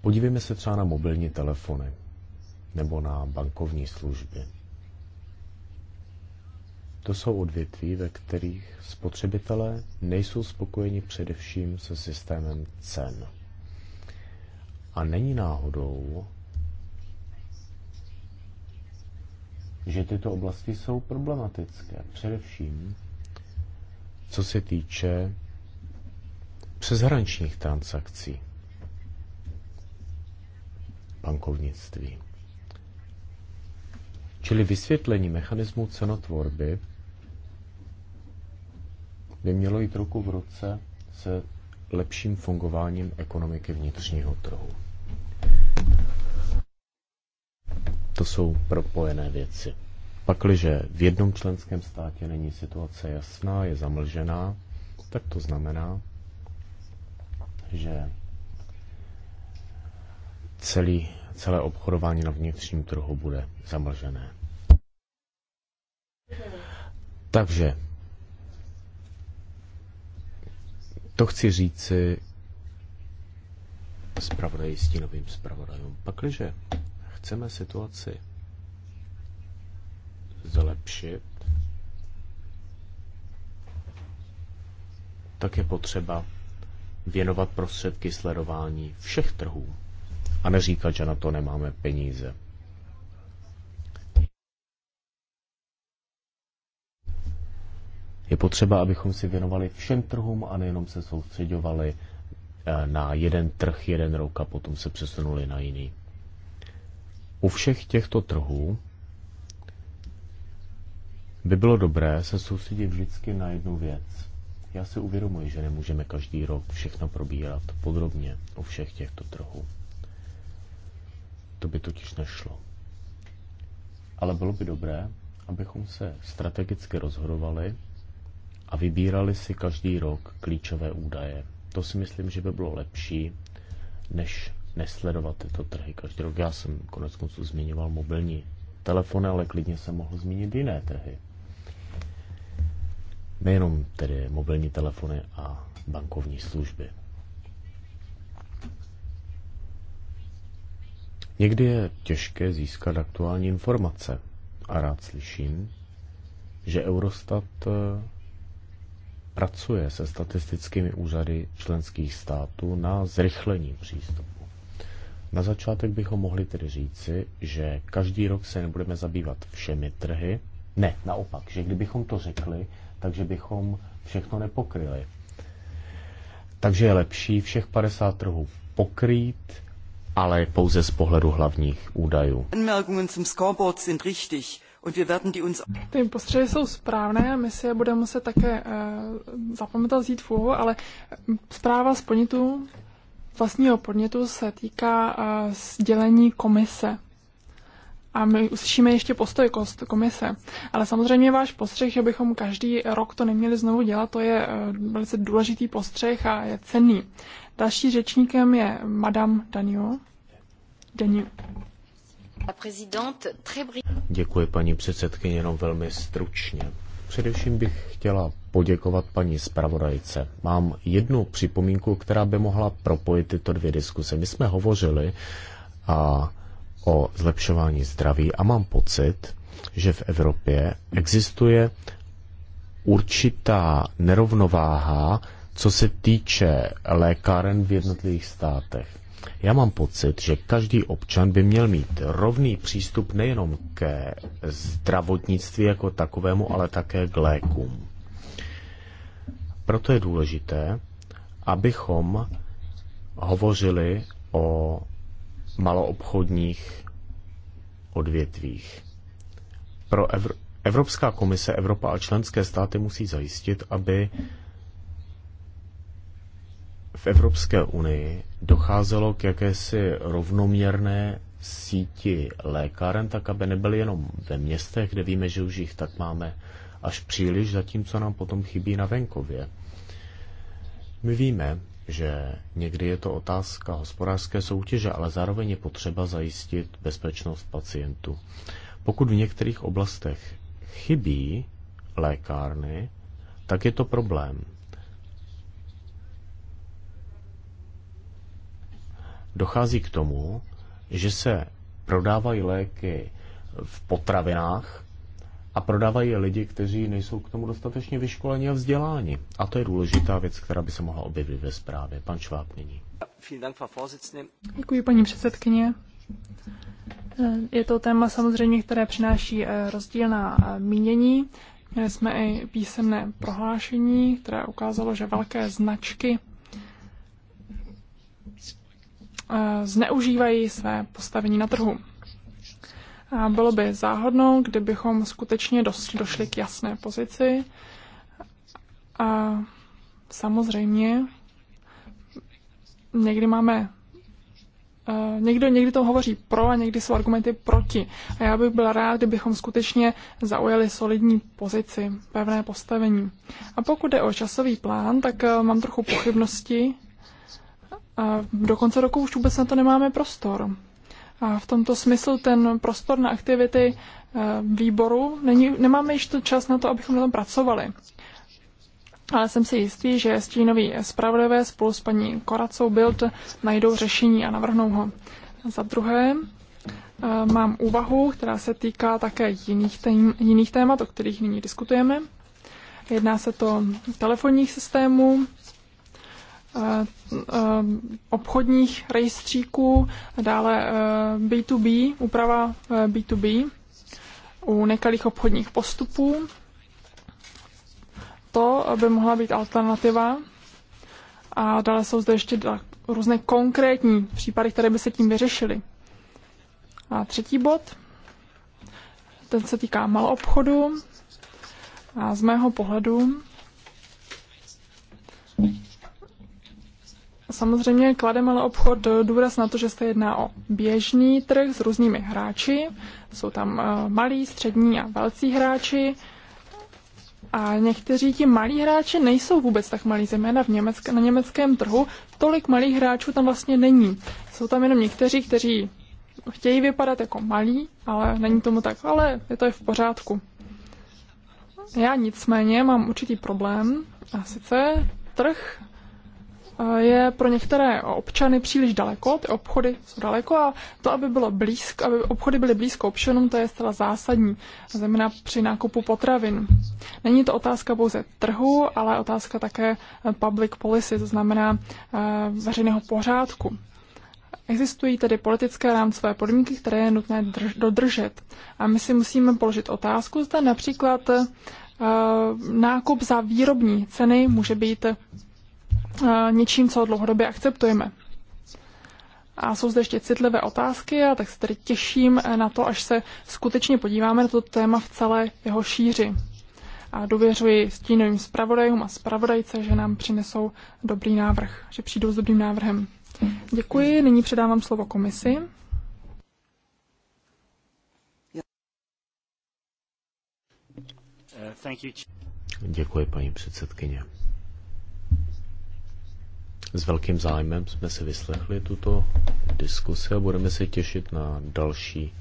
[SPEAKER 4] Podívejme se třeba na mobilní telefony nebo na bankovní služby. To jsou odvětví, ve kterých spotřebitelé nejsou spokojeni především se systémem cen. A není náhodou, že tyto oblasti jsou problematické. Především, co se týče přeshraničních transakcí bankovnictví. Čili vysvětlení mechanismu cenotvorby by mělo jít ruku v ruce se lepším fungováním ekonomiky vnitřního trhu. To jsou propojené věci. Pakliže v jednom členském státě není situace jasná, je zamlžená, tak to znamená, že celý, celé obchodování na vnitřním trhu bude zamlžené. Takže to chci říci zpravodaji s novým zpravodajům. Pakliže chceme situaci zlepšit, tak je potřeba věnovat prostředky sledování všech trhů a neříkat, že na to nemáme peníze. Je potřeba, abychom si věnovali všem trhům a nejenom se soustředovali eh, na jeden trh jeden rok a potom se přesunuli na jiný. U všech těchto trhů by bylo dobré se soustředit vždycky na jednu věc. Já si uvědomuji, že nemůžeme každý rok všechno probírat podrobně u všech těchto trhů. To by totiž nešlo. Ale bylo by dobré, abychom se strategicky rozhodovali a vybírali si každý rok klíčové údaje. To si myslím, že by bylo lepší, než nesledovat tyto trhy každý rok. Já jsem konec konců zmiňoval mobilní telefony, ale klidně jsem mohl zmínit jiné trhy. Nejenom tedy mobilní telefony a bankovní služby. Někdy je těžké získat aktuální informace a rád slyším, že Eurostat eh, pracuje se statistickými úřady členských států na zrychlení přístupu. Na začátek bychom mohli tedy říci, že každý rok se nebudeme zabývat všemi trhy. Ne, naopak, že kdybychom to řekli, takže bychom všechno nepokryli. Takže je lepší všech 50 trhů pokrýt, ale pouze z pohledu hlavních údajů.
[SPEAKER 2] Ty postřehy jsou
[SPEAKER 1] správné a my si je budeme muset také e, zapamatovat vzít v úhu, ale eh, zpráva z vlastního podnětu se týká eh, sdělení komise. A my uslyšíme ještě postoj komise. Ale samozřejmě váš postřeh, že bychom každý rok to neměli znovu dělat, to je eh, velice důležitý postřeh a je cenný. Další řečníkem je Madame Daniel. Daniel.
[SPEAKER 4] Děkuji, paní předsedkyně, jenom velmi stručně. Především bych chtěla poděkovat paní zpravodajce. Mám jednu připomínku, která by mohla propojit tyto dvě diskuse. My jsme hovořili a, o zlepšování zdraví a mám pocit, že v Evropě existuje určitá nerovnováha, co se týče lékáren v jednotlivých státech. Já mám pocit, že každý občan by měl mít rovný přístup nejenom ke zdravotnictví jako takovému, ale také k lékům. Proto je důležité, abychom hovořili o maloobchodních odvětvích. Pro Evr- Evropská komise, Evropa a členské státy musí zajistit, aby v Evropské unii docházelo k jakési rovnoměrné síti lékáren, tak aby nebyly jenom ve městech, kde víme, že už jich tak máme až příliš, zatímco nám potom chybí na venkově. My víme, že někdy je to otázka hospodářské soutěže, ale zároveň je potřeba zajistit bezpečnost pacientů. Pokud v některých oblastech chybí lékárny, tak je to problém. dochází k tomu, že se prodávají léky v potravinách a prodávají lidi, kteří nejsou k tomu dostatečně vyškoleni a vzděláni. A to je důležitá věc, která by se mohla objevit ve zprávě. Pan Šváb nyní.
[SPEAKER 1] Děkuji, paní předsedkyně. Je to téma samozřejmě, které přináší eh, rozdílná eh, mínění. Měli jsme i písemné prohlášení, které ukázalo, že velké značky zneužívají své postavení na trhu. A bylo by záhodno, kdybychom skutečně došli k jasné pozici a samozřejmě někdy máme Někdo, někdy to hovoří pro a někdy jsou argumenty proti. A já bych byla rád, kdybychom skutečně zaujali solidní pozici, pevné postavení. A pokud jde o časový plán, tak e, mám trochu pochybnosti, a do konce roku už vůbec na to nemáme prostor. A v tomto smyslu ten prostor na aktivity e, výboru, není, nemáme již to čas na to, abychom na tom pracovali. Ale jsem si jistý, že stínoví spravodlivé spolu s paní Koracou Bild najdou řešení a navrhnou ho. Za druhé, e, mám úvahu, která se týká také jiných, tém, jiných témat, o kterých nyní diskutujeme. Jedná se to telefonních systémů, Eh, eh, obchodních rejstříků, dále B2B, eh, úprava B2B u nekalých obchodních postupů. To by mohla být alternativa. A dále jsou zde ještě různé konkrétní případy, které by se tím vyřešily. A třetí bod, ten se týká obchodu. A z mého pohledu Samozřejmě klademe ale obchod eh, důraz na to, že se jedná o běžný trh s různými hráči. Jsou tam eh, malí, střední a velcí hráči. A někteří ti malí hráči nejsou vůbec tak malí, zejména v německ- na německém trhu. Tolik malých hráčů tam vlastně není. Jsou tam jenom někteří, kteří chtějí vypadat jako malí, ale není tomu tak, ale je to je v pořádku. Já nicméně mám určitý problém, a sice trh je pro některé občany příliš daleko, ty obchody jsou daleko a to, aby, bylo blízko, aby obchody byly blízko občanům, to je zcela zásadní, zejména při nákupu potravin. Není to otázka pouze trhu, ale otázka také public policy, to znamená eh, veřejného pořádku. Existují tedy politické rámcové podmínky, které je nutné drž- dodržet. A my si musíme položit otázku, zda například eh, nákup za výrobní ceny může být něčím, co dlouhodobě akceptujeme. A jsou zde ještě citlivé otázky a tak se tedy těším na to, až se skutečně podíváme na to téma v celé jeho šíři. A dověřuji stínovým zpravodajům a zpravodajce, že nám přinesou dobrý návrh, že přijdou s dobrým návrhem. Děkuji, nyní předávám slovo komisi.
[SPEAKER 4] Uh, Děkuji, paní předsedkyně. S velkým zájmem jsme si vyslechli tuto diskusi a budeme se těšit na další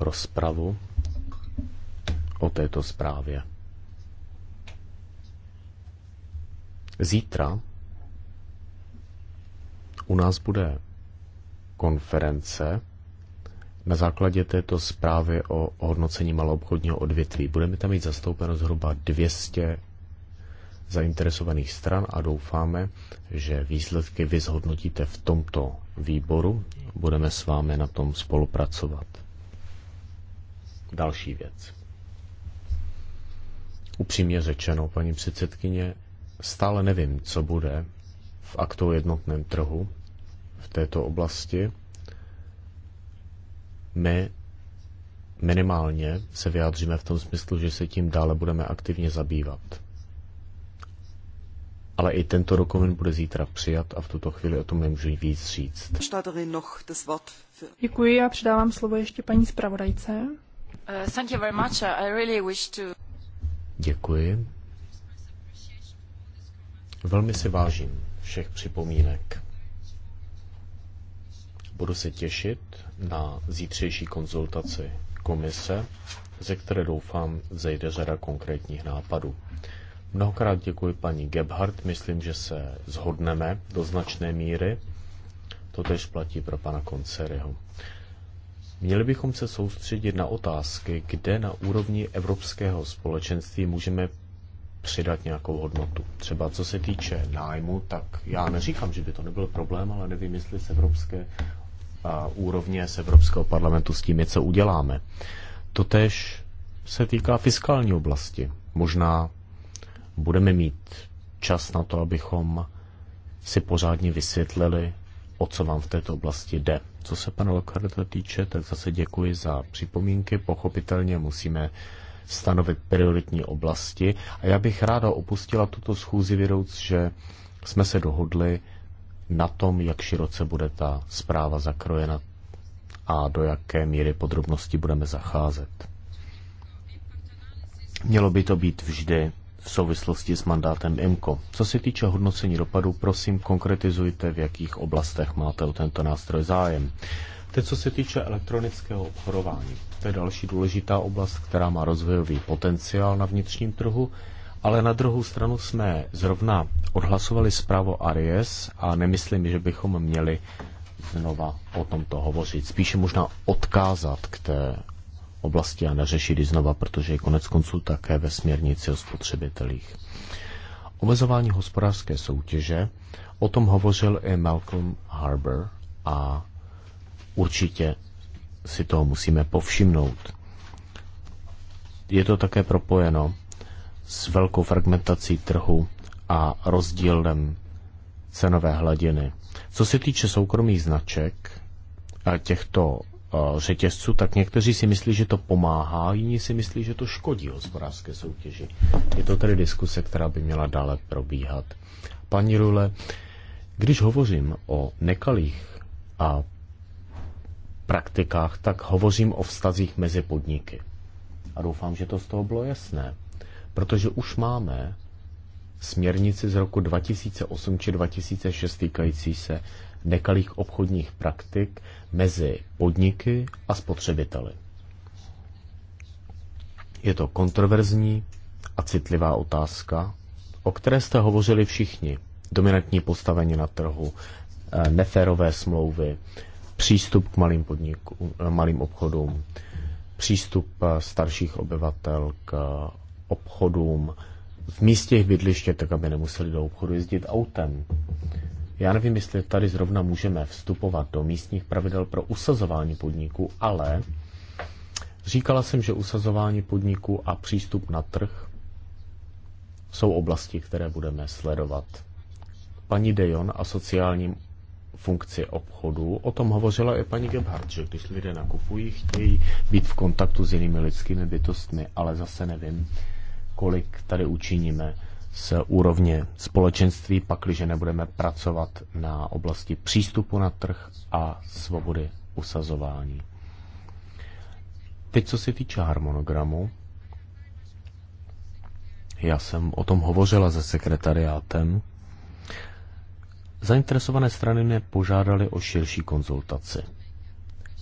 [SPEAKER 4] rozpravu o této zprávě. Zítra u nás bude konference na základě této zprávy o hodnocení maloobchodního odvětví. Budeme tam mít zastoupeno zhruba 200 zainteresovaných stran a doufáme, že výsledky vyzhodnotíte v tomto výboru. Budeme s vámi na tom spolupracovat. Další věc. Upřímně řečeno, paní předsedkyně, stále nevím, co bude v aktu o jednotném trhu v této oblasti. My minimálně se vyjádříme v tom smyslu, že se tím dále budeme aktivně zabývat ale i tento dokument bude zítra přijat a v tuto chvíli o tom nemůžu víc říct.
[SPEAKER 2] Děkuji, a předávám
[SPEAKER 1] slovo ještě paní zpravodajce.
[SPEAKER 3] Uh,
[SPEAKER 4] Děkuji. Velmi si vážím všech připomínek. Budu se těšit na zítřejší konzultaci komise, ze které doufám zejde řada konkrétních nápadů. Mnohokrát děkuji paní Gebhardt, myslím, že se zhodneme do značné míry. To tež platí pro pana Konceryho. Měli bychom se soustředit na otázky, kde na úrovni evropského společenství můžeme přidat nějakou hodnotu. Třeba co se týče nájmu, tak já neříkám, že by to nebyl problém, ale nevím, jestli z evropské a, úrovně, z Evropského parlamentu s tím co uděláme. Totež se týká fiskální oblasti. Možná budeme mít čas na to, abychom si pořádně vysvětlili, o co vám v této oblasti jde. Co se pana Lokarda týče, tak zase děkuji za připomínky. Pochopitelně musíme stanovit prioritní oblasti. A já bych ráda opustila tuto schůzi vědouc, že jsme se dohodli na tom, jak široce bude ta zpráva zakrojena a do jaké míry podrobnosti budeme zacházet. Mělo by to být vždy v souvislosti s mandátem IMCO. Co se týče hodnocení dopadu, prosím konkretizujte, v jakých oblastech máte o tento nástroj zájem. Teď, co se týče elektronického obchodování, to je další důležitá oblast, která má rozvojový potenciál na vnitřním trhu, ale na druhou stranu jsme zrovna odhlasovali zprávu Aries a nemyslím, že bychom měli znova o tomto hovořit. Spíše možná odkázat k té oblasti a neřešit ji znova, protože je konec konců také ve směrnici o spotřebitelích. Omezování hospodářské soutěže, o tom hovořil i Malcolm Harbour a určitě si toho musíme povšimnout. Je to také propojeno s velkou fragmentací trhu a rozdílem cenové hladiny. Co se týče soukromých značek, těchto E, řetězců, tak někteří si myslí, že to pomáhá, jiní si myslí, že to škodí hospodářské soutěži. Je to tedy diskuse, která by měla dále probíhat. Paní Rule, když hovořím o nekalých a praktikách, tak hovořím o vztazích mezi podniky. A doufám, že to z toho bylo jasné. Protože už máme směrnici z roku 2008 či 2006 týkající se nekalých obchodních praktik, mezi podniky a spotřebiteli. Je to kontroverzní a citlivá otázka, o které jste hovořili všichni. Dominantní postavení na trhu, eh, neférové smlouvy, přístup k malým, podniku, eh, malým obchodům, přístup eh, starších obyvatel k obchodům v místě bydliště, tak aby nemuseli do obchodu jezdit autem. Já nevím, jestli tady zrovna můžeme vstupovat do místních pravidel pro usazování podniků, ale říkala jsem, že usazování podniků a přístup na trh jsou oblasti, které budeme sledovat. Paní Dejon a sociálním funkci obchodu. O tom hovořila i paní Gebhardt, že když lidé nakupují, chtějí být v kontaktu s jinými lidskými bytostmi, ale zase nevím, kolik tady učiníme z úrovně společenství, pakliže nebudeme pracovat na oblasti přístupu na trh a svobody usazování. Teď, co se týče harmonogramu, já jsem o tom hovořila se sekretariátem. Zainteresované strany mě požádali o širší konzultaci.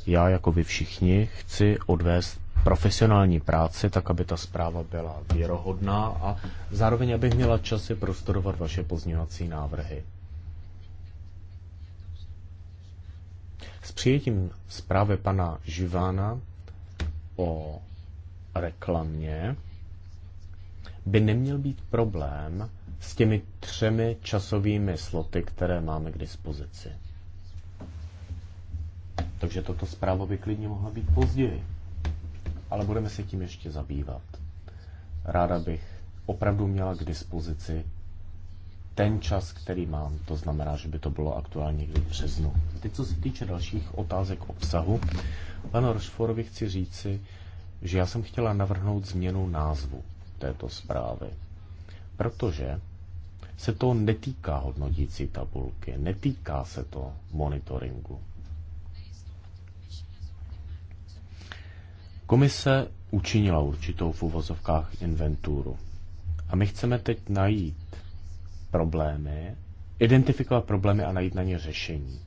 [SPEAKER 4] Já, jako vy všichni, chci odvést profesionální práci, tak aby ta zpráva byla věrohodná a zároveň abych měla čas si vaše pozměňovací návrhy. S přijetím zprávy pana Živána o reklamě by neměl být problém s těmi třemi časovými sloty, které máme k dispozici. Takže toto zpráva by klidně mohla být později ale budeme se tím ještě zabývat. Ráda bych opravdu měla k dispozici ten čas, který mám, to znamená, že by to bylo aktuálně někdy v březnu. Teď, co se týče dalších otázek obsahu, panu Rošforovi chci říci, že já jsem chtěla navrhnout změnu názvu této zprávy, protože se to netýká hodnotící tabulky, netýká se to monitoringu. Komise učinila určitou v uvozovkách inventuru. A my chceme teď najít problémy, identifikovat problémy a najít na ně řešení.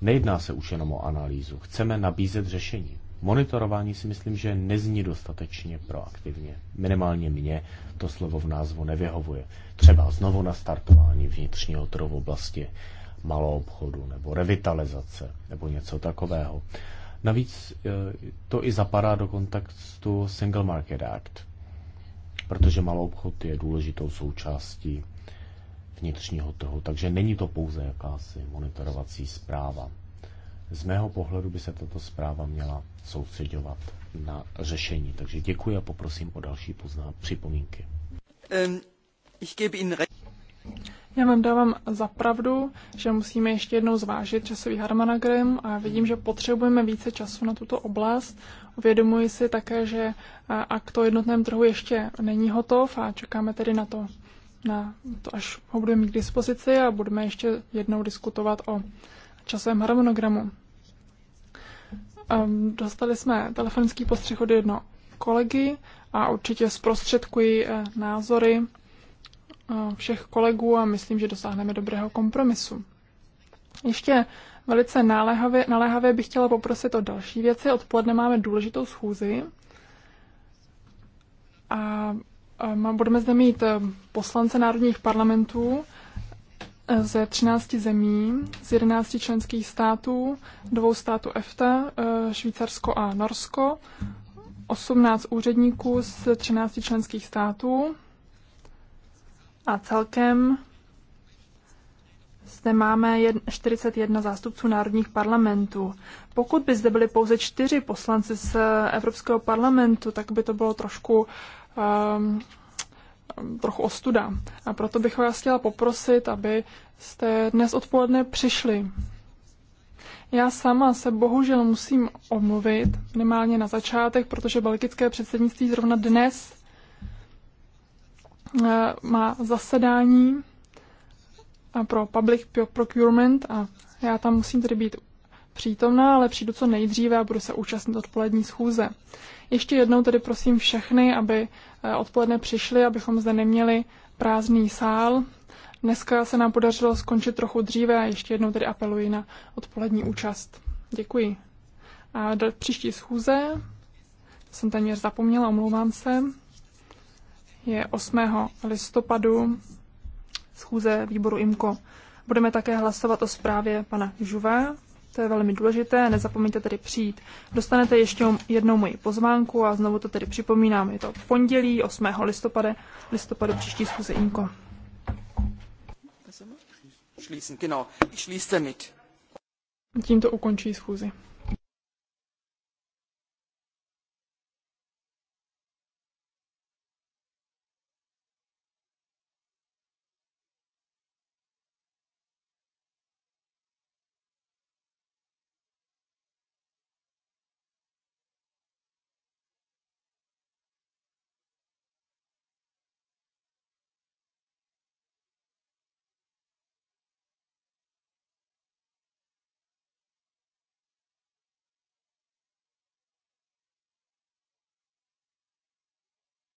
[SPEAKER 4] Nejedná se už jenom o analýzu. Chceme nabízet řešení. Monitorování si myslím, že nezní dostatečně proaktivně. Minimálně mě to slovo v názvu nevyhovuje. Třeba znovu nastartování vnitřního trhu v oblasti malou obchodu nebo revitalizace nebo něco takového. Navíc eh, to i zapadá do kontextu Single Market Act, protože malou obchod je důležitou součástí vnitřního trhu, takže není to pouze jakási monitorovací zpráva. Z mého pohledu by se tato zpráva měla soustředovat na řešení. Takže děkuji a poprosím o další pozná připomínky.
[SPEAKER 2] Um, ich gebe Ihnen
[SPEAKER 1] já vám dávám za pravdu, že musíme ještě jednou zvážit časový harmonogram a vidím, že potřebujeme více času na tuto oblast. Uvědomuji si také, že akt o jednotném trhu ještě není hotov a čekáme tedy na to, na to až ho budeme mít k dispozici a budeme ještě jednou diskutovat o časovém harmonogramu. Ehm, dostali jsme telefonický postřeh od jedno kolegy a určitě zprostředkuji e, názory všech kolegů a myslím, že dosáhneme dobrého kompromisu. Ještě velice naléhavě, naléhavě bych chtěla poprosit o další věci. Odpoledne máme důležitou schůzi a budeme zde mít eh, poslance národních parlamentů eh, ze 13 zemí, z 11 členských států, dvou států EFTA, eh, Švýcarsko a Norsko, 18 úředníků z 13 členských států, a celkem zde máme 41 zástupců národních parlamentů. Pokud by zde byli pouze čtyři poslanci z Evropského parlamentu, tak by to bylo trošku, um, trochu ostuda. A proto bych vás chtěla poprosit, aby jste dnes odpoledne přišli. Já sama se bohužel musím omluvit, minimálně na začátek, protože belgické předsednictví zrovna dnes Eh, má zasedání eh, pro public procurement a já tam musím tedy být přítomná, ale přijdu co nejdříve a budu se účastnit odpolední schůze. Ještě jednou tedy prosím všechny, aby eh, odpoledne přišli, abychom zde neměli prázdný sál. Dneska se nám podařilo skončit trochu dříve a ještě jednou tedy apeluji na odpolední účast. Děkuji. A do příští schůze, jsem téměř zapomněla, omlouvám se, je 8. listopadu schůze výboru IMKO. Budeme také hlasovat o zprávě pana Žuvé, to je velmi důležité, nezapomeňte tedy přijít. Dostanete ještě jednou moji pozvánku a znovu to tedy připomínám, je to pondělí 8. listopade, listopadu příští schůze IMKO. Tímto ukončí schůzi.